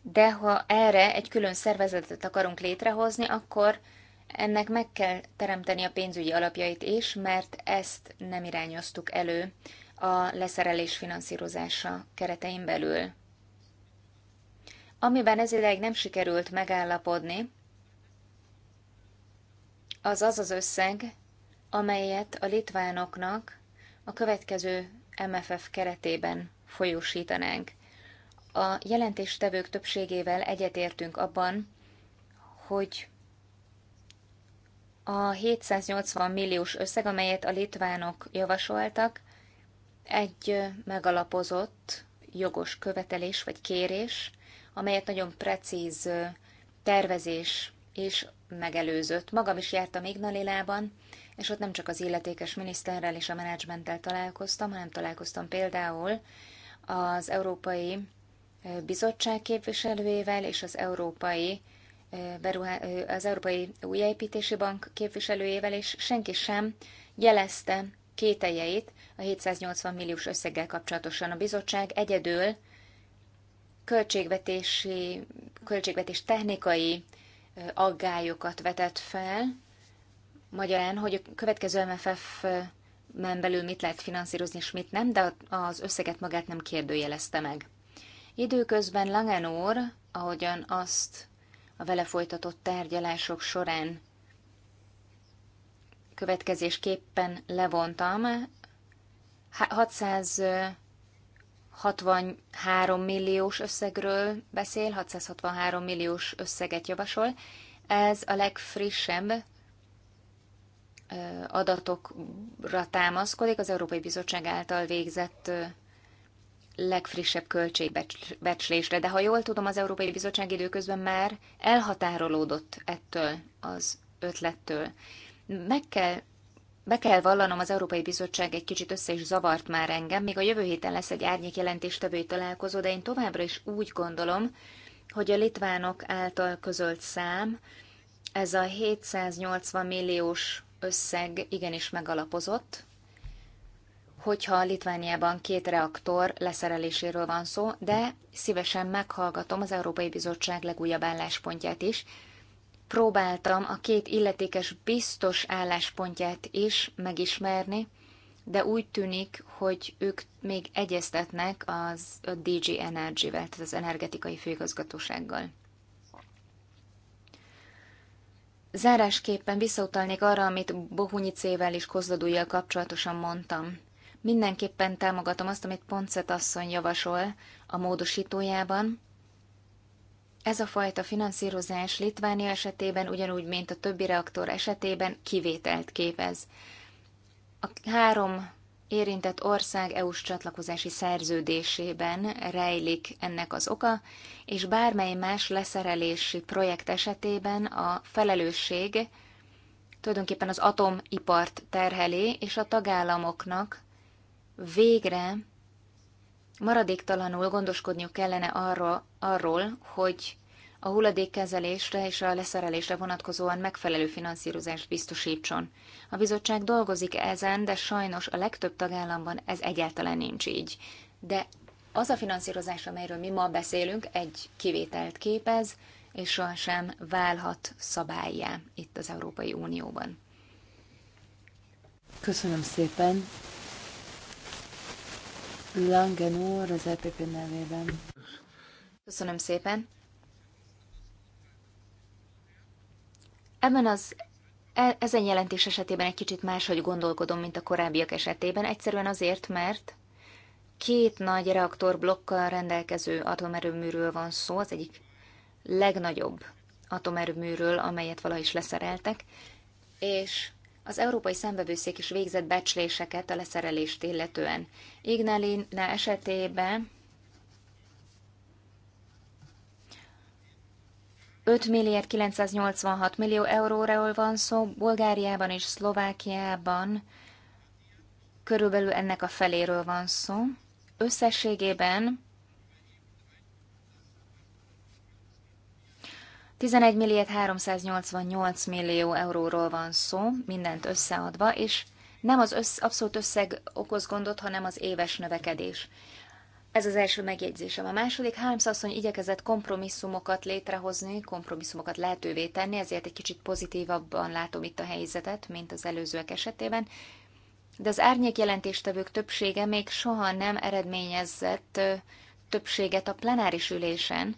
de ha erre egy külön szervezetet akarunk létrehozni, akkor ennek meg kell teremteni a pénzügyi alapjait is, mert ezt nem irányoztuk elő a leszerelés finanszírozása keretein belül. Amiben ez ideig nem sikerült megállapodni, az az az összeg, amelyet a litvánoknak a következő MFF keretében folyósítanánk. A jelentéstevők többségével egyetértünk abban, hogy a 780 milliós összeg, amelyet a litvánok javasoltak, egy megalapozott jogos követelés vagy kérés, amelyet nagyon precíz tervezés és megelőzött. Magam is jártam Ignalilában, és ott nem csak az illetékes miniszterrel és a menedzsmenttel találkoztam, hanem találkoztam például az Európai bizottság képviselőjével és az Európai, az Európai Újjáépítési Bank képviselőjével, és senki sem jelezte kételjeit a 780 milliós összeggel kapcsolatosan. A bizottság egyedül költségvetési, költségvetés technikai aggályokat vetett fel, magyarán, hogy a következő MFF men belül mit lehet finanszírozni és mit nem, de az összeget magát nem kérdőjelezte meg. Időközben Langen úr, ahogyan azt a vele folytatott tárgyalások során következésképpen levontam, 663 milliós összegről beszél, 663 milliós összeget javasol. Ez a legfrissebb adatokra támaszkodik az Európai Bizottság által végzett legfrissebb költségbecslésre, de ha jól tudom, az Európai Bizottság időközben már elhatárolódott ettől az ötlettől. Meg kell, be kell vallanom, az Európai Bizottság egy kicsit össze is zavart már engem, még a jövő héten lesz egy árnyék jelentéstevői találkozó, de én továbbra is úgy gondolom, hogy a litvánok által közölt szám, ez a 780 milliós összeg igenis megalapozott, hogyha Litvániában két reaktor leszereléséről van szó, de szívesen meghallgatom az Európai Bizottság legújabb álláspontját is. Próbáltam a két illetékes biztos álláspontját is megismerni, de úgy tűnik, hogy ők még egyeztetnek az a DG Energy-vel, tehát az energetikai főigazgatósággal. Zárásképpen visszautalnék arra, amit Bohunyicével és Kozladújjal kapcsolatosan mondtam. Mindenképpen támogatom azt, amit Poncet asszony javasol a módosítójában. Ez a fajta finanszírozás Litvánia esetében, ugyanúgy, mint a többi reaktor esetében kivételt képez. A három érintett ország EU-s csatlakozási szerződésében rejlik ennek az oka, és bármely más leszerelési projekt esetében a felelősség tulajdonképpen az atomipart terheli, és a tagállamoknak végre maradéktalanul gondoskodniuk kellene arról, arról hogy a hulladékkezelésre és a leszerelésre vonatkozóan megfelelő finanszírozást biztosítson. A bizottság dolgozik ezen, de sajnos a legtöbb tagállamban ez egyáltalán nincs így. De az a finanszírozás, amelyről mi ma beszélünk, egy kivételt képez, és sohasem válhat szabályjá itt az Európai Unióban. Köszönöm szépen. Langen úr az EPP nevében. Köszönöm szépen. Ebben az e, ezen jelentés esetében egy kicsit máshogy gondolkodom, mint a korábbiak esetében, egyszerűen azért, mert két nagy reaktorblokkal rendelkező atomerőműről van szó, az egyik legnagyobb atomerőműről, amelyet valaha is leszereltek, és az Európai Szembevőszék is végzett becsléseket a leszerelést illetően. Ignalina esetében 5 milliárd 986 millió euróról van szó, Bulgáriában és Szlovákiában körülbelül ennek a feléről van szó. Összességében 11 milliárd 388 millió euróról van szó, mindent összeadva, és nem az össz, abszolút összeg okoz gondot, hanem az éves növekedés. Ez az első megjegyzésem. A második, Harms asszony igyekezett kompromisszumokat létrehozni, kompromisszumokat lehetővé tenni, ezért egy kicsit pozitívabban látom itt a helyzetet, mint az előzőek esetében. De az árnyék jelentéstevők többsége még soha nem eredményezett többséget a plenáris ülésen,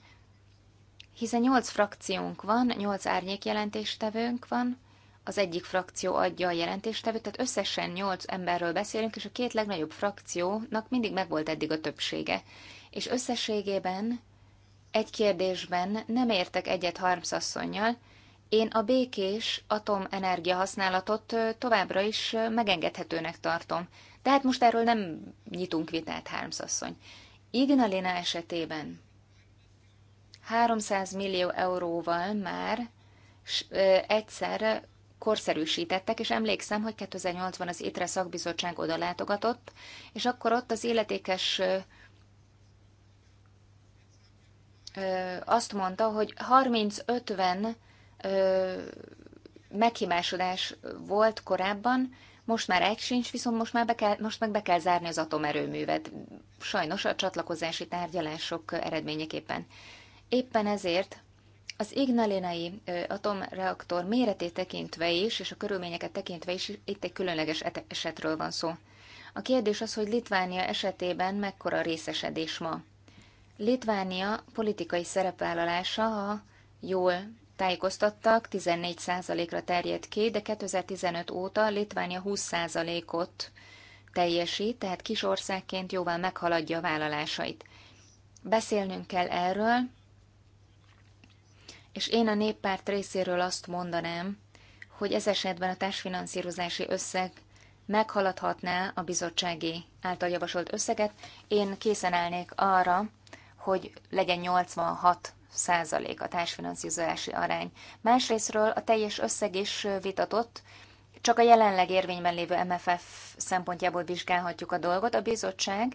hiszen nyolc frakciónk van, nyolc árnyék jelentéstevőnk van, az egyik frakció adja a jelentéstevőt, tehát összesen nyolc emberről beszélünk, és a két legnagyobb frakciónak mindig megvolt eddig a többsége. És összességében egy kérdésben nem értek egyet harmszasszonynal, én a békés atomenergia használatot továbbra is megengedhetőnek tartom. De hát most erről nem nyitunk vitát, Hármszasszony. Ignalina esetében 300 millió euróval már egyszer korszerűsítettek, és emlékszem, hogy 2008-ban az ITRE szakbizottság oda látogatott, és akkor ott az életékes azt mondta, hogy 30-50 meghibásodás volt korábban, most már egy sincs, viszont most, már be kell, most meg be kell zárni az atomerőművet. Sajnos a csatlakozási tárgyalások eredményeképpen. Éppen ezért az ignalinai atomreaktor méretét tekintve is, és a körülményeket tekintve is itt egy különleges esetről van szó. A kérdés az, hogy Litvánia esetében mekkora részesedés ma. Litvánia politikai szerepvállalása, ha jól tájékoztattak, 14%-ra terjedt ki, de 2015 óta Litvánia 20%-ot teljesít, tehát kis országként jóval meghaladja a vállalásait. Beszélnünk kell erről, és én a néppárt részéről azt mondanám, hogy ez esetben a társfinanszírozási összeg meghaladhatná a bizottsági által javasolt összeget. Én készen állnék arra, hogy legyen 86 százalék a társfinanszírozási arány. Másrésztről a teljes összeg is vitatott, csak a jelenleg érvényben lévő MFF szempontjából vizsgálhatjuk a dolgot. A bizottság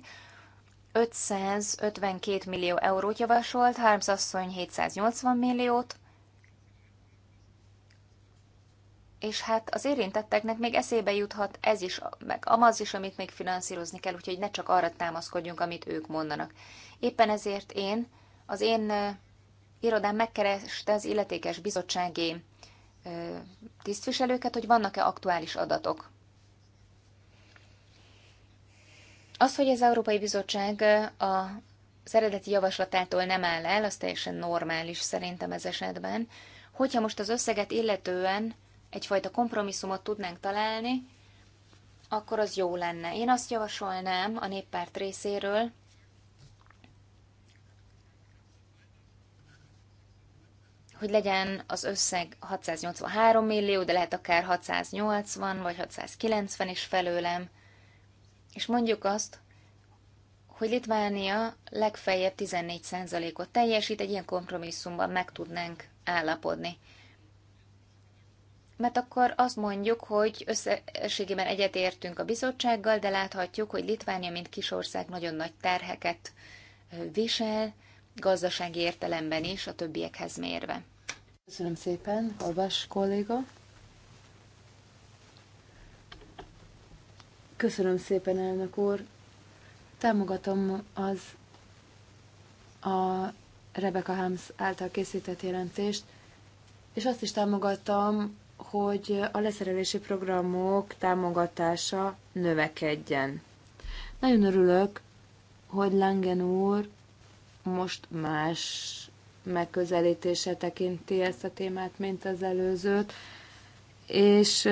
552 millió eurót javasolt, Harms asszony 780 milliót, és hát az érintetteknek még eszébe juthat ez is, meg amaz is, amit még finanszírozni kell, úgyhogy ne csak arra támaszkodjunk, amit ők mondanak. Éppen ezért én, az én irodám megkereste az illetékes bizottsági tisztviselőket, hogy vannak-e aktuális adatok. Az, hogy az Európai Bizottság a az eredeti javaslatától nem áll el, az teljesen normális szerintem ez esetben. Hogyha most az összeget illetően egyfajta kompromisszumot tudnánk találni, akkor az jó lenne. Én azt javasolnám a néppárt részéről, hogy legyen az összeg 683 millió, de lehet akár 680 vagy 690 is felőlem, és mondjuk azt, hogy Litvánia legfeljebb 14%-ot teljesít, egy ilyen kompromisszumban meg tudnánk állapodni. Mert akkor azt mondjuk, hogy összességében egyetértünk a bizottsággal, de láthatjuk, hogy Litvánia, mint kisország, nagyon nagy terheket visel, gazdasági értelemben is a többiekhez mérve. Köszönöm szépen, Alvás kolléga. Köszönöm szépen, elnök úr. Támogatom az a Rebecca Hams által készített jelentést, és azt is támogatom, hogy a leszerelési programok támogatása növekedjen. Nagyon örülök, hogy Langen úr most más megközelítése tekinti ezt a témát, mint az előzőt, és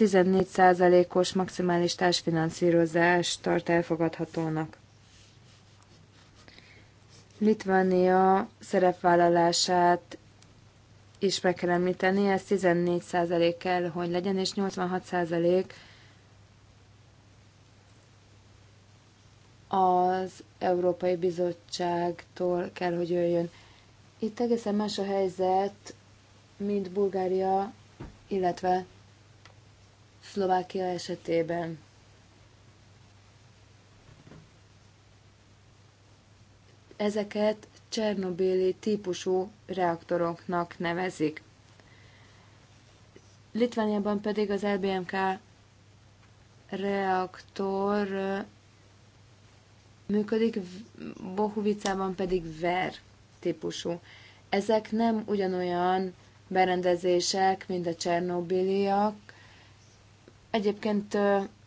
14%-os maximális társfinanszírozást tart elfogadhatónak. Litvánia szerepvállalását is meg kell említeni, ez 14% kell, hogy legyen, és 86% az Európai Bizottságtól kell, hogy jöjjön. Itt egészen más a helyzet, mint Bulgária, illetve Szlovákia esetében ezeket Csernobéli típusú reaktoroknak nevezik. Litvániában pedig az LBMK reaktor működik, Bohuvicában pedig VER típusú. Ezek nem ugyanolyan berendezések, mint a csernobiliak, Egyébként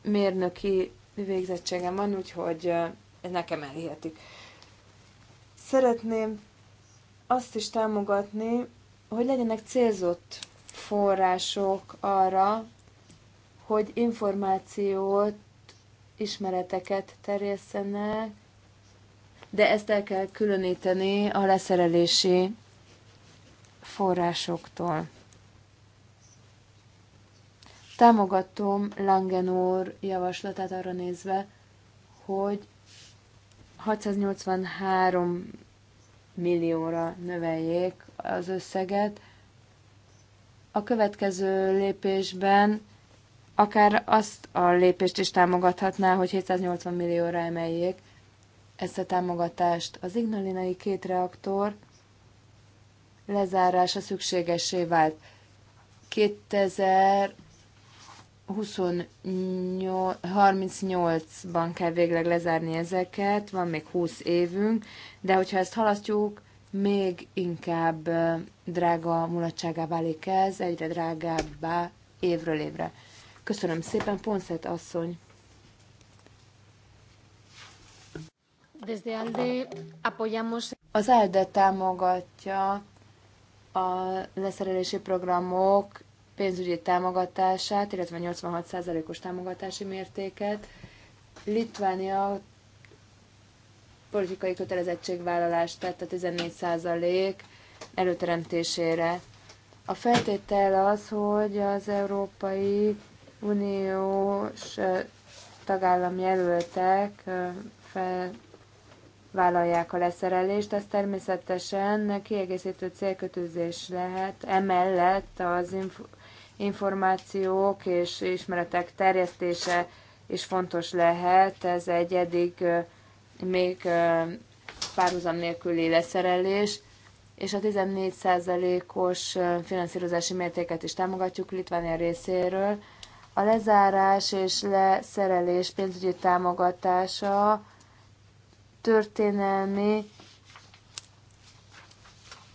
mérnöki végzettségem van, úgyhogy ez nekem elhihetik. Szeretném azt is támogatni, hogy legyenek célzott források arra, hogy információt, ismereteket terjesszenek, de ezt el kell különíteni a leszerelési forrásoktól. Támogatom Langenor javaslatát arra nézve, hogy 683 millióra növeljék az összeget. A következő lépésben akár azt a lépést is támogathatná, hogy 780 millióra emeljék ezt a támogatást. Az ignalinai két reaktor lezárása szükségessé vált. 2000 38-ban kell végleg lezárni ezeket, van még 20 évünk, de hogyha ezt halasztjuk, még inkább drága mulatságá válik ez, egyre drágábbá évről évre. Köszönöm szépen, Ponszet asszony! Az elde támogatja a leszerelési programok pénzügyi támogatását, illetve 86%-os támogatási mértéket. Litvánia politikai kötelezettségvállalást tett a 14% előteremtésére. A feltétel az, hogy az Európai Uniós tagállam jelöltek felvállalják a leszerelést, ez természetesen kiegészítő célkötőzés lehet, emellett az inf- információk és ismeretek terjesztése is fontos lehet. Ez egy eddig még párhuzam nélküli leszerelés, és a 14%-os finanszírozási mértéket is támogatjuk Litvánia részéről. A lezárás és leszerelés pénzügyi támogatása történelmi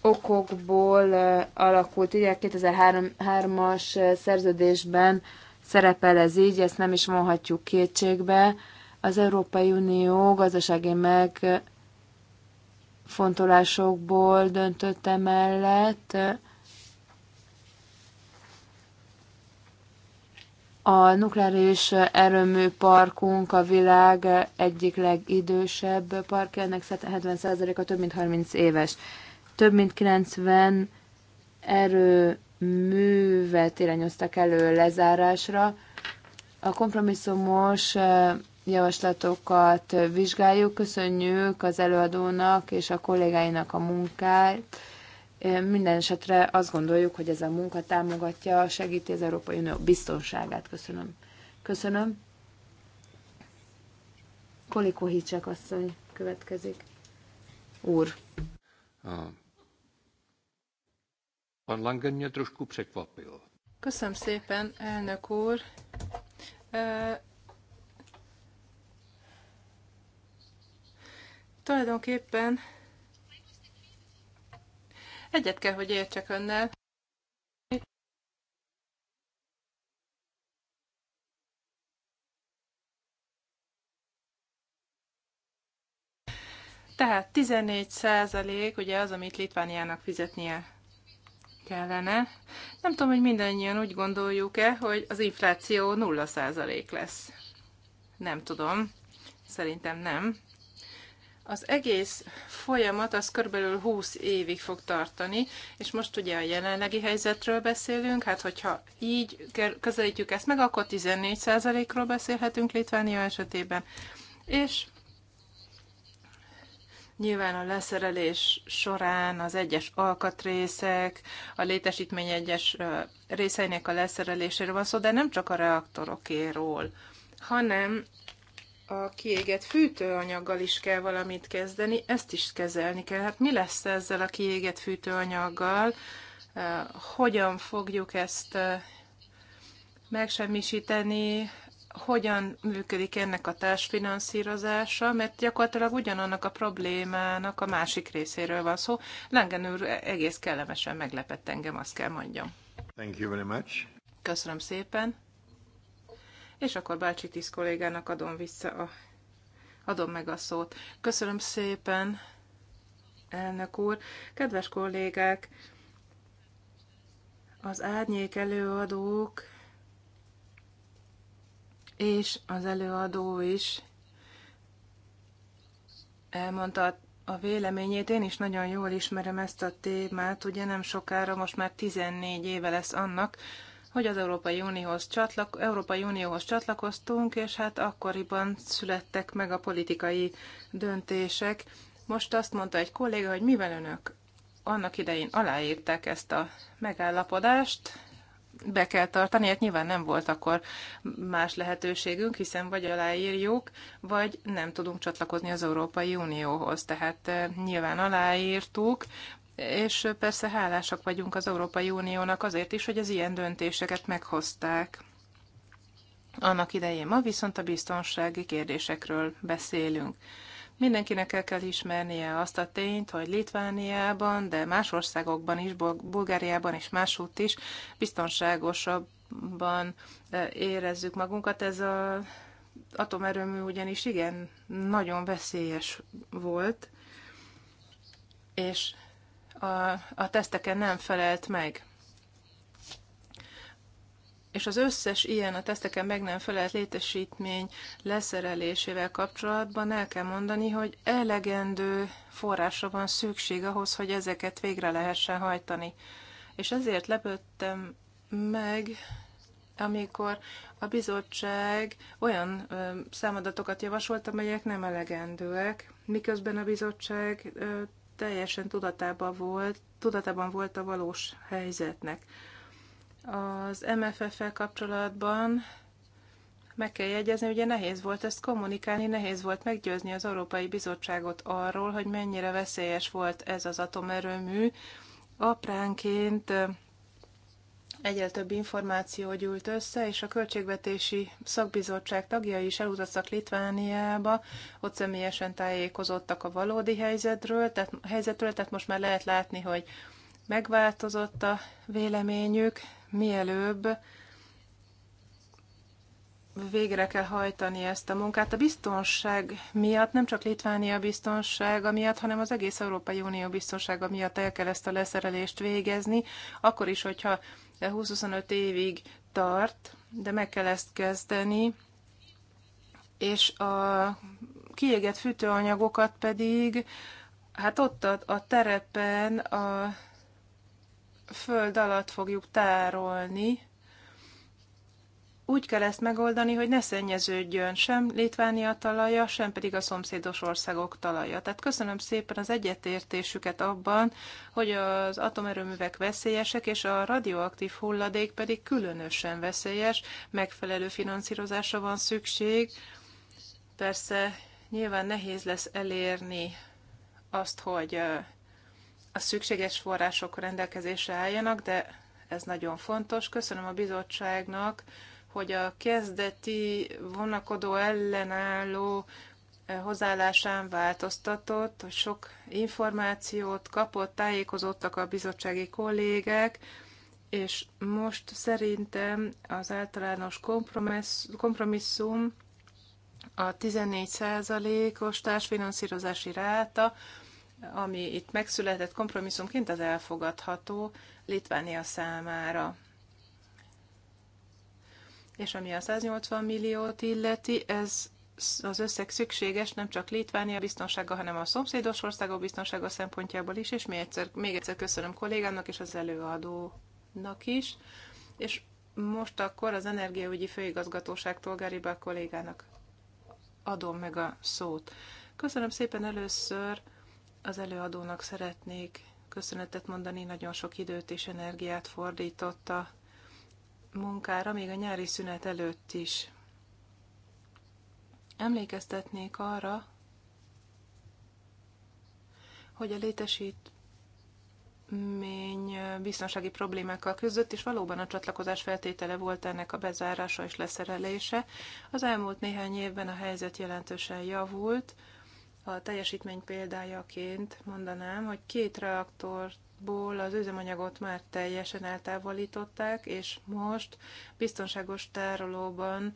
okokból eh, alakult. Ugye 2003-as eh, szerződésben szerepel ez így, ezt nem is vonhatjuk kétségbe. Az Európai Unió gazdasági megfontolásokból döntött emellett. A nukleáris erőmű parkunk a világ egyik legidősebb parkja, ennek 70%-a több mint 30 éves több mint 90 erőművet irányoztak elő lezárásra. A kompromisszumos eh, javaslatokat vizsgáljuk. Köszönjük az előadónak és a kollégáinak a munkát. Eh, minden esetre azt gondoljuk, hogy ez a munka támogatja, segíti az Európai Unió biztonságát. Köszönöm. Köszönöm. Koliko Hicsek asszony következik. Úr. A Pan Langen mě trošku překvapil. Köszönöm szépen, elnök úr. E, tulajdonképpen egyet kell, hogy értsek önnel. Tehát 14 százalék ugye az, amit Litvániának fizetnie kellene. Nem tudom, hogy mindannyian úgy gondoljuk-e, hogy az infláció 0% lesz. Nem tudom. Szerintem nem. Az egész folyamat az körülbelül 20 évig fog tartani, és most ugye a jelenlegi helyzetről beszélünk, hát hogyha így közelítjük ezt meg, akkor 14%-ról beszélhetünk Litvánia esetében. És Nyilván a leszerelés során az egyes alkatrészek, a létesítmény egyes részeinek a leszereléséről van szó, de nem csak a reaktorokéról, hanem a kiégett fűtőanyaggal is kell valamit kezdeni, ezt is kezelni kell. Hát mi lesz ezzel a kiégett fűtőanyaggal? Hogyan fogjuk ezt megsemmisíteni, hogyan működik ennek a társfinanszírozása, mert gyakorlatilag ugyanannak a problémának a másik részéről van szó. Lengen úr egész kellemesen meglepett engem, azt kell mondjam. Thank you very much. Köszönöm szépen. És akkor Bácsi Tisz kollégának adom vissza a, adom meg a szót. Köszönöm szépen, elnök úr. Kedves kollégák, az árnyék előadók és az előadó is elmondta a véleményét. Én is nagyon jól ismerem ezt a témát, ugye nem sokára, most már 14 éve lesz annak, hogy az Európai Unióhoz, csatlak, Európai Unióhoz csatlakoztunk, és hát akkoriban születtek meg a politikai döntések. Most azt mondta egy kolléga, hogy mivel önök annak idején aláírták ezt a megállapodást, be kell tartani, hát nyilván nem volt akkor más lehetőségünk, hiszen vagy aláírjuk, vagy nem tudunk csatlakozni az Európai Unióhoz. Tehát eh, nyilván aláírtuk, és persze hálásak vagyunk az Európai Uniónak azért is, hogy az ilyen döntéseket meghozták. Annak idején ma viszont a biztonsági kérdésekről beszélünk. Mindenkinek el kell ismernie azt a tényt, hogy Litvániában, de más országokban is, Bulgáriában és máshogy is biztonságosabban e, érezzük magunkat. Ez az atomerőmű ugyanis igen, nagyon veszélyes volt, és a, a teszteken nem felelt meg és az összes ilyen a teszteken meg nem felelt létesítmény leszerelésével kapcsolatban el kell mondani, hogy elegendő forrásra van szükség ahhoz, hogy ezeket végre lehessen hajtani. És ezért lepődtem meg, amikor a bizottság olyan ö, számadatokat javasolt, amelyek nem elegendőek, miközben a bizottság ö, teljesen tudatában volt, tudatában volt a valós helyzetnek. Az MFF-fel kapcsolatban meg kell jegyezni, ugye nehéz volt ezt kommunikálni, nehéz volt meggyőzni az Európai Bizottságot arról, hogy mennyire veszélyes volt ez az atomerőmű. Apránként egyre több információ gyűlt össze, és a Költségvetési Szakbizottság tagjai is elutaztak Litvániába, ott személyesen tájékozottak a valódi helyzetről, tehát, helyzetről, tehát most már lehet látni, hogy megváltozott a véleményük, mielőbb végre kell hajtani ezt a munkát. A biztonság miatt, nem csak Litvánia biztonsága miatt, hanem az egész Európai Unió biztonsága miatt el kell ezt a leszerelést végezni, akkor is, hogyha 20-25 évig tart, de meg kell ezt kezdeni, és a kiégett fűtőanyagokat pedig, hát ott a, a terepen a föld alatt fogjuk tárolni, úgy kell ezt megoldani, hogy ne szennyeződjön sem Litvánia talaja, sem pedig a szomszédos országok talaja. Tehát köszönöm szépen az egyetértésüket abban, hogy az atomerőművek veszélyesek, és a radioaktív hulladék pedig különösen veszélyes, megfelelő finanszírozásra van szükség. Persze nyilván nehéz lesz elérni azt, hogy a szükséges források rendelkezésre álljanak, de ez nagyon fontos. Köszönöm a bizottságnak, hogy a kezdeti vonakodó ellenálló eh, hozzáállásán változtatott, hogy sok információt kapott, tájékozottak a bizottsági kollégák, és most szerintem az általános kompromisszum a 14%-os társfinanszírozási ráta, ami itt megszületett kompromisszumként, az elfogadható Litvánia számára. És ami a 180 milliót illeti, ez az összeg szükséges nem csak Litvánia biztonsága, hanem a szomszédos országok biztonsága szempontjából is, és még egyszer, még egyszer köszönöm kollégának és az előadónak is. És most akkor az Energiaügyi Főigazgatóságtól Gariba kollégának adom meg a szót. Köszönöm szépen először az előadónak szeretnék köszönetet mondani, nagyon sok időt és energiát fordította munkára, még a nyári szünet előtt is. Emlékeztetnék arra, hogy a létesítmény biztonsági problémákkal küzdött, és valóban a csatlakozás feltétele volt ennek a bezárása és leszerelése. Az elmúlt néhány évben a helyzet jelentősen javult, a teljesítmény példájaként mondanám, hogy két reaktorból az üzemanyagot már teljesen eltávolították, és most biztonságos tárolóban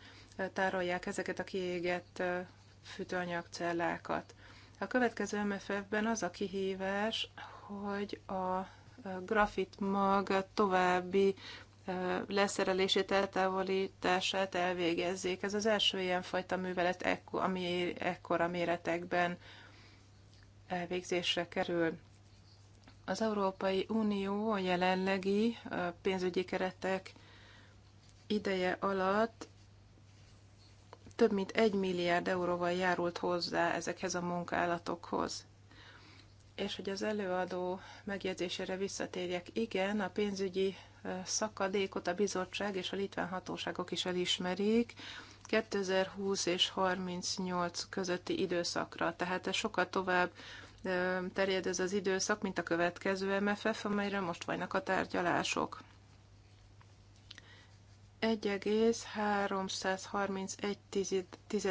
tárolják ezeket a kiégett fűtőanyagcellákat. A következő MFF-ben az a kihívás, hogy a grafit mag további leszerelését, eltávolítását elvégezzék. Ez az első ilyen fajta művelet, ekko, ami ekkora méretekben elvégzésre kerül. Az Európai Unió a jelenlegi pénzügyi keretek ideje alatt több mint egy milliárd euróval járult hozzá ezekhez a munkálatokhoz. És hogy az előadó megjegyzésére visszatérjek, igen, a pénzügyi szakadékot a bizottság és a litván hatóságok is elismerik, 2020 és 38 közötti időszakra. Tehát ez sokkal tovább terjed ez az időszak, mint a következő MFF, amelyre most vajnak a tárgyalások. 1,331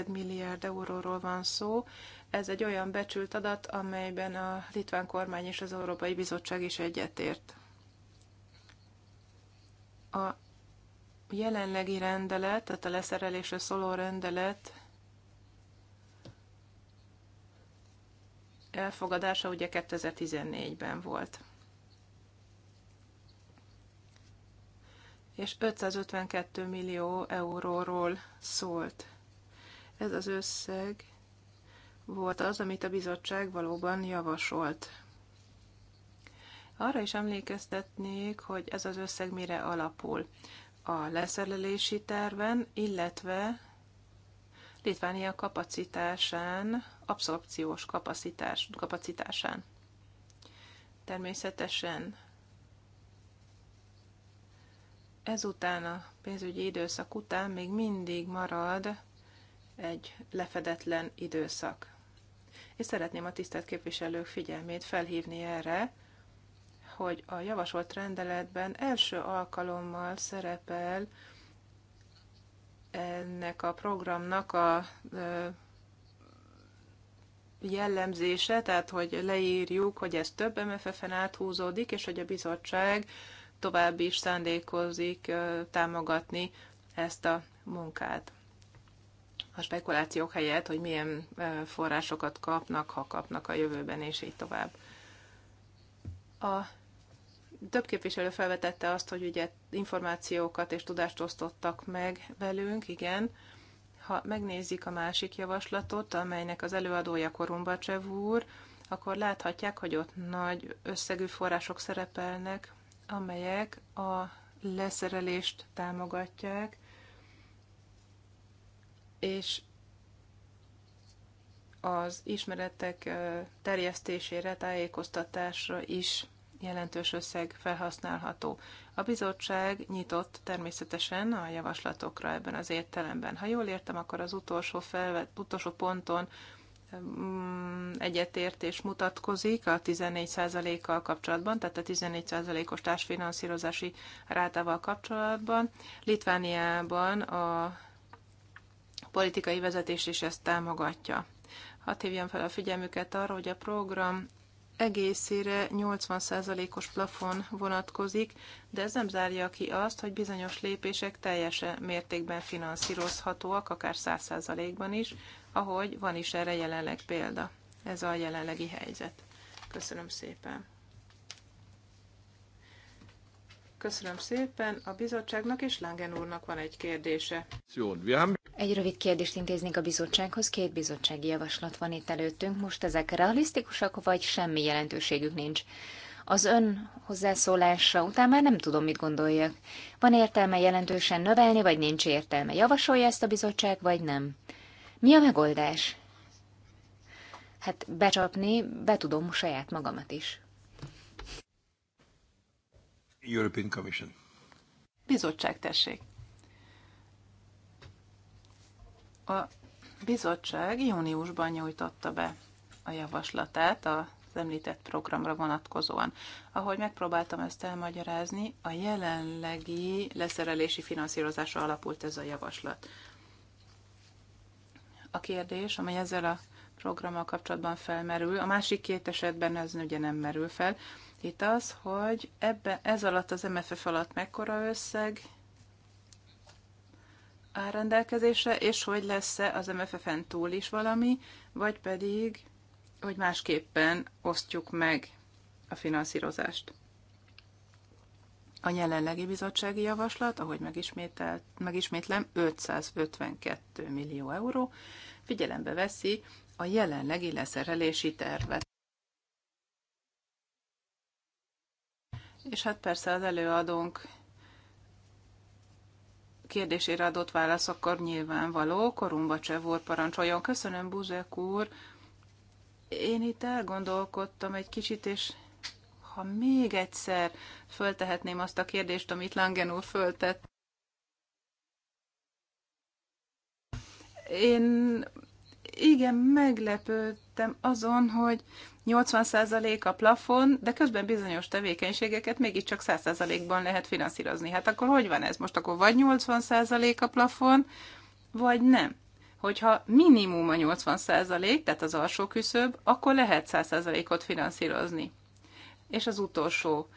milliárd euróról van szó. Ez egy olyan becsült adat, amelyben a litván kormány és az Európai Bizottság is egyetért. A jelenlegi rendelet, tehát a leszerelésre szóló rendelet elfogadása ugye 2014-ben volt. És 552 millió euróról szólt. Ez az összeg volt az, amit a bizottság valóban javasolt. Arra is emlékeztetnék, hogy ez az összeg mire alapul a leszerelési terven, illetve Litvánia kapacitásán, abszorpciós kapacitás, kapacitásán. Természetesen ezután a pénzügyi időszak után még mindig marad egy lefedetlen időszak. És szeretném a tisztelt képviselők figyelmét felhívni erre, hogy a javasolt rendeletben első alkalommal szerepel ennek a programnak a jellemzése, tehát hogy leírjuk, hogy ez több MFF-en áthúzódik, és hogy a bizottság tovább is szándékozik támogatni ezt a munkát. A spekulációk helyett, hogy milyen forrásokat kapnak, ha kapnak a jövőben, és így tovább. A több képviselő felvetette azt, hogy ugye információkat és tudást osztottak meg velünk, igen. Ha megnézik a másik javaslatot, amelynek az előadója Korumbacsev úr, akkor láthatják, hogy ott nagy összegű források szerepelnek, amelyek a leszerelést támogatják, és az ismeretek terjesztésére, tájékoztatásra is jelentős összeg felhasználható. A bizottság nyitott természetesen a javaslatokra ebben az értelemben. Ha jól értem, akkor az utolsó, felvet, utolsó ponton mm, egyetértés mutatkozik a 14%-kal kapcsolatban, tehát a 14%-os társfinanszírozási rátával kapcsolatban. Litvániában a politikai vezetés is ezt támogatja. Hadd hívjam fel a figyelmüket arra, hogy a program egészére 80%-os plafon vonatkozik, de ez nem zárja ki azt, hogy bizonyos lépések teljes mértékben finanszírozhatóak, akár 100%-ban is, ahogy van is erre jelenleg példa. Ez a jelenlegi helyzet. Köszönöm szépen. Köszönöm szépen a bizottságnak, és Langen úrnak van egy kérdése. Hát, egy rövid kérdést intéznék a bizottsághoz. Két bizottsági javaslat van itt előttünk. Most ezek realisztikusak, vagy semmi jelentőségük nincs? Az ön hozzászólása után már nem tudom, mit gondoljak. Van értelme jelentősen növelni, vagy nincs értelme? Javasolja ezt a bizottság, vagy nem? Mi a megoldás? Hát becsapni, be tudom saját magamat is. European Commission. Bizottság, tessék. A bizottság júniusban nyújtotta be a javaslatát a az említett programra vonatkozóan. Ahogy megpróbáltam ezt elmagyarázni, a jelenlegi leszerelési finanszírozásra alapult ez a javaslat. A kérdés, amely ezzel a programmal kapcsolatban felmerül, a másik két esetben ez ugye nem merül fel, itt az, hogy ebbe, ez alatt az MFF alatt mekkora összeg áll rendelkezésre, és hogy lesz-e az MFF-en túl is valami, vagy pedig, hogy másképpen osztjuk meg a finanszírozást. A jelenlegi bizottsági javaslat, ahogy megismételt, megismétlem, 552 millió euró, figyelembe veszi a jelenlegi leszerelési tervet. És hát persze az előadónk kérdésére adott akkor nyilvánvaló. Korumba úr parancsoljon. Köszönöm, Buzek úr. Én itt elgondolkodtam egy kicsit, és ha még egyszer föltehetném azt a kérdést, amit Langen úr föltett. Én igen, meglepődtem azon, hogy 80% a plafon, de közben bizonyos tevékenységeket mégiscsak 100%-ban lehet finanszírozni. Hát akkor hogy van ez? Most akkor vagy 80% a plafon, vagy nem. Hogyha minimum a 80%, tehát az alsó küszöb, akkor lehet 100%-ot finanszírozni. És az utolsó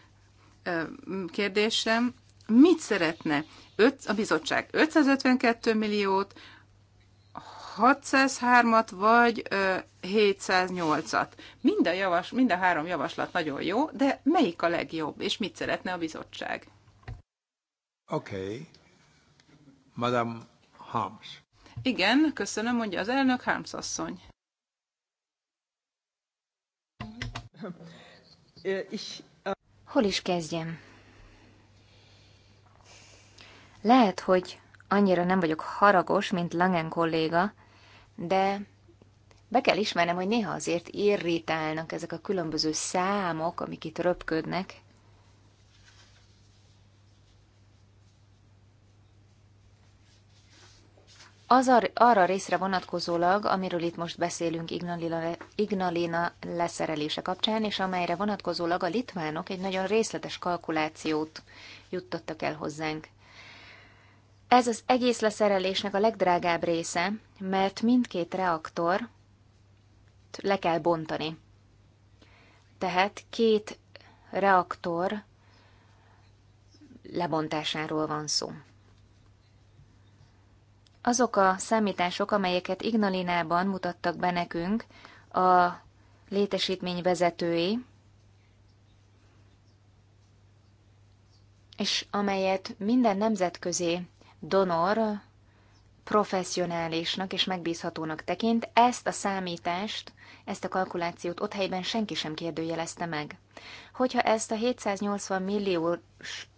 kérdésem, mit szeretne a bizottság 552 milliót, 603-at vagy 708-at. Mind a, javas, mind a három javaslat nagyon jó, de melyik a legjobb, és mit szeretne a bizottság? Oké. Okay. Madame Harms. Igen, köszönöm, mondja az elnök Harms asszony. Hol is kezdjem? Lehet, hogy annyira nem vagyok haragos, mint Langen kolléga, de be kell ismernem, hogy néha azért irritálnak ezek a különböző számok, amik itt röpködnek. Az ar- arra részre vonatkozólag, amiről itt most beszélünk Ignalina, le- Ignalina leszerelése kapcsán, és amelyre vonatkozólag a litvánok egy nagyon részletes kalkulációt juttattak el hozzánk. Ez az egész leszerelésnek a legdrágább része, mert mindkét reaktor le kell bontani. Tehát két reaktor lebontásáról van szó. Azok a számítások, amelyeket Ignalinában mutattak be nekünk a létesítmény vezetői, és amelyet minden nemzetközi donor professzionálisnak és megbízhatónak tekint, ezt a számítást, ezt a kalkulációt ott helyben senki sem kérdőjelezte meg. Hogyha ezt a 780 milliós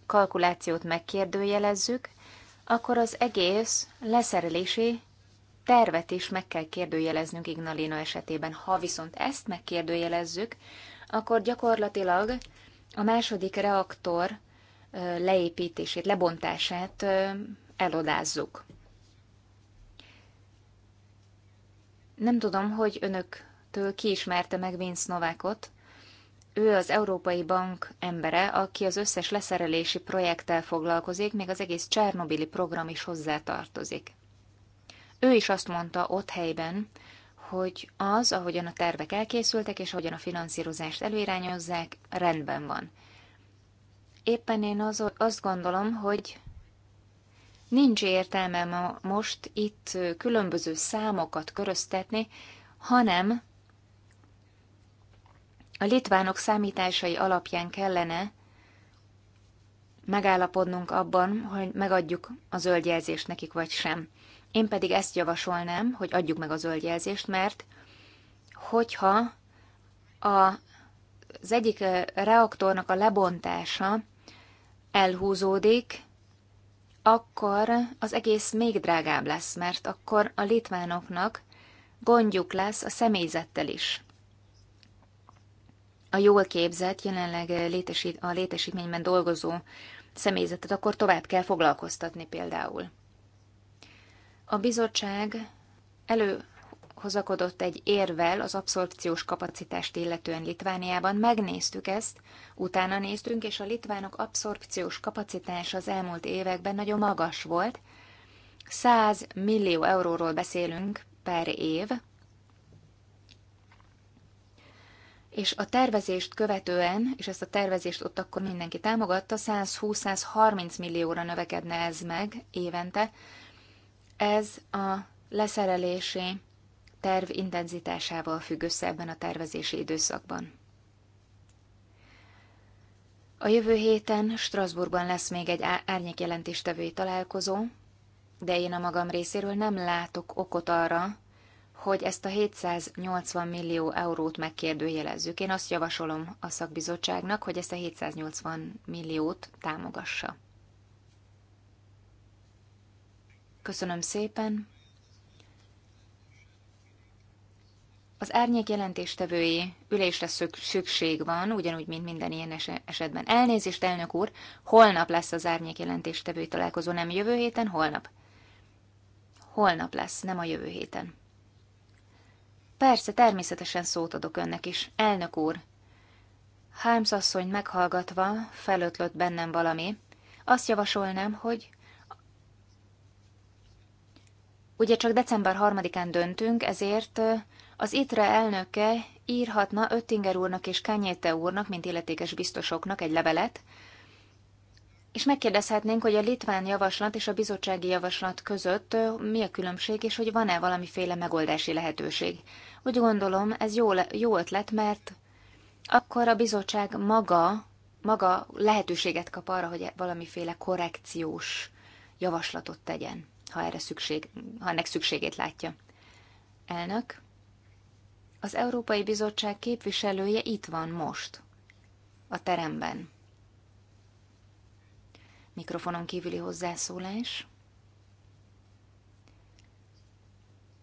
kalkulációt megkérdőjelezzük, akkor az egész leszerelési tervet is meg kell kérdőjeleznünk Ignalina esetében. Ha viszont ezt megkérdőjelezzük, akkor gyakorlatilag a második reaktor leépítését, lebontását elodázzuk. Nem tudom, hogy önöktől ki ismerte meg Vince Novákot. Ő az Európai Bank embere, aki az összes leszerelési projekttel foglalkozik, még az egész Csernobili program is hozzátartozik. Ő is azt mondta ott helyben, hogy az, ahogyan a tervek elkészültek, és ahogyan a finanszírozást előirányozzák, rendben van. Éppen én az, azt gondolom, hogy Nincs értelme ma most itt különböző számokat köröztetni, hanem a litvánok számításai alapján kellene megállapodnunk abban, hogy megadjuk a zöldjelzést nekik vagy sem. Én pedig ezt javasolnám, hogy adjuk meg a zöldjelzést, mert hogyha a, az egyik reaktornak a lebontása elhúzódik, akkor az egész még drágább lesz, mert akkor a litvánoknak gondjuk lesz a személyzettel is. A jól képzett, jelenleg létesít, a létesítményben dolgozó személyzetet akkor tovább kell foglalkoztatni például. A bizottság elő hozakodott egy érvel az abszorpciós kapacitást illetően Litvániában. Megnéztük ezt, utána néztünk, és a litvánok abszorpciós kapacitása az elmúlt években nagyon magas volt. 100 millió euróról beszélünk per év, és a tervezést követően, és ezt a tervezést ott akkor mindenki támogatta, 120-130 millióra növekedne ez meg évente. Ez a leszerelési terv intenzitásával függ össze ebben a tervezési időszakban. A jövő héten Strasbourgban lesz még egy árnyékjelentéstevői találkozó, de én a magam részéről nem látok okot arra, hogy ezt a 780 millió eurót megkérdőjelezzük. Én azt javasolom a szakbizottságnak, hogy ezt a 780 milliót támogassa. Köszönöm szépen! Az árnyék jelentéstevői ülésre szükség van, ugyanúgy, mint minden ilyen esetben. Elnézést, elnök úr, holnap lesz az árnyék jelentéstevői találkozó, nem jövő héten, holnap. Holnap lesz, nem a jövő héten. Persze, természetesen szót adok önnek is, elnök úr. Hámsz asszony meghallgatva felötlött bennem valami. Azt javasolnám, hogy Ugye csak december harmadikán döntünk, ezért az ITRE elnöke írhatna Öttinger úrnak és Kányéte úrnak, mint illetékes biztosoknak egy levelet, és megkérdezhetnénk, hogy a litván javaslat és a bizottsági javaslat között mi a különbség, és hogy van-e valamiféle megoldási lehetőség. Úgy gondolom, ez jó, jó ötlet, mert akkor a bizottság maga, maga lehetőséget kap arra, hogy valamiféle korrekciós javaslatot tegyen, ha erre szükség, ha ennek szükségét látja. Elnök. Az Európai Bizottság képviselője itt van most, a teremben. Mikrofonon kívüli hozzászólás.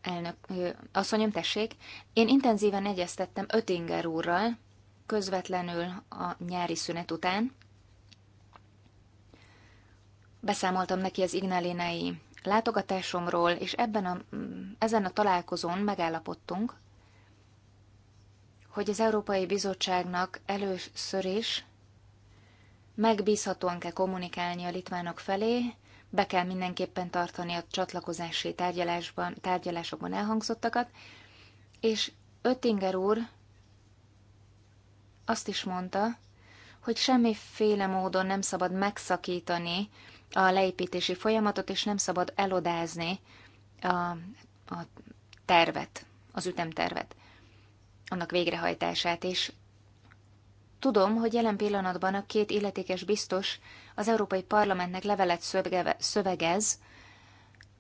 Elnök, ö, asszonyom, tessék, én intenzíven egyeztettem Ötinger úrral, közvetlenül a nyári szünet után. Beszámoltam neki az ignalinai látogatásomról, és ebben a, ezen a találkozón megállapodtunk, hogy az Európai Bizottságnak először is megbízhatóan kell kommunikálni a litvánok felé, be kell mindenképpen tartani a csatlakozási tárgyalásban, tárgyalásokban elhangzottakat, és Öttinger úr azt is mondta, hogy semmiféle módon nem szabad megszakítani a leépítési folyamatot, és nem szabad elodázni a, a tervet, az ütemtervet annak végrehajtását is. Tudom, hogy jelen pillanatban a két illetékes biztos az Európai Parlamentnek levelet szövegez,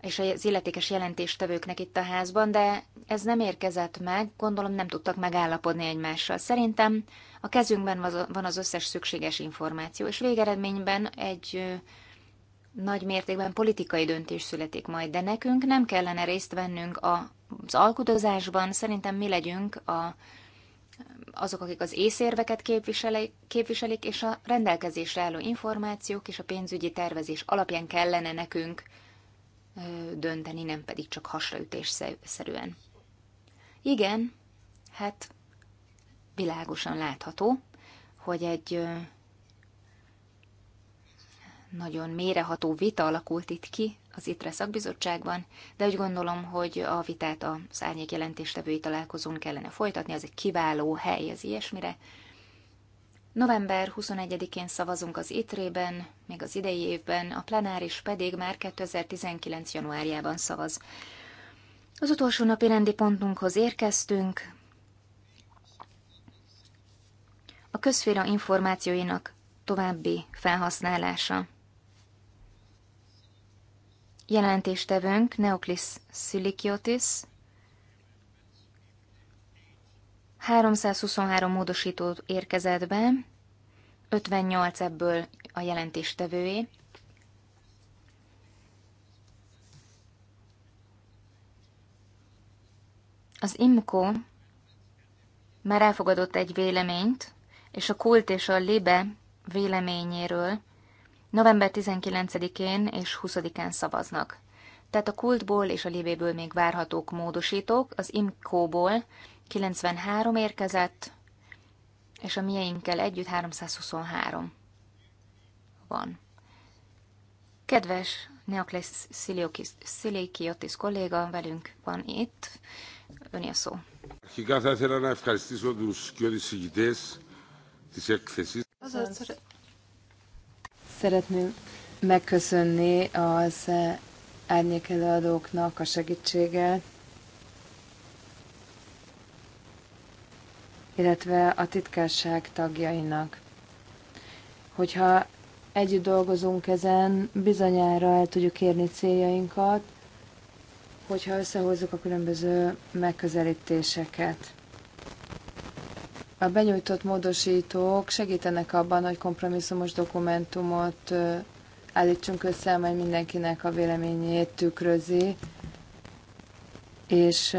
és az illetékes jelentéstevőknek itt a házban, de ez nem érkezett meg, gondolom nem tudtak megállapodni egymással. Szerintem a kezünkben van az összes szükséges információ, és végeredményben egy nagy mértékben politikai döntés születik majd, de nekünk nem kellene részt vennünk a az alkudozásban, szerintem mi legyünk a, azok, akik az észérveket képviselik, képviselik, és a rendelkezésre álló információk és a pénzügyi tervezés alapján kellene nekünk dönteni, nem pedig csak hasraütés szerűen. Igen, hát világosan látható, hogy egy nagyon méreható vita alakult itt ki az ITRE szakbizottságban, de úgy gondolom, hogy a vitát a szárnyék jelentéstevői találkozón kellene folytatni, az egy kiváló hely az ilyesmire. November 21-én szavazunk az ITRE-ben, még az idei évben, a plenáris pedig már 2019. januárjában szavaz. Az utolsó napi rendi pontunkhoz érkeztünk. A közféra információinak további felhasználása jelentéstevőnk Neoklis Szilikiotis 323 módosító érkezett be, 58 ebből a jelentéstevőé. Az IMCO már elfogadott egy véleményt, és a kult és a libe véleményéről november 19-én és 20-án szavaznak. Tehát a kultból és a libéből még várhatók módosítók, az imkóból 93 érkezett, és a mieinkkel együtt 323 van. Kedves Neokles Szilékiotis kolléga velünk van itt. Ön a szó. Αρχικά θα ήθελα να ευχαριστήσω Szeretném megköszönni az árnyék előadóknak a segítséget, illetve a titkárság tagjainak. Hogyha együtt dolgozunk ezen, bizonyára el tudjuk érni céljainkat, hogyha összehozzuk a különböző megközelítéseket. A benyújtott módosítók segítenek abban, hogy kompromisszumos dokumentumot állítsunk össze, amely mindenkinek a véleményét tükrözi, és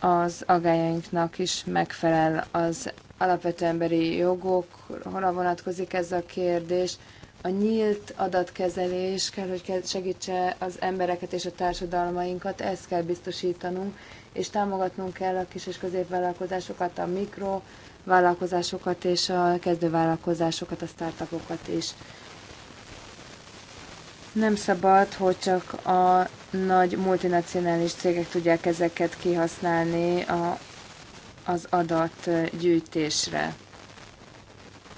az agályainknak is megfelel az alapvető emberi jogok, jogokra vonatkozik ez a kérdés. A nyílt adatkezelés kell, hogy segítse az embereket és a társadalmainkat, ezt kell biztosítanunk, és támogatnunk kell a kis és középvállalkozásokat, a mikro vállalkozásokat és a kezdővállalkozásokat, a startupokat is. Nem szabad, hogy csak a nagy multinacionális cégek tudják ezeket kihasználni a, az adatgyűjtésre,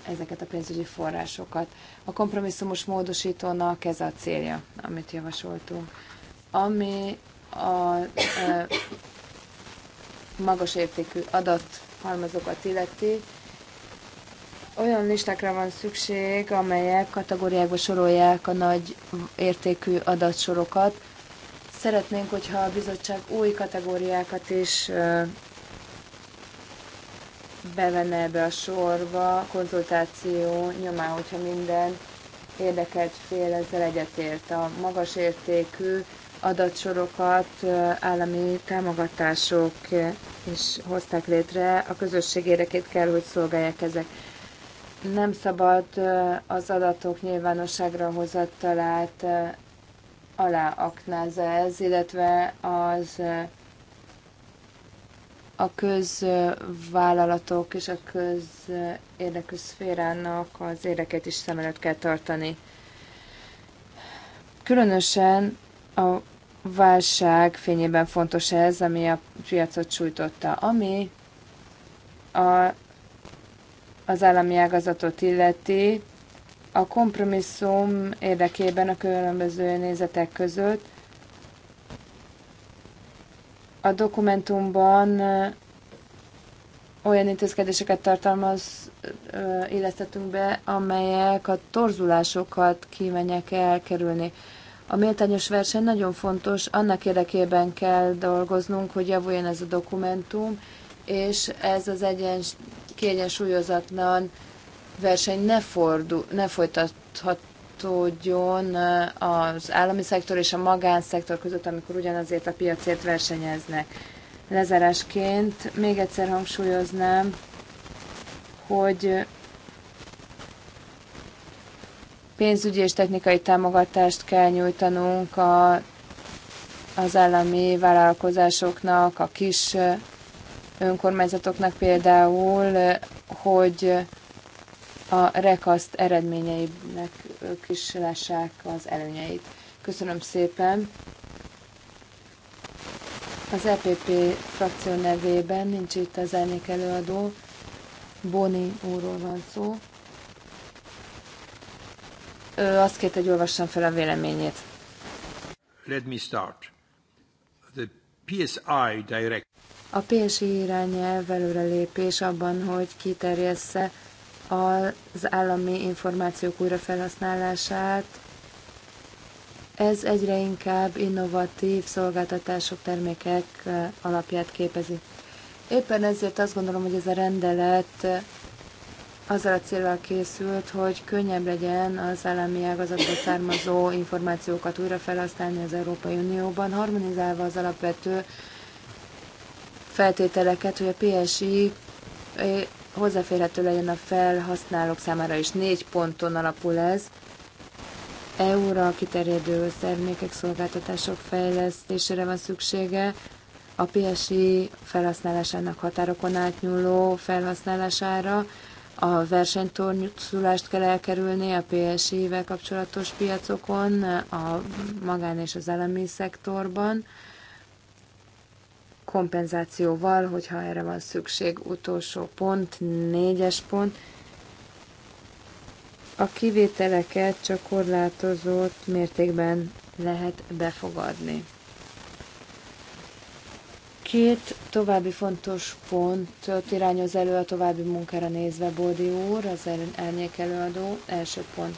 ezeket a pénzügyi forrásokat. A kompromisszumos módosítónak ez a célja, amit javasoltunk. Ami a magas értékű adathalmazokat illeti, olyan listákra van szükség, amelyek kategóriákba sorolják a nagy értékű adatsorokat. Szeretnénk, hogyha a bizottság új kategóriákat is bevenne ebbe a sorba, konzultáció nyomán, hogyha minden érdekelt fél ezzel egyetért. A magas értékű adatsorokat állami támogatások is hozták létre, a közösség érdekét kell, hogy szolgálják ezek. Nem szabad az adatok nyilvánosságra hozatalát aláaknázza ez, illetve az a közvállalatok és a közérdekű szférának az érdeket is szem előtt kell tartani. Különösen a válság fényében fontos ez, ami a piacot sújtotta, ami a, az állami ágazatot illeti, a kompromisszum érdekében a különböző nézetek között a dokumentumban olyan intézkedéseket tartalmaz, illesztettünk be, amelyek a torzulásokat kívánják elkerülni. A méltányos verseny nagyon fontos, annak érdekében kell dolgoznunk, hogy javuljon ez a dokumentum, és ez az egyens, kiegyensúlyozatlan verseny ne, fordul, ne folytathatódjon eh, az állami szektor és a magánszektor között, amikor ugyanazért a piacért versenyeznek. Lezárásként még egyszer hangsúlyoznám, hogy Pénzügyi és technikai támogatást kell nyújtanunk a, az állami vállalkozásoknak, a kis önkormányzatoknak például, hogy a rekaszt eredményeinek ők is lássák az előnyeit. Köszönöm szépen! Az EPP frakció nevében nincs itt az elnék előadó, Boni úrról van szó. Ő azt kérte, hogy olvassam fel a véleményét. Let me start. The PSI direct. A PSI irányelv előrelépés abban, hogy kiterjessze az állami információk újrafelhasználását. Ez egyre inkább innovatív szolgáltatások, termékek alapját képezi. Éppen ezért azt gondolom, hogy ez a rendelet azzal a célral készült, hogy könnyebb legyen az állami ágazatból származó információkat újrafelhasználni az Európai Unióban, harmonizálva az alapvető feltételeket, hogy a PSI eh, hozzáférhető legyen a felhasználók számára is. Négy ponton alapul ez. EU-ra kiterjedő termékek, szolgáltatások fejlesztésére van szüksége, a PSI felhasználásának határokon átnyúló felhasználására, a versenytornyúzulást kell elkerülni a PSI-vel kapcsolatos piacokon, a magán és az elemi szektorban, kompenzációval, hogyha erre van szükség. Utolsó pont, négyes pont. A kivételeket csak korlátozott mértékben lehet befogadni. Két további fontos pontot irányoz elő a további munkára nézve Bódi úr, az árnyék előadó. Első pont.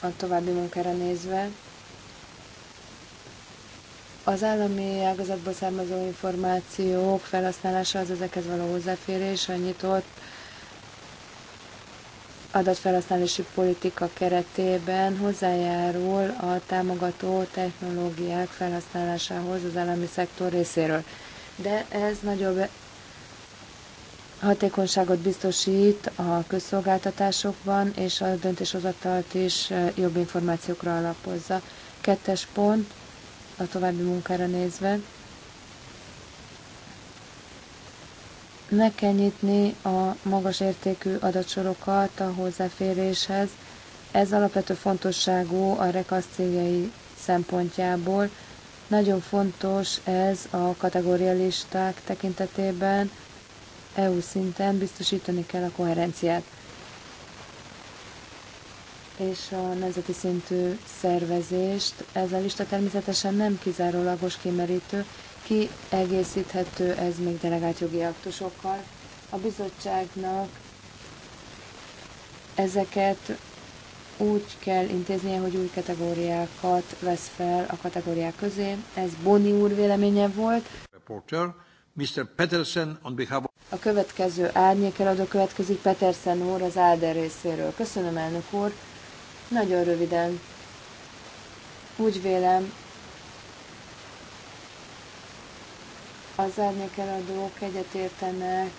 A további munkára nézve az állami ágazatból származó információk felhasználása az ezekhez való hozzáférés, a nyitott adatfelhasználási politika keretében hozzájárul a támogató technológiák felhasználásához az állami szektor részéről. De ez nagyobb hatékonyságot biztosít a közszolgáltatásokban, és a döntéshozatalt is jobb információkra alapozza. Kettes pont a további munkára nézve meg kell nyitni a magas értékű adatsorokat a hozzáféréshez. Ez alapvető fontosságú a rekasz céljai szempontjából. Nagyon fontos ez a kategórialisták tekintetében, EU szinten biztosítani kell a koherenciát és a nemzeti szintű szervezést. Ez a lista természetesen nem kizárólagos kimerítő, Kiegészíthető ez még delegált jogi aktusokkal. A bizottságnak ezeket úgy kell intéznie, hogy új kategóriákat vesz fel a kategóriák közé. Ez Boni úr véleménye volt. Reporter, Mr. Peterson on behalf of. a következő árnyékeladó következik Petersen úr az Áder részéről. Köszönöm, elnök úr. Nagyon röviden. Úgy vélem, Az árnyékeladók egyetértenek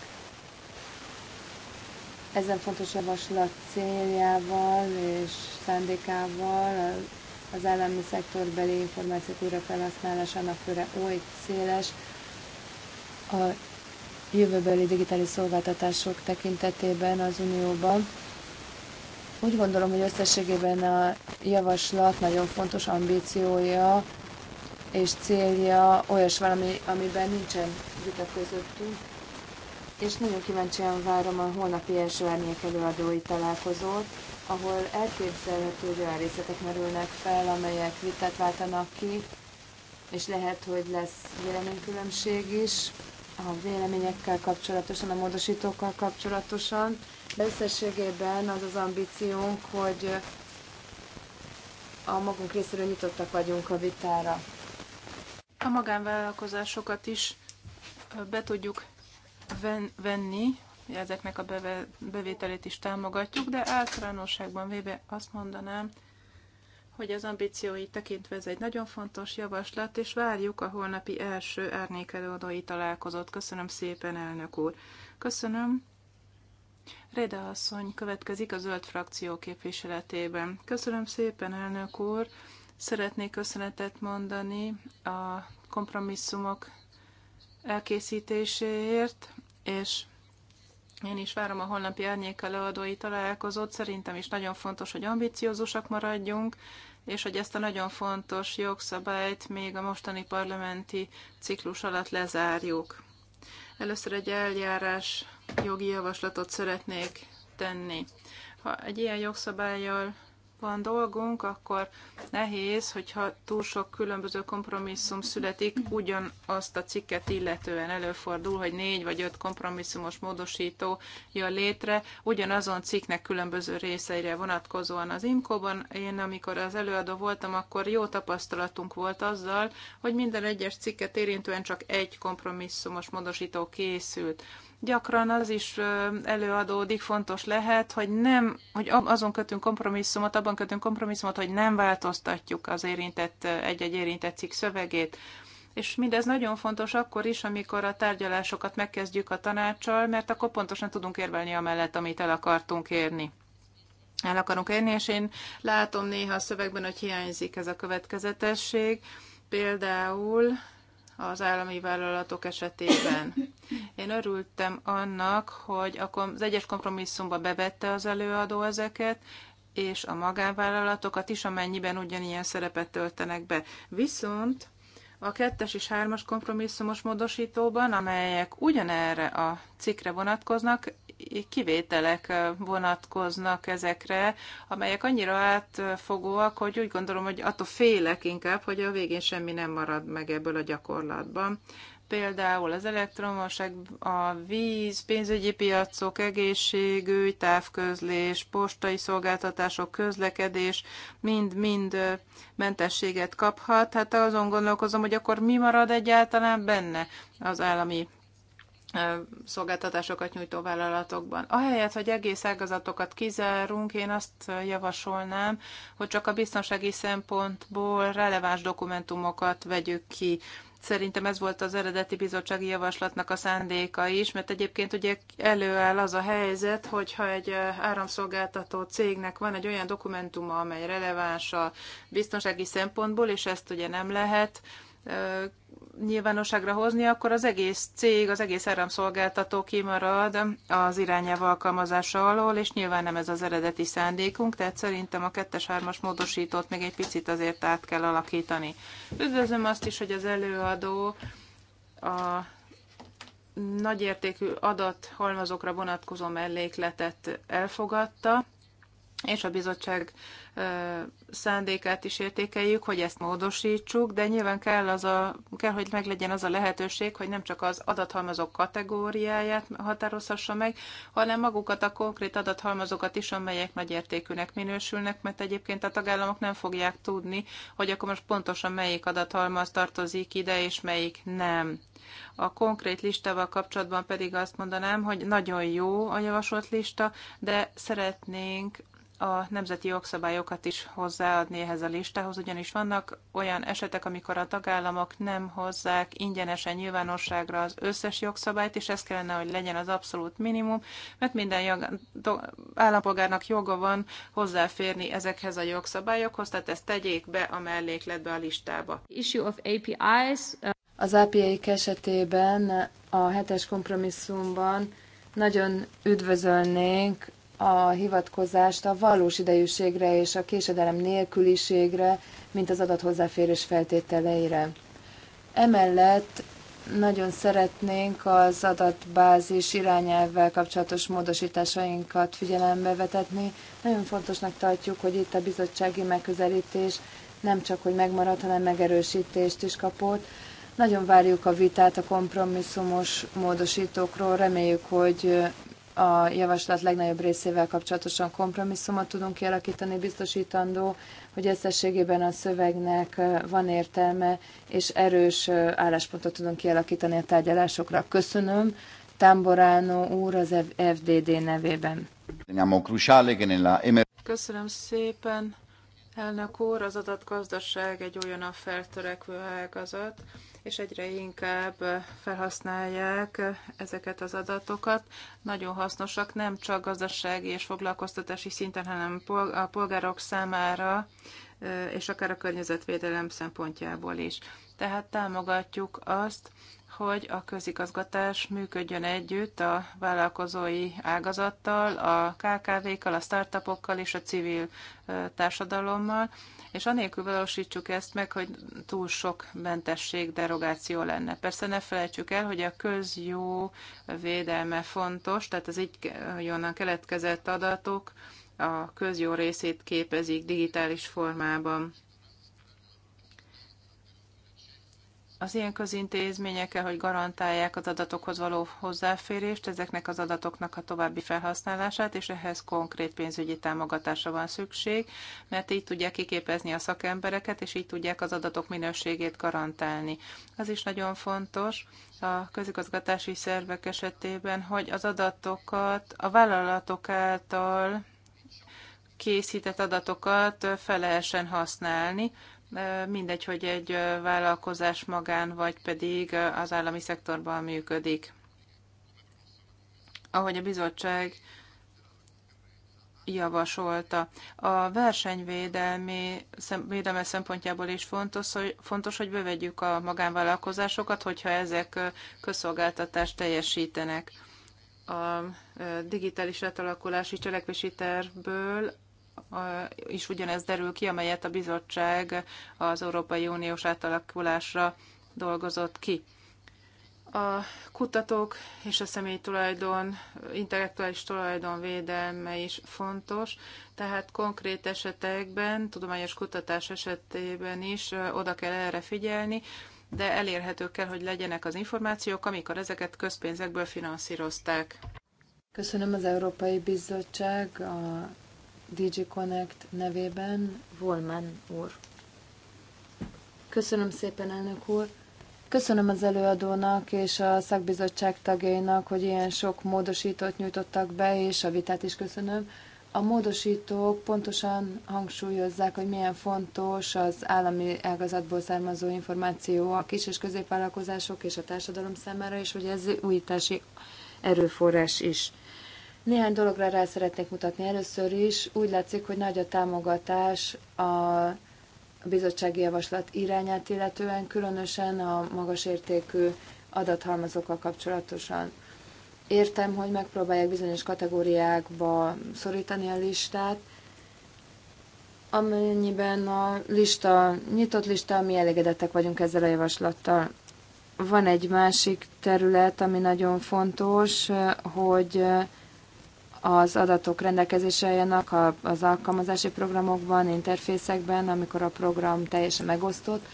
ezen fontos javaslat céljával és szándékával az állami szektor beli információk felhasználásának köre oly széles, a jövőbeli digitális szolgáltatások tekintetében az Unióban. Úgy gondolom, hogy összességében a javaslat nagyon fontos ambíciója és célja olyas valami, amiben nincsen vita közöttünk, és nagyon kíváncsian várom a holnapi első árnyék előadói találkozót, ahol elképzelhető, hogy olyan részletek merülnek fel, amelyek vitát váltanak ki, és lehet, hogy lesz véleménykülönbség is a véleményekkel kapcsolatosan, a módosítókkal kapcsolatosan. De összességében az az ambíciónk, hogy a magunk részéről nyitottak vagyunk a vitára a magánvállalkozásokat is be tudjuk venni, ezeknek a bevételét is támogatjuk, de általánosságban véve azt mondanám, hogy az ambíciói tekintve ez egy nagyon fontos javaslat, és várjuk a holnapi első árnyékelőadói találkozót. Köszönöm szépen, elnök úr. Köszönöm. Réda asszony következik a zöld frakció képviseletében. Köszönöm szépen, elnök úr. Szeretnék köszönetet mondani a kompromisszumok elkészítéséért, és én is várom a holnapi árnyék előadói találkozót. Szerintem is nagyon fontos, hogy ambiciózusak maradjunk, és hogy ezt a nagyon fontos jogszabályt még a mostani parlamenti ciklus alatt lezárjuk. Először egy eljárás jogi javaslatot szeretnék tenni. Ha egy ilyen jogszabályjal van dolgunk, akkor nehéz, hogyha túl sok különböző kompromisszum születik, ugyanazt a cikket illetően előfordul, hogy négy vagy öt kompromisszumos módosító jön létre, ugyanazon cikknek különböző részeire vonatkozóan az imkóban. Én, amikor az előadó voltam, akkor jó tapasztalatunk volt azzal, hogy minden egyes cikket érintően csak egy kompromisszumos módosító készült gyakran az is előadódik, fontos lehet, hogy nem, hogy azon kötünk kompromisszumot, abban kötünk kompromisszumot, hogy nem változtatjuk az érintett, egy-egy érintett cikk szövegét. És mindez nagyon fontos akkor is, amikor a tárgyalásokat megkezdjük a tanácssal, mert akkor pontosan tudunk érvelni amellett, amit el akartunk érni el akarunk érni, és én látom néha a szövegben, hogy hiányzik ez a következetesség. Például az állami vállalatok esetében. Én örültem annak, hogy az egyes kompromisszumba bevette az előadó ezeket, és a magánvállalatokat is, amennyiben ugyanilyen szerepet töltenek be. Viszont a kettes és hármas kompromisszumos módosítóban, amelyek ugyanerre a cikre vonatkoznak, kivételek vonatkoznak ezekre, amelyek annyira átfogóak, hogy úgy gondolom, hogy attól félek inkább, hogy a végén semmi nem marad meg ebből a gyakorlatban. Például az elektromos, a víz, pénzügyi piacok, egészségügy, távközlés, postai szolgáltatások, közlekedés mind-mind mentességet kaphat. Hát azon gondolkozom, hogy akkor mi marad egyáltalán benne az állami szolgáltatásokat nyújtó vállalatokban. Ahelyett, hogy egész ágazatokat kizárunk, én azt javasolnám, hogy csak a biztonsági szempontból releváns dokumentumokat vegyük ki. Szerintem ez volt az eredeti bizottsági javaslatnak a szándéka is, mert egyébként ugye előáll az a helyzet, hogyha egy áramszolgáltató cégnek van egy olyan dokumentuma, amely releváns a biztonsági szempontból, és ezt ugye nem lehet nyilvánosságra hozni, akkor az egész cég, az egész áramszolgáltató kimarad az irányelv alkalmazása alól, és nyilván nem ez az eredeti szándékunk, tehát szerintem a 2-3-as módosítót még egy picit azért át kell alakítani. Üdvözlöm azt is, hogy az előadó a nagyértékű adathalmazokra vonatkozó mellékletet elfogadta, és a bizottság szándékát is értékeljük, hogy ezt módosítsuk, de nyilván kell, az a, kell, hogy meglegyen az a lehetőség, hogy nem csak az adathalmazok kategóriáját határozhassa meg, hanem magukat a konkrét adathalmazokat is, amelyek nagy értékűnek minősülnek, mert egyébként a tagállamok nem fogják tudni, hogy akkor most pontosan melyik adathalmaz tartozik ide, és melyik nem. A konkrét listával kapcsolatban pedig azt mondanám, hogy nagyon jó a javasolt lista, de szeretnénk a nemzeti jogszabályokat is hozzáadni ehhez a listához, ugyanis vannak olyan esetek, amikor a tagállamok nem hozzák ingyenesen nyilvánosságra az összes jogszabályt, és ez kellene, hogy legyen az abszolút minimum, mert minden jog, állampolgárnak joga van hozzáférni ezekhez a jogszabályokhoz, tehát ezt tegyék be a mellékletbe a listába. Issue of APIs. Uh, az API-k esetében a hetes kompromisszumban nagyon üdvözölnénk a hivatkozást a valós idejűségre és a késedelem nélküliségre, mint az adathozzáférés feltételeire. Emellett nagyon szeretnénk az adatbázis irányelvvel kapcsolatos módosításainkat figyelembe vetetni. Nagyon fontosnak tartjuk, hogy itt a bizottsági megközelítés nem csak, hogy megmarad, hanem megerősítést is kapott. Nagyon várjuk a vitát a kompromisszumos módosítókról, reméljük, hogy a javaslat legnagyobb részével kapcsolatosan kompromisszumot tudunk kialakítani, biztosítandó, hogy összességében a szövegnek van értelme, és erős álláspontot tudunk kialakítani a tárgyalásokra. Köszönöm Tamborano úr az FDD nevében. Köszönöm szépen, elnök úr, az adatgazdaság egy olyan a feltörekvő ágazat, és egyre inkább felhasználják ezeket az adatokat. Nagyon hasznosak nem csak gazdasági és foglalkoztatási szinten, hanem a polgárok számára, és akár a környezetvédelem szempontjából is. Tehát támogatjuk azt, hogy a közigazgatás működjön együtt a vállalkozói ágazattal, a KKV-kkal, a startupokkal és a civil társadalommal, és anélkül valósítsuk ezt meg, hogy túl sok mentesség, derogáció lenne. Persze ne felejtsük el, hogy a közjó védelme fontos, tehát az így onnan keletkezett adatok a közjó részét képezik digitális formában. az ilyen közintézményekkel, hogy garantálják az adatokhoz való hozzáférést, ezeknek az adatoknak a további felhasználását, és ehhez konkrét pénzügyi támogatásra van szükség, mert így tudják kiképezni a szakembereket, és így tudják az adatok minőségét garantálni. Az is nagyon fontos a közigazgatási szervek esetében, hogy az adatokat a vállalatok által készített adatokat fel lehessen használni, mindegy, hogy egy vállalkozás magán vagy pedig az állami szektorban működik. Ahogy a bizottság javasolta. A versenyvédelmi védelme szempontjából is fontos, hogy, fontos, hogy bevegyük a magánvállalkozásokat, hogyha ezek közszolgáltatást teljesítenek. A digitális átalakulási cselekvési tervből is ugyanez derül ki, amelyet a bizottság az Európai Uniós átalakulásra dolgozott ki. A kutatók és a személytulajdon, intellektuális tulajdon védelme is fontos, tehát konkrét esetekben, tudományos kutatás esetében is oda kell erre figyelni, de elérhető kell, hogy legyenek az információk, amikor ezeket közpénzekből finanszírozták. Köszönöm az Európai Bizottság a DJ Connect nevében Volman úr. Köszönöm szépen, elnök úr. Köszönöm az előadónak és a szakbizottság tagjainak, hogy ilyen sok módosítót nyújtottak be, és a vitát is köszönöm. A módosítók pontosan hangsúlyozzák, hogy milyen fontos az állami ágazatból származó információ a kis- és középvállalkozások és a társadalom számára, és hogy ez újítási erőforrás is. Néhány dologra rá szeretnék mutatni. Először is úgy látszik, hogy nagy a támogatás a bizottsági javaslat irányát illetően, különösen a magas értékű adathalmazokkal kapcsolatosan. Értem, hogy megpróbálják bizonyos kategóriákba szorítani a listát, amennyiben a lista, nyitott lista, mi elégedettek vagyunk ezzel a javaslattal. Van egy másik terület, ami nagyon fontos, hogy az adatok rendelkezésre álljanak az alkalmazási programokban, interfészekben, amikor a program teljesen megosztott,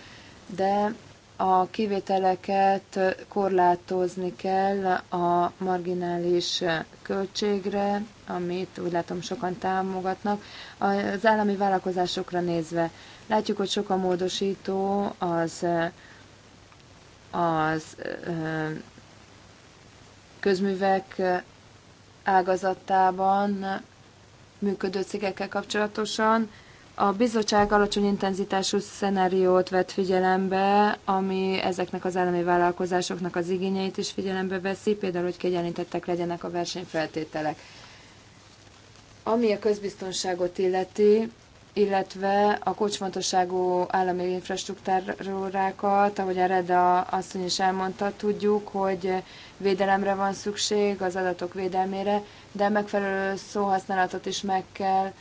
de a kivételeket korlátozni kell a marginális költségre, amit úgy látom sokan támogatnak, az állami vállalkozásokra nézve. Látjuk, hogy sok a módosító, az, az közművek ágazatában működő cégekkel kapcsolatosan. A bizottság alacsony intenzitású szenáriót vett figyelembe, ami ezeknek az állami vállalkozásoknak az igényeit is figyelembe veszi, például, hogy kegyenlítettek legyenek a versenyfeltételek. Ami a közbiztonságot illeti, illetve a kocsmatosságú állami infrastruktúrákat, ahogy a Reda asszony is elmondta, tudjuk, hogy védelemre van szükség, az adatok védelmére, de megfelelő szóhasználatot is meg kell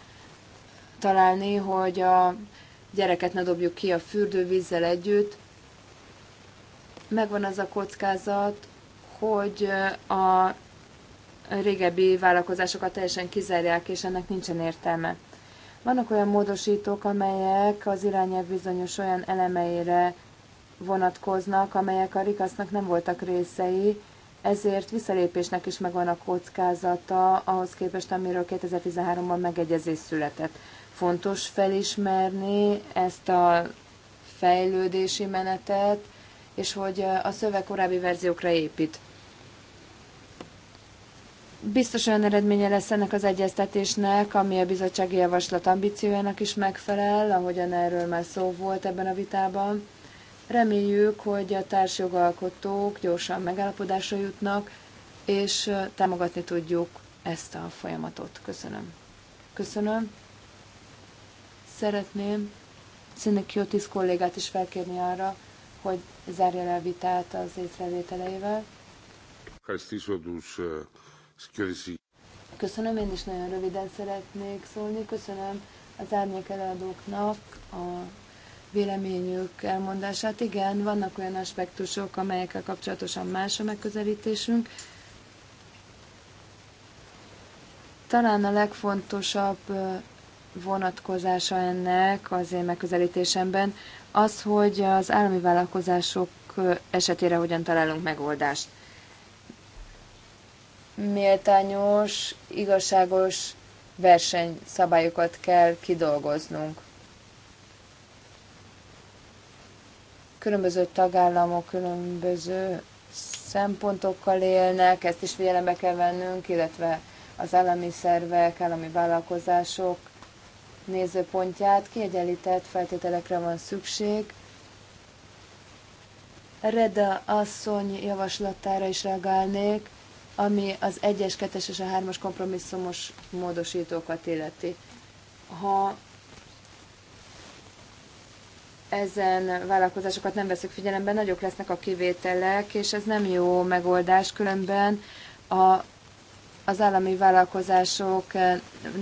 találni, hogy a gyereket ne dobjuk ki a fürdővízzel együtt. Megvan az a kockázat, hogy a régebbi vállalkozásokat teljesen kizárják, és ennek nincsen értelme. Vannak olyan módosítók, amelyek az irányelv bizonyos olyan elemeire vonatkoznak, amelyek a rikasznak nem voltak részei, ezért visszalépésnek is megvan a kockázata ahhoz képest, amiről 2013-ban megegyezés született. Fontos felismerni ezt a fejlődési menetet, és hogy a szöveg korábbi verziókra épít. Biztos olyan eredménye lesz ennek az egyeztetésnek, ami a bizottsági javaslat ambíciójának is megfelel, ahogyan erről már szó volt ebben a vitában. Reméljük, hogy a társjogalkotók gyorsan megállapodásra jutnak, és támogatni tudjuk ezt a folyamatot. Köszönöm. Köszönöm. Szeretném Szinek Jotis kollégát is felkérni arra, hogy zárja le a vitát az észrevételeivel. Köszönöm. Köszönöm, én is nagyon röviden szeretnék szólni. Köszönöm az árnyék a véleményük elmondását. Igen, vannak olyan aspektusok, amelyekkel kapcsolatosan más a megközelítésünk. Talán a legfontosabb vonatkozása ennek az én megközelítésemben az, hogy az állami vállalkozások esetére hogyan találunk megoldást méltányos, igazságos versenyszabályokat kell kidolgoznunk. Különböző tagállamok különböző szempontokkal élnek, ezt is figyelembe kell vennünk, illetve az állami szervek, állami vállalkozások nézőpontját, kiegyenlített feltételekre van szükség. Reda asszony javaslatára is reagálnék ami az 1-es, 2-es és a 3-as kompromisszumos módosítókat illeti. Ha ezen vállalkozásokat nem veszük figyelembe, nagyok lesznek a kivételek, és ez nem jó megoldás, különben a, az állami vállalkozások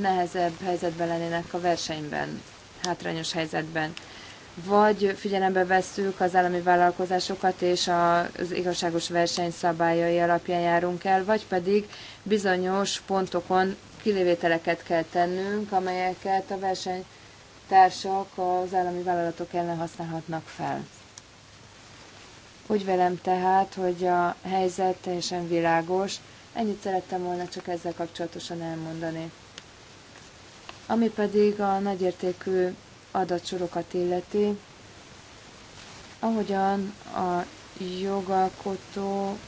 nehezebb helyzetben lennének a versenyben, hátrányos helyzetben vagy figyelembe vesszük az állami vállalkozásokat és az igazságos verseny szabályai alapján járunk el, vagy pedig bizonyos pontokon kilévételeket kell tennünk, amelyeket a versenytársak az állami vállalatok ellen használhatnak fel. Úgy velem tehát, hogy a helyzet teljesen világos. Ennyit szerettem volna csak ezzel kapcsolatosan elmondani. Ami pedig a nagyértékű adatsorokat illeti. Ahogyan a jogalkotó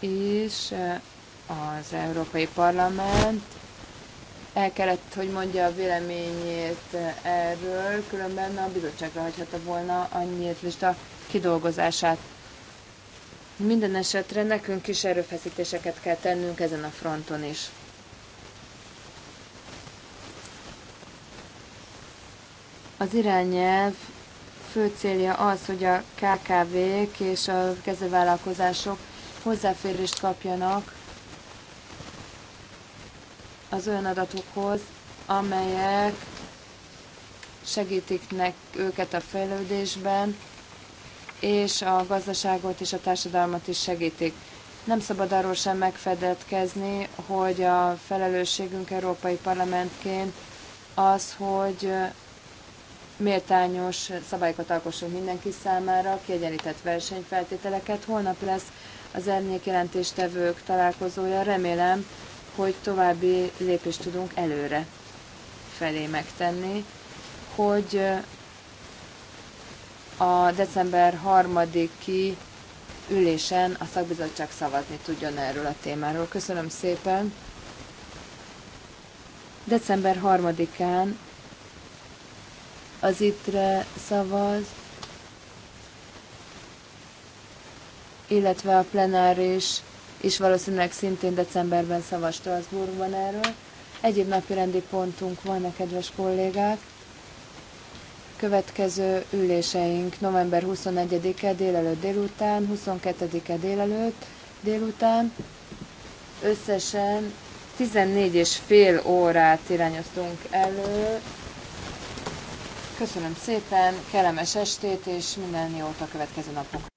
és eh, az Európai Parlament el kellett, hogy mondja a véleményét eh, erről, különben a bizottságra hagyhatta volna a nyílt lista kidolgozását. Minden esetre nekünk is erőfeszítéseket kell tennünk ezen a fronton is. Az irányelv fő célja az, hogy a KKV-k és a kezdővállalkozások hozzáférést kapjanak az olyan adatokhoz, amelyek segítik nek őket a fejlődésben, és a gazdaságot és a társadalmat is segítik. Nem szabad arról sem megfedetkezni, hogy a felelősségünk Európai Parlamentként az, hogy méltányos szabályokat alkossunk mindenki számára, kiegyenlített versenyfeltételeket. Holnap lesz az ernyék jelentéstevők találkozója. Remélem, hogy további lépést tudunk előre felé megtenni, hogy a december harmadiki ülésen a szakbizottság szavazni tudjon erről a témáról. Köszönöm szépen! December 3-án az ittre szavaz, illetve a plenáris és valószínűleg szintén decemberben szavaz Strasbourgban erről. Egyéb napi rendi pontunk van a kedves kollégák? Következő üléseink november 21-e délelőtt délután, 22-e délelőtt délután. Összesen 14 és fél órát irányoztunk elő, Köszönöm szépen, kellemes estét, és minden jót a következő napokra.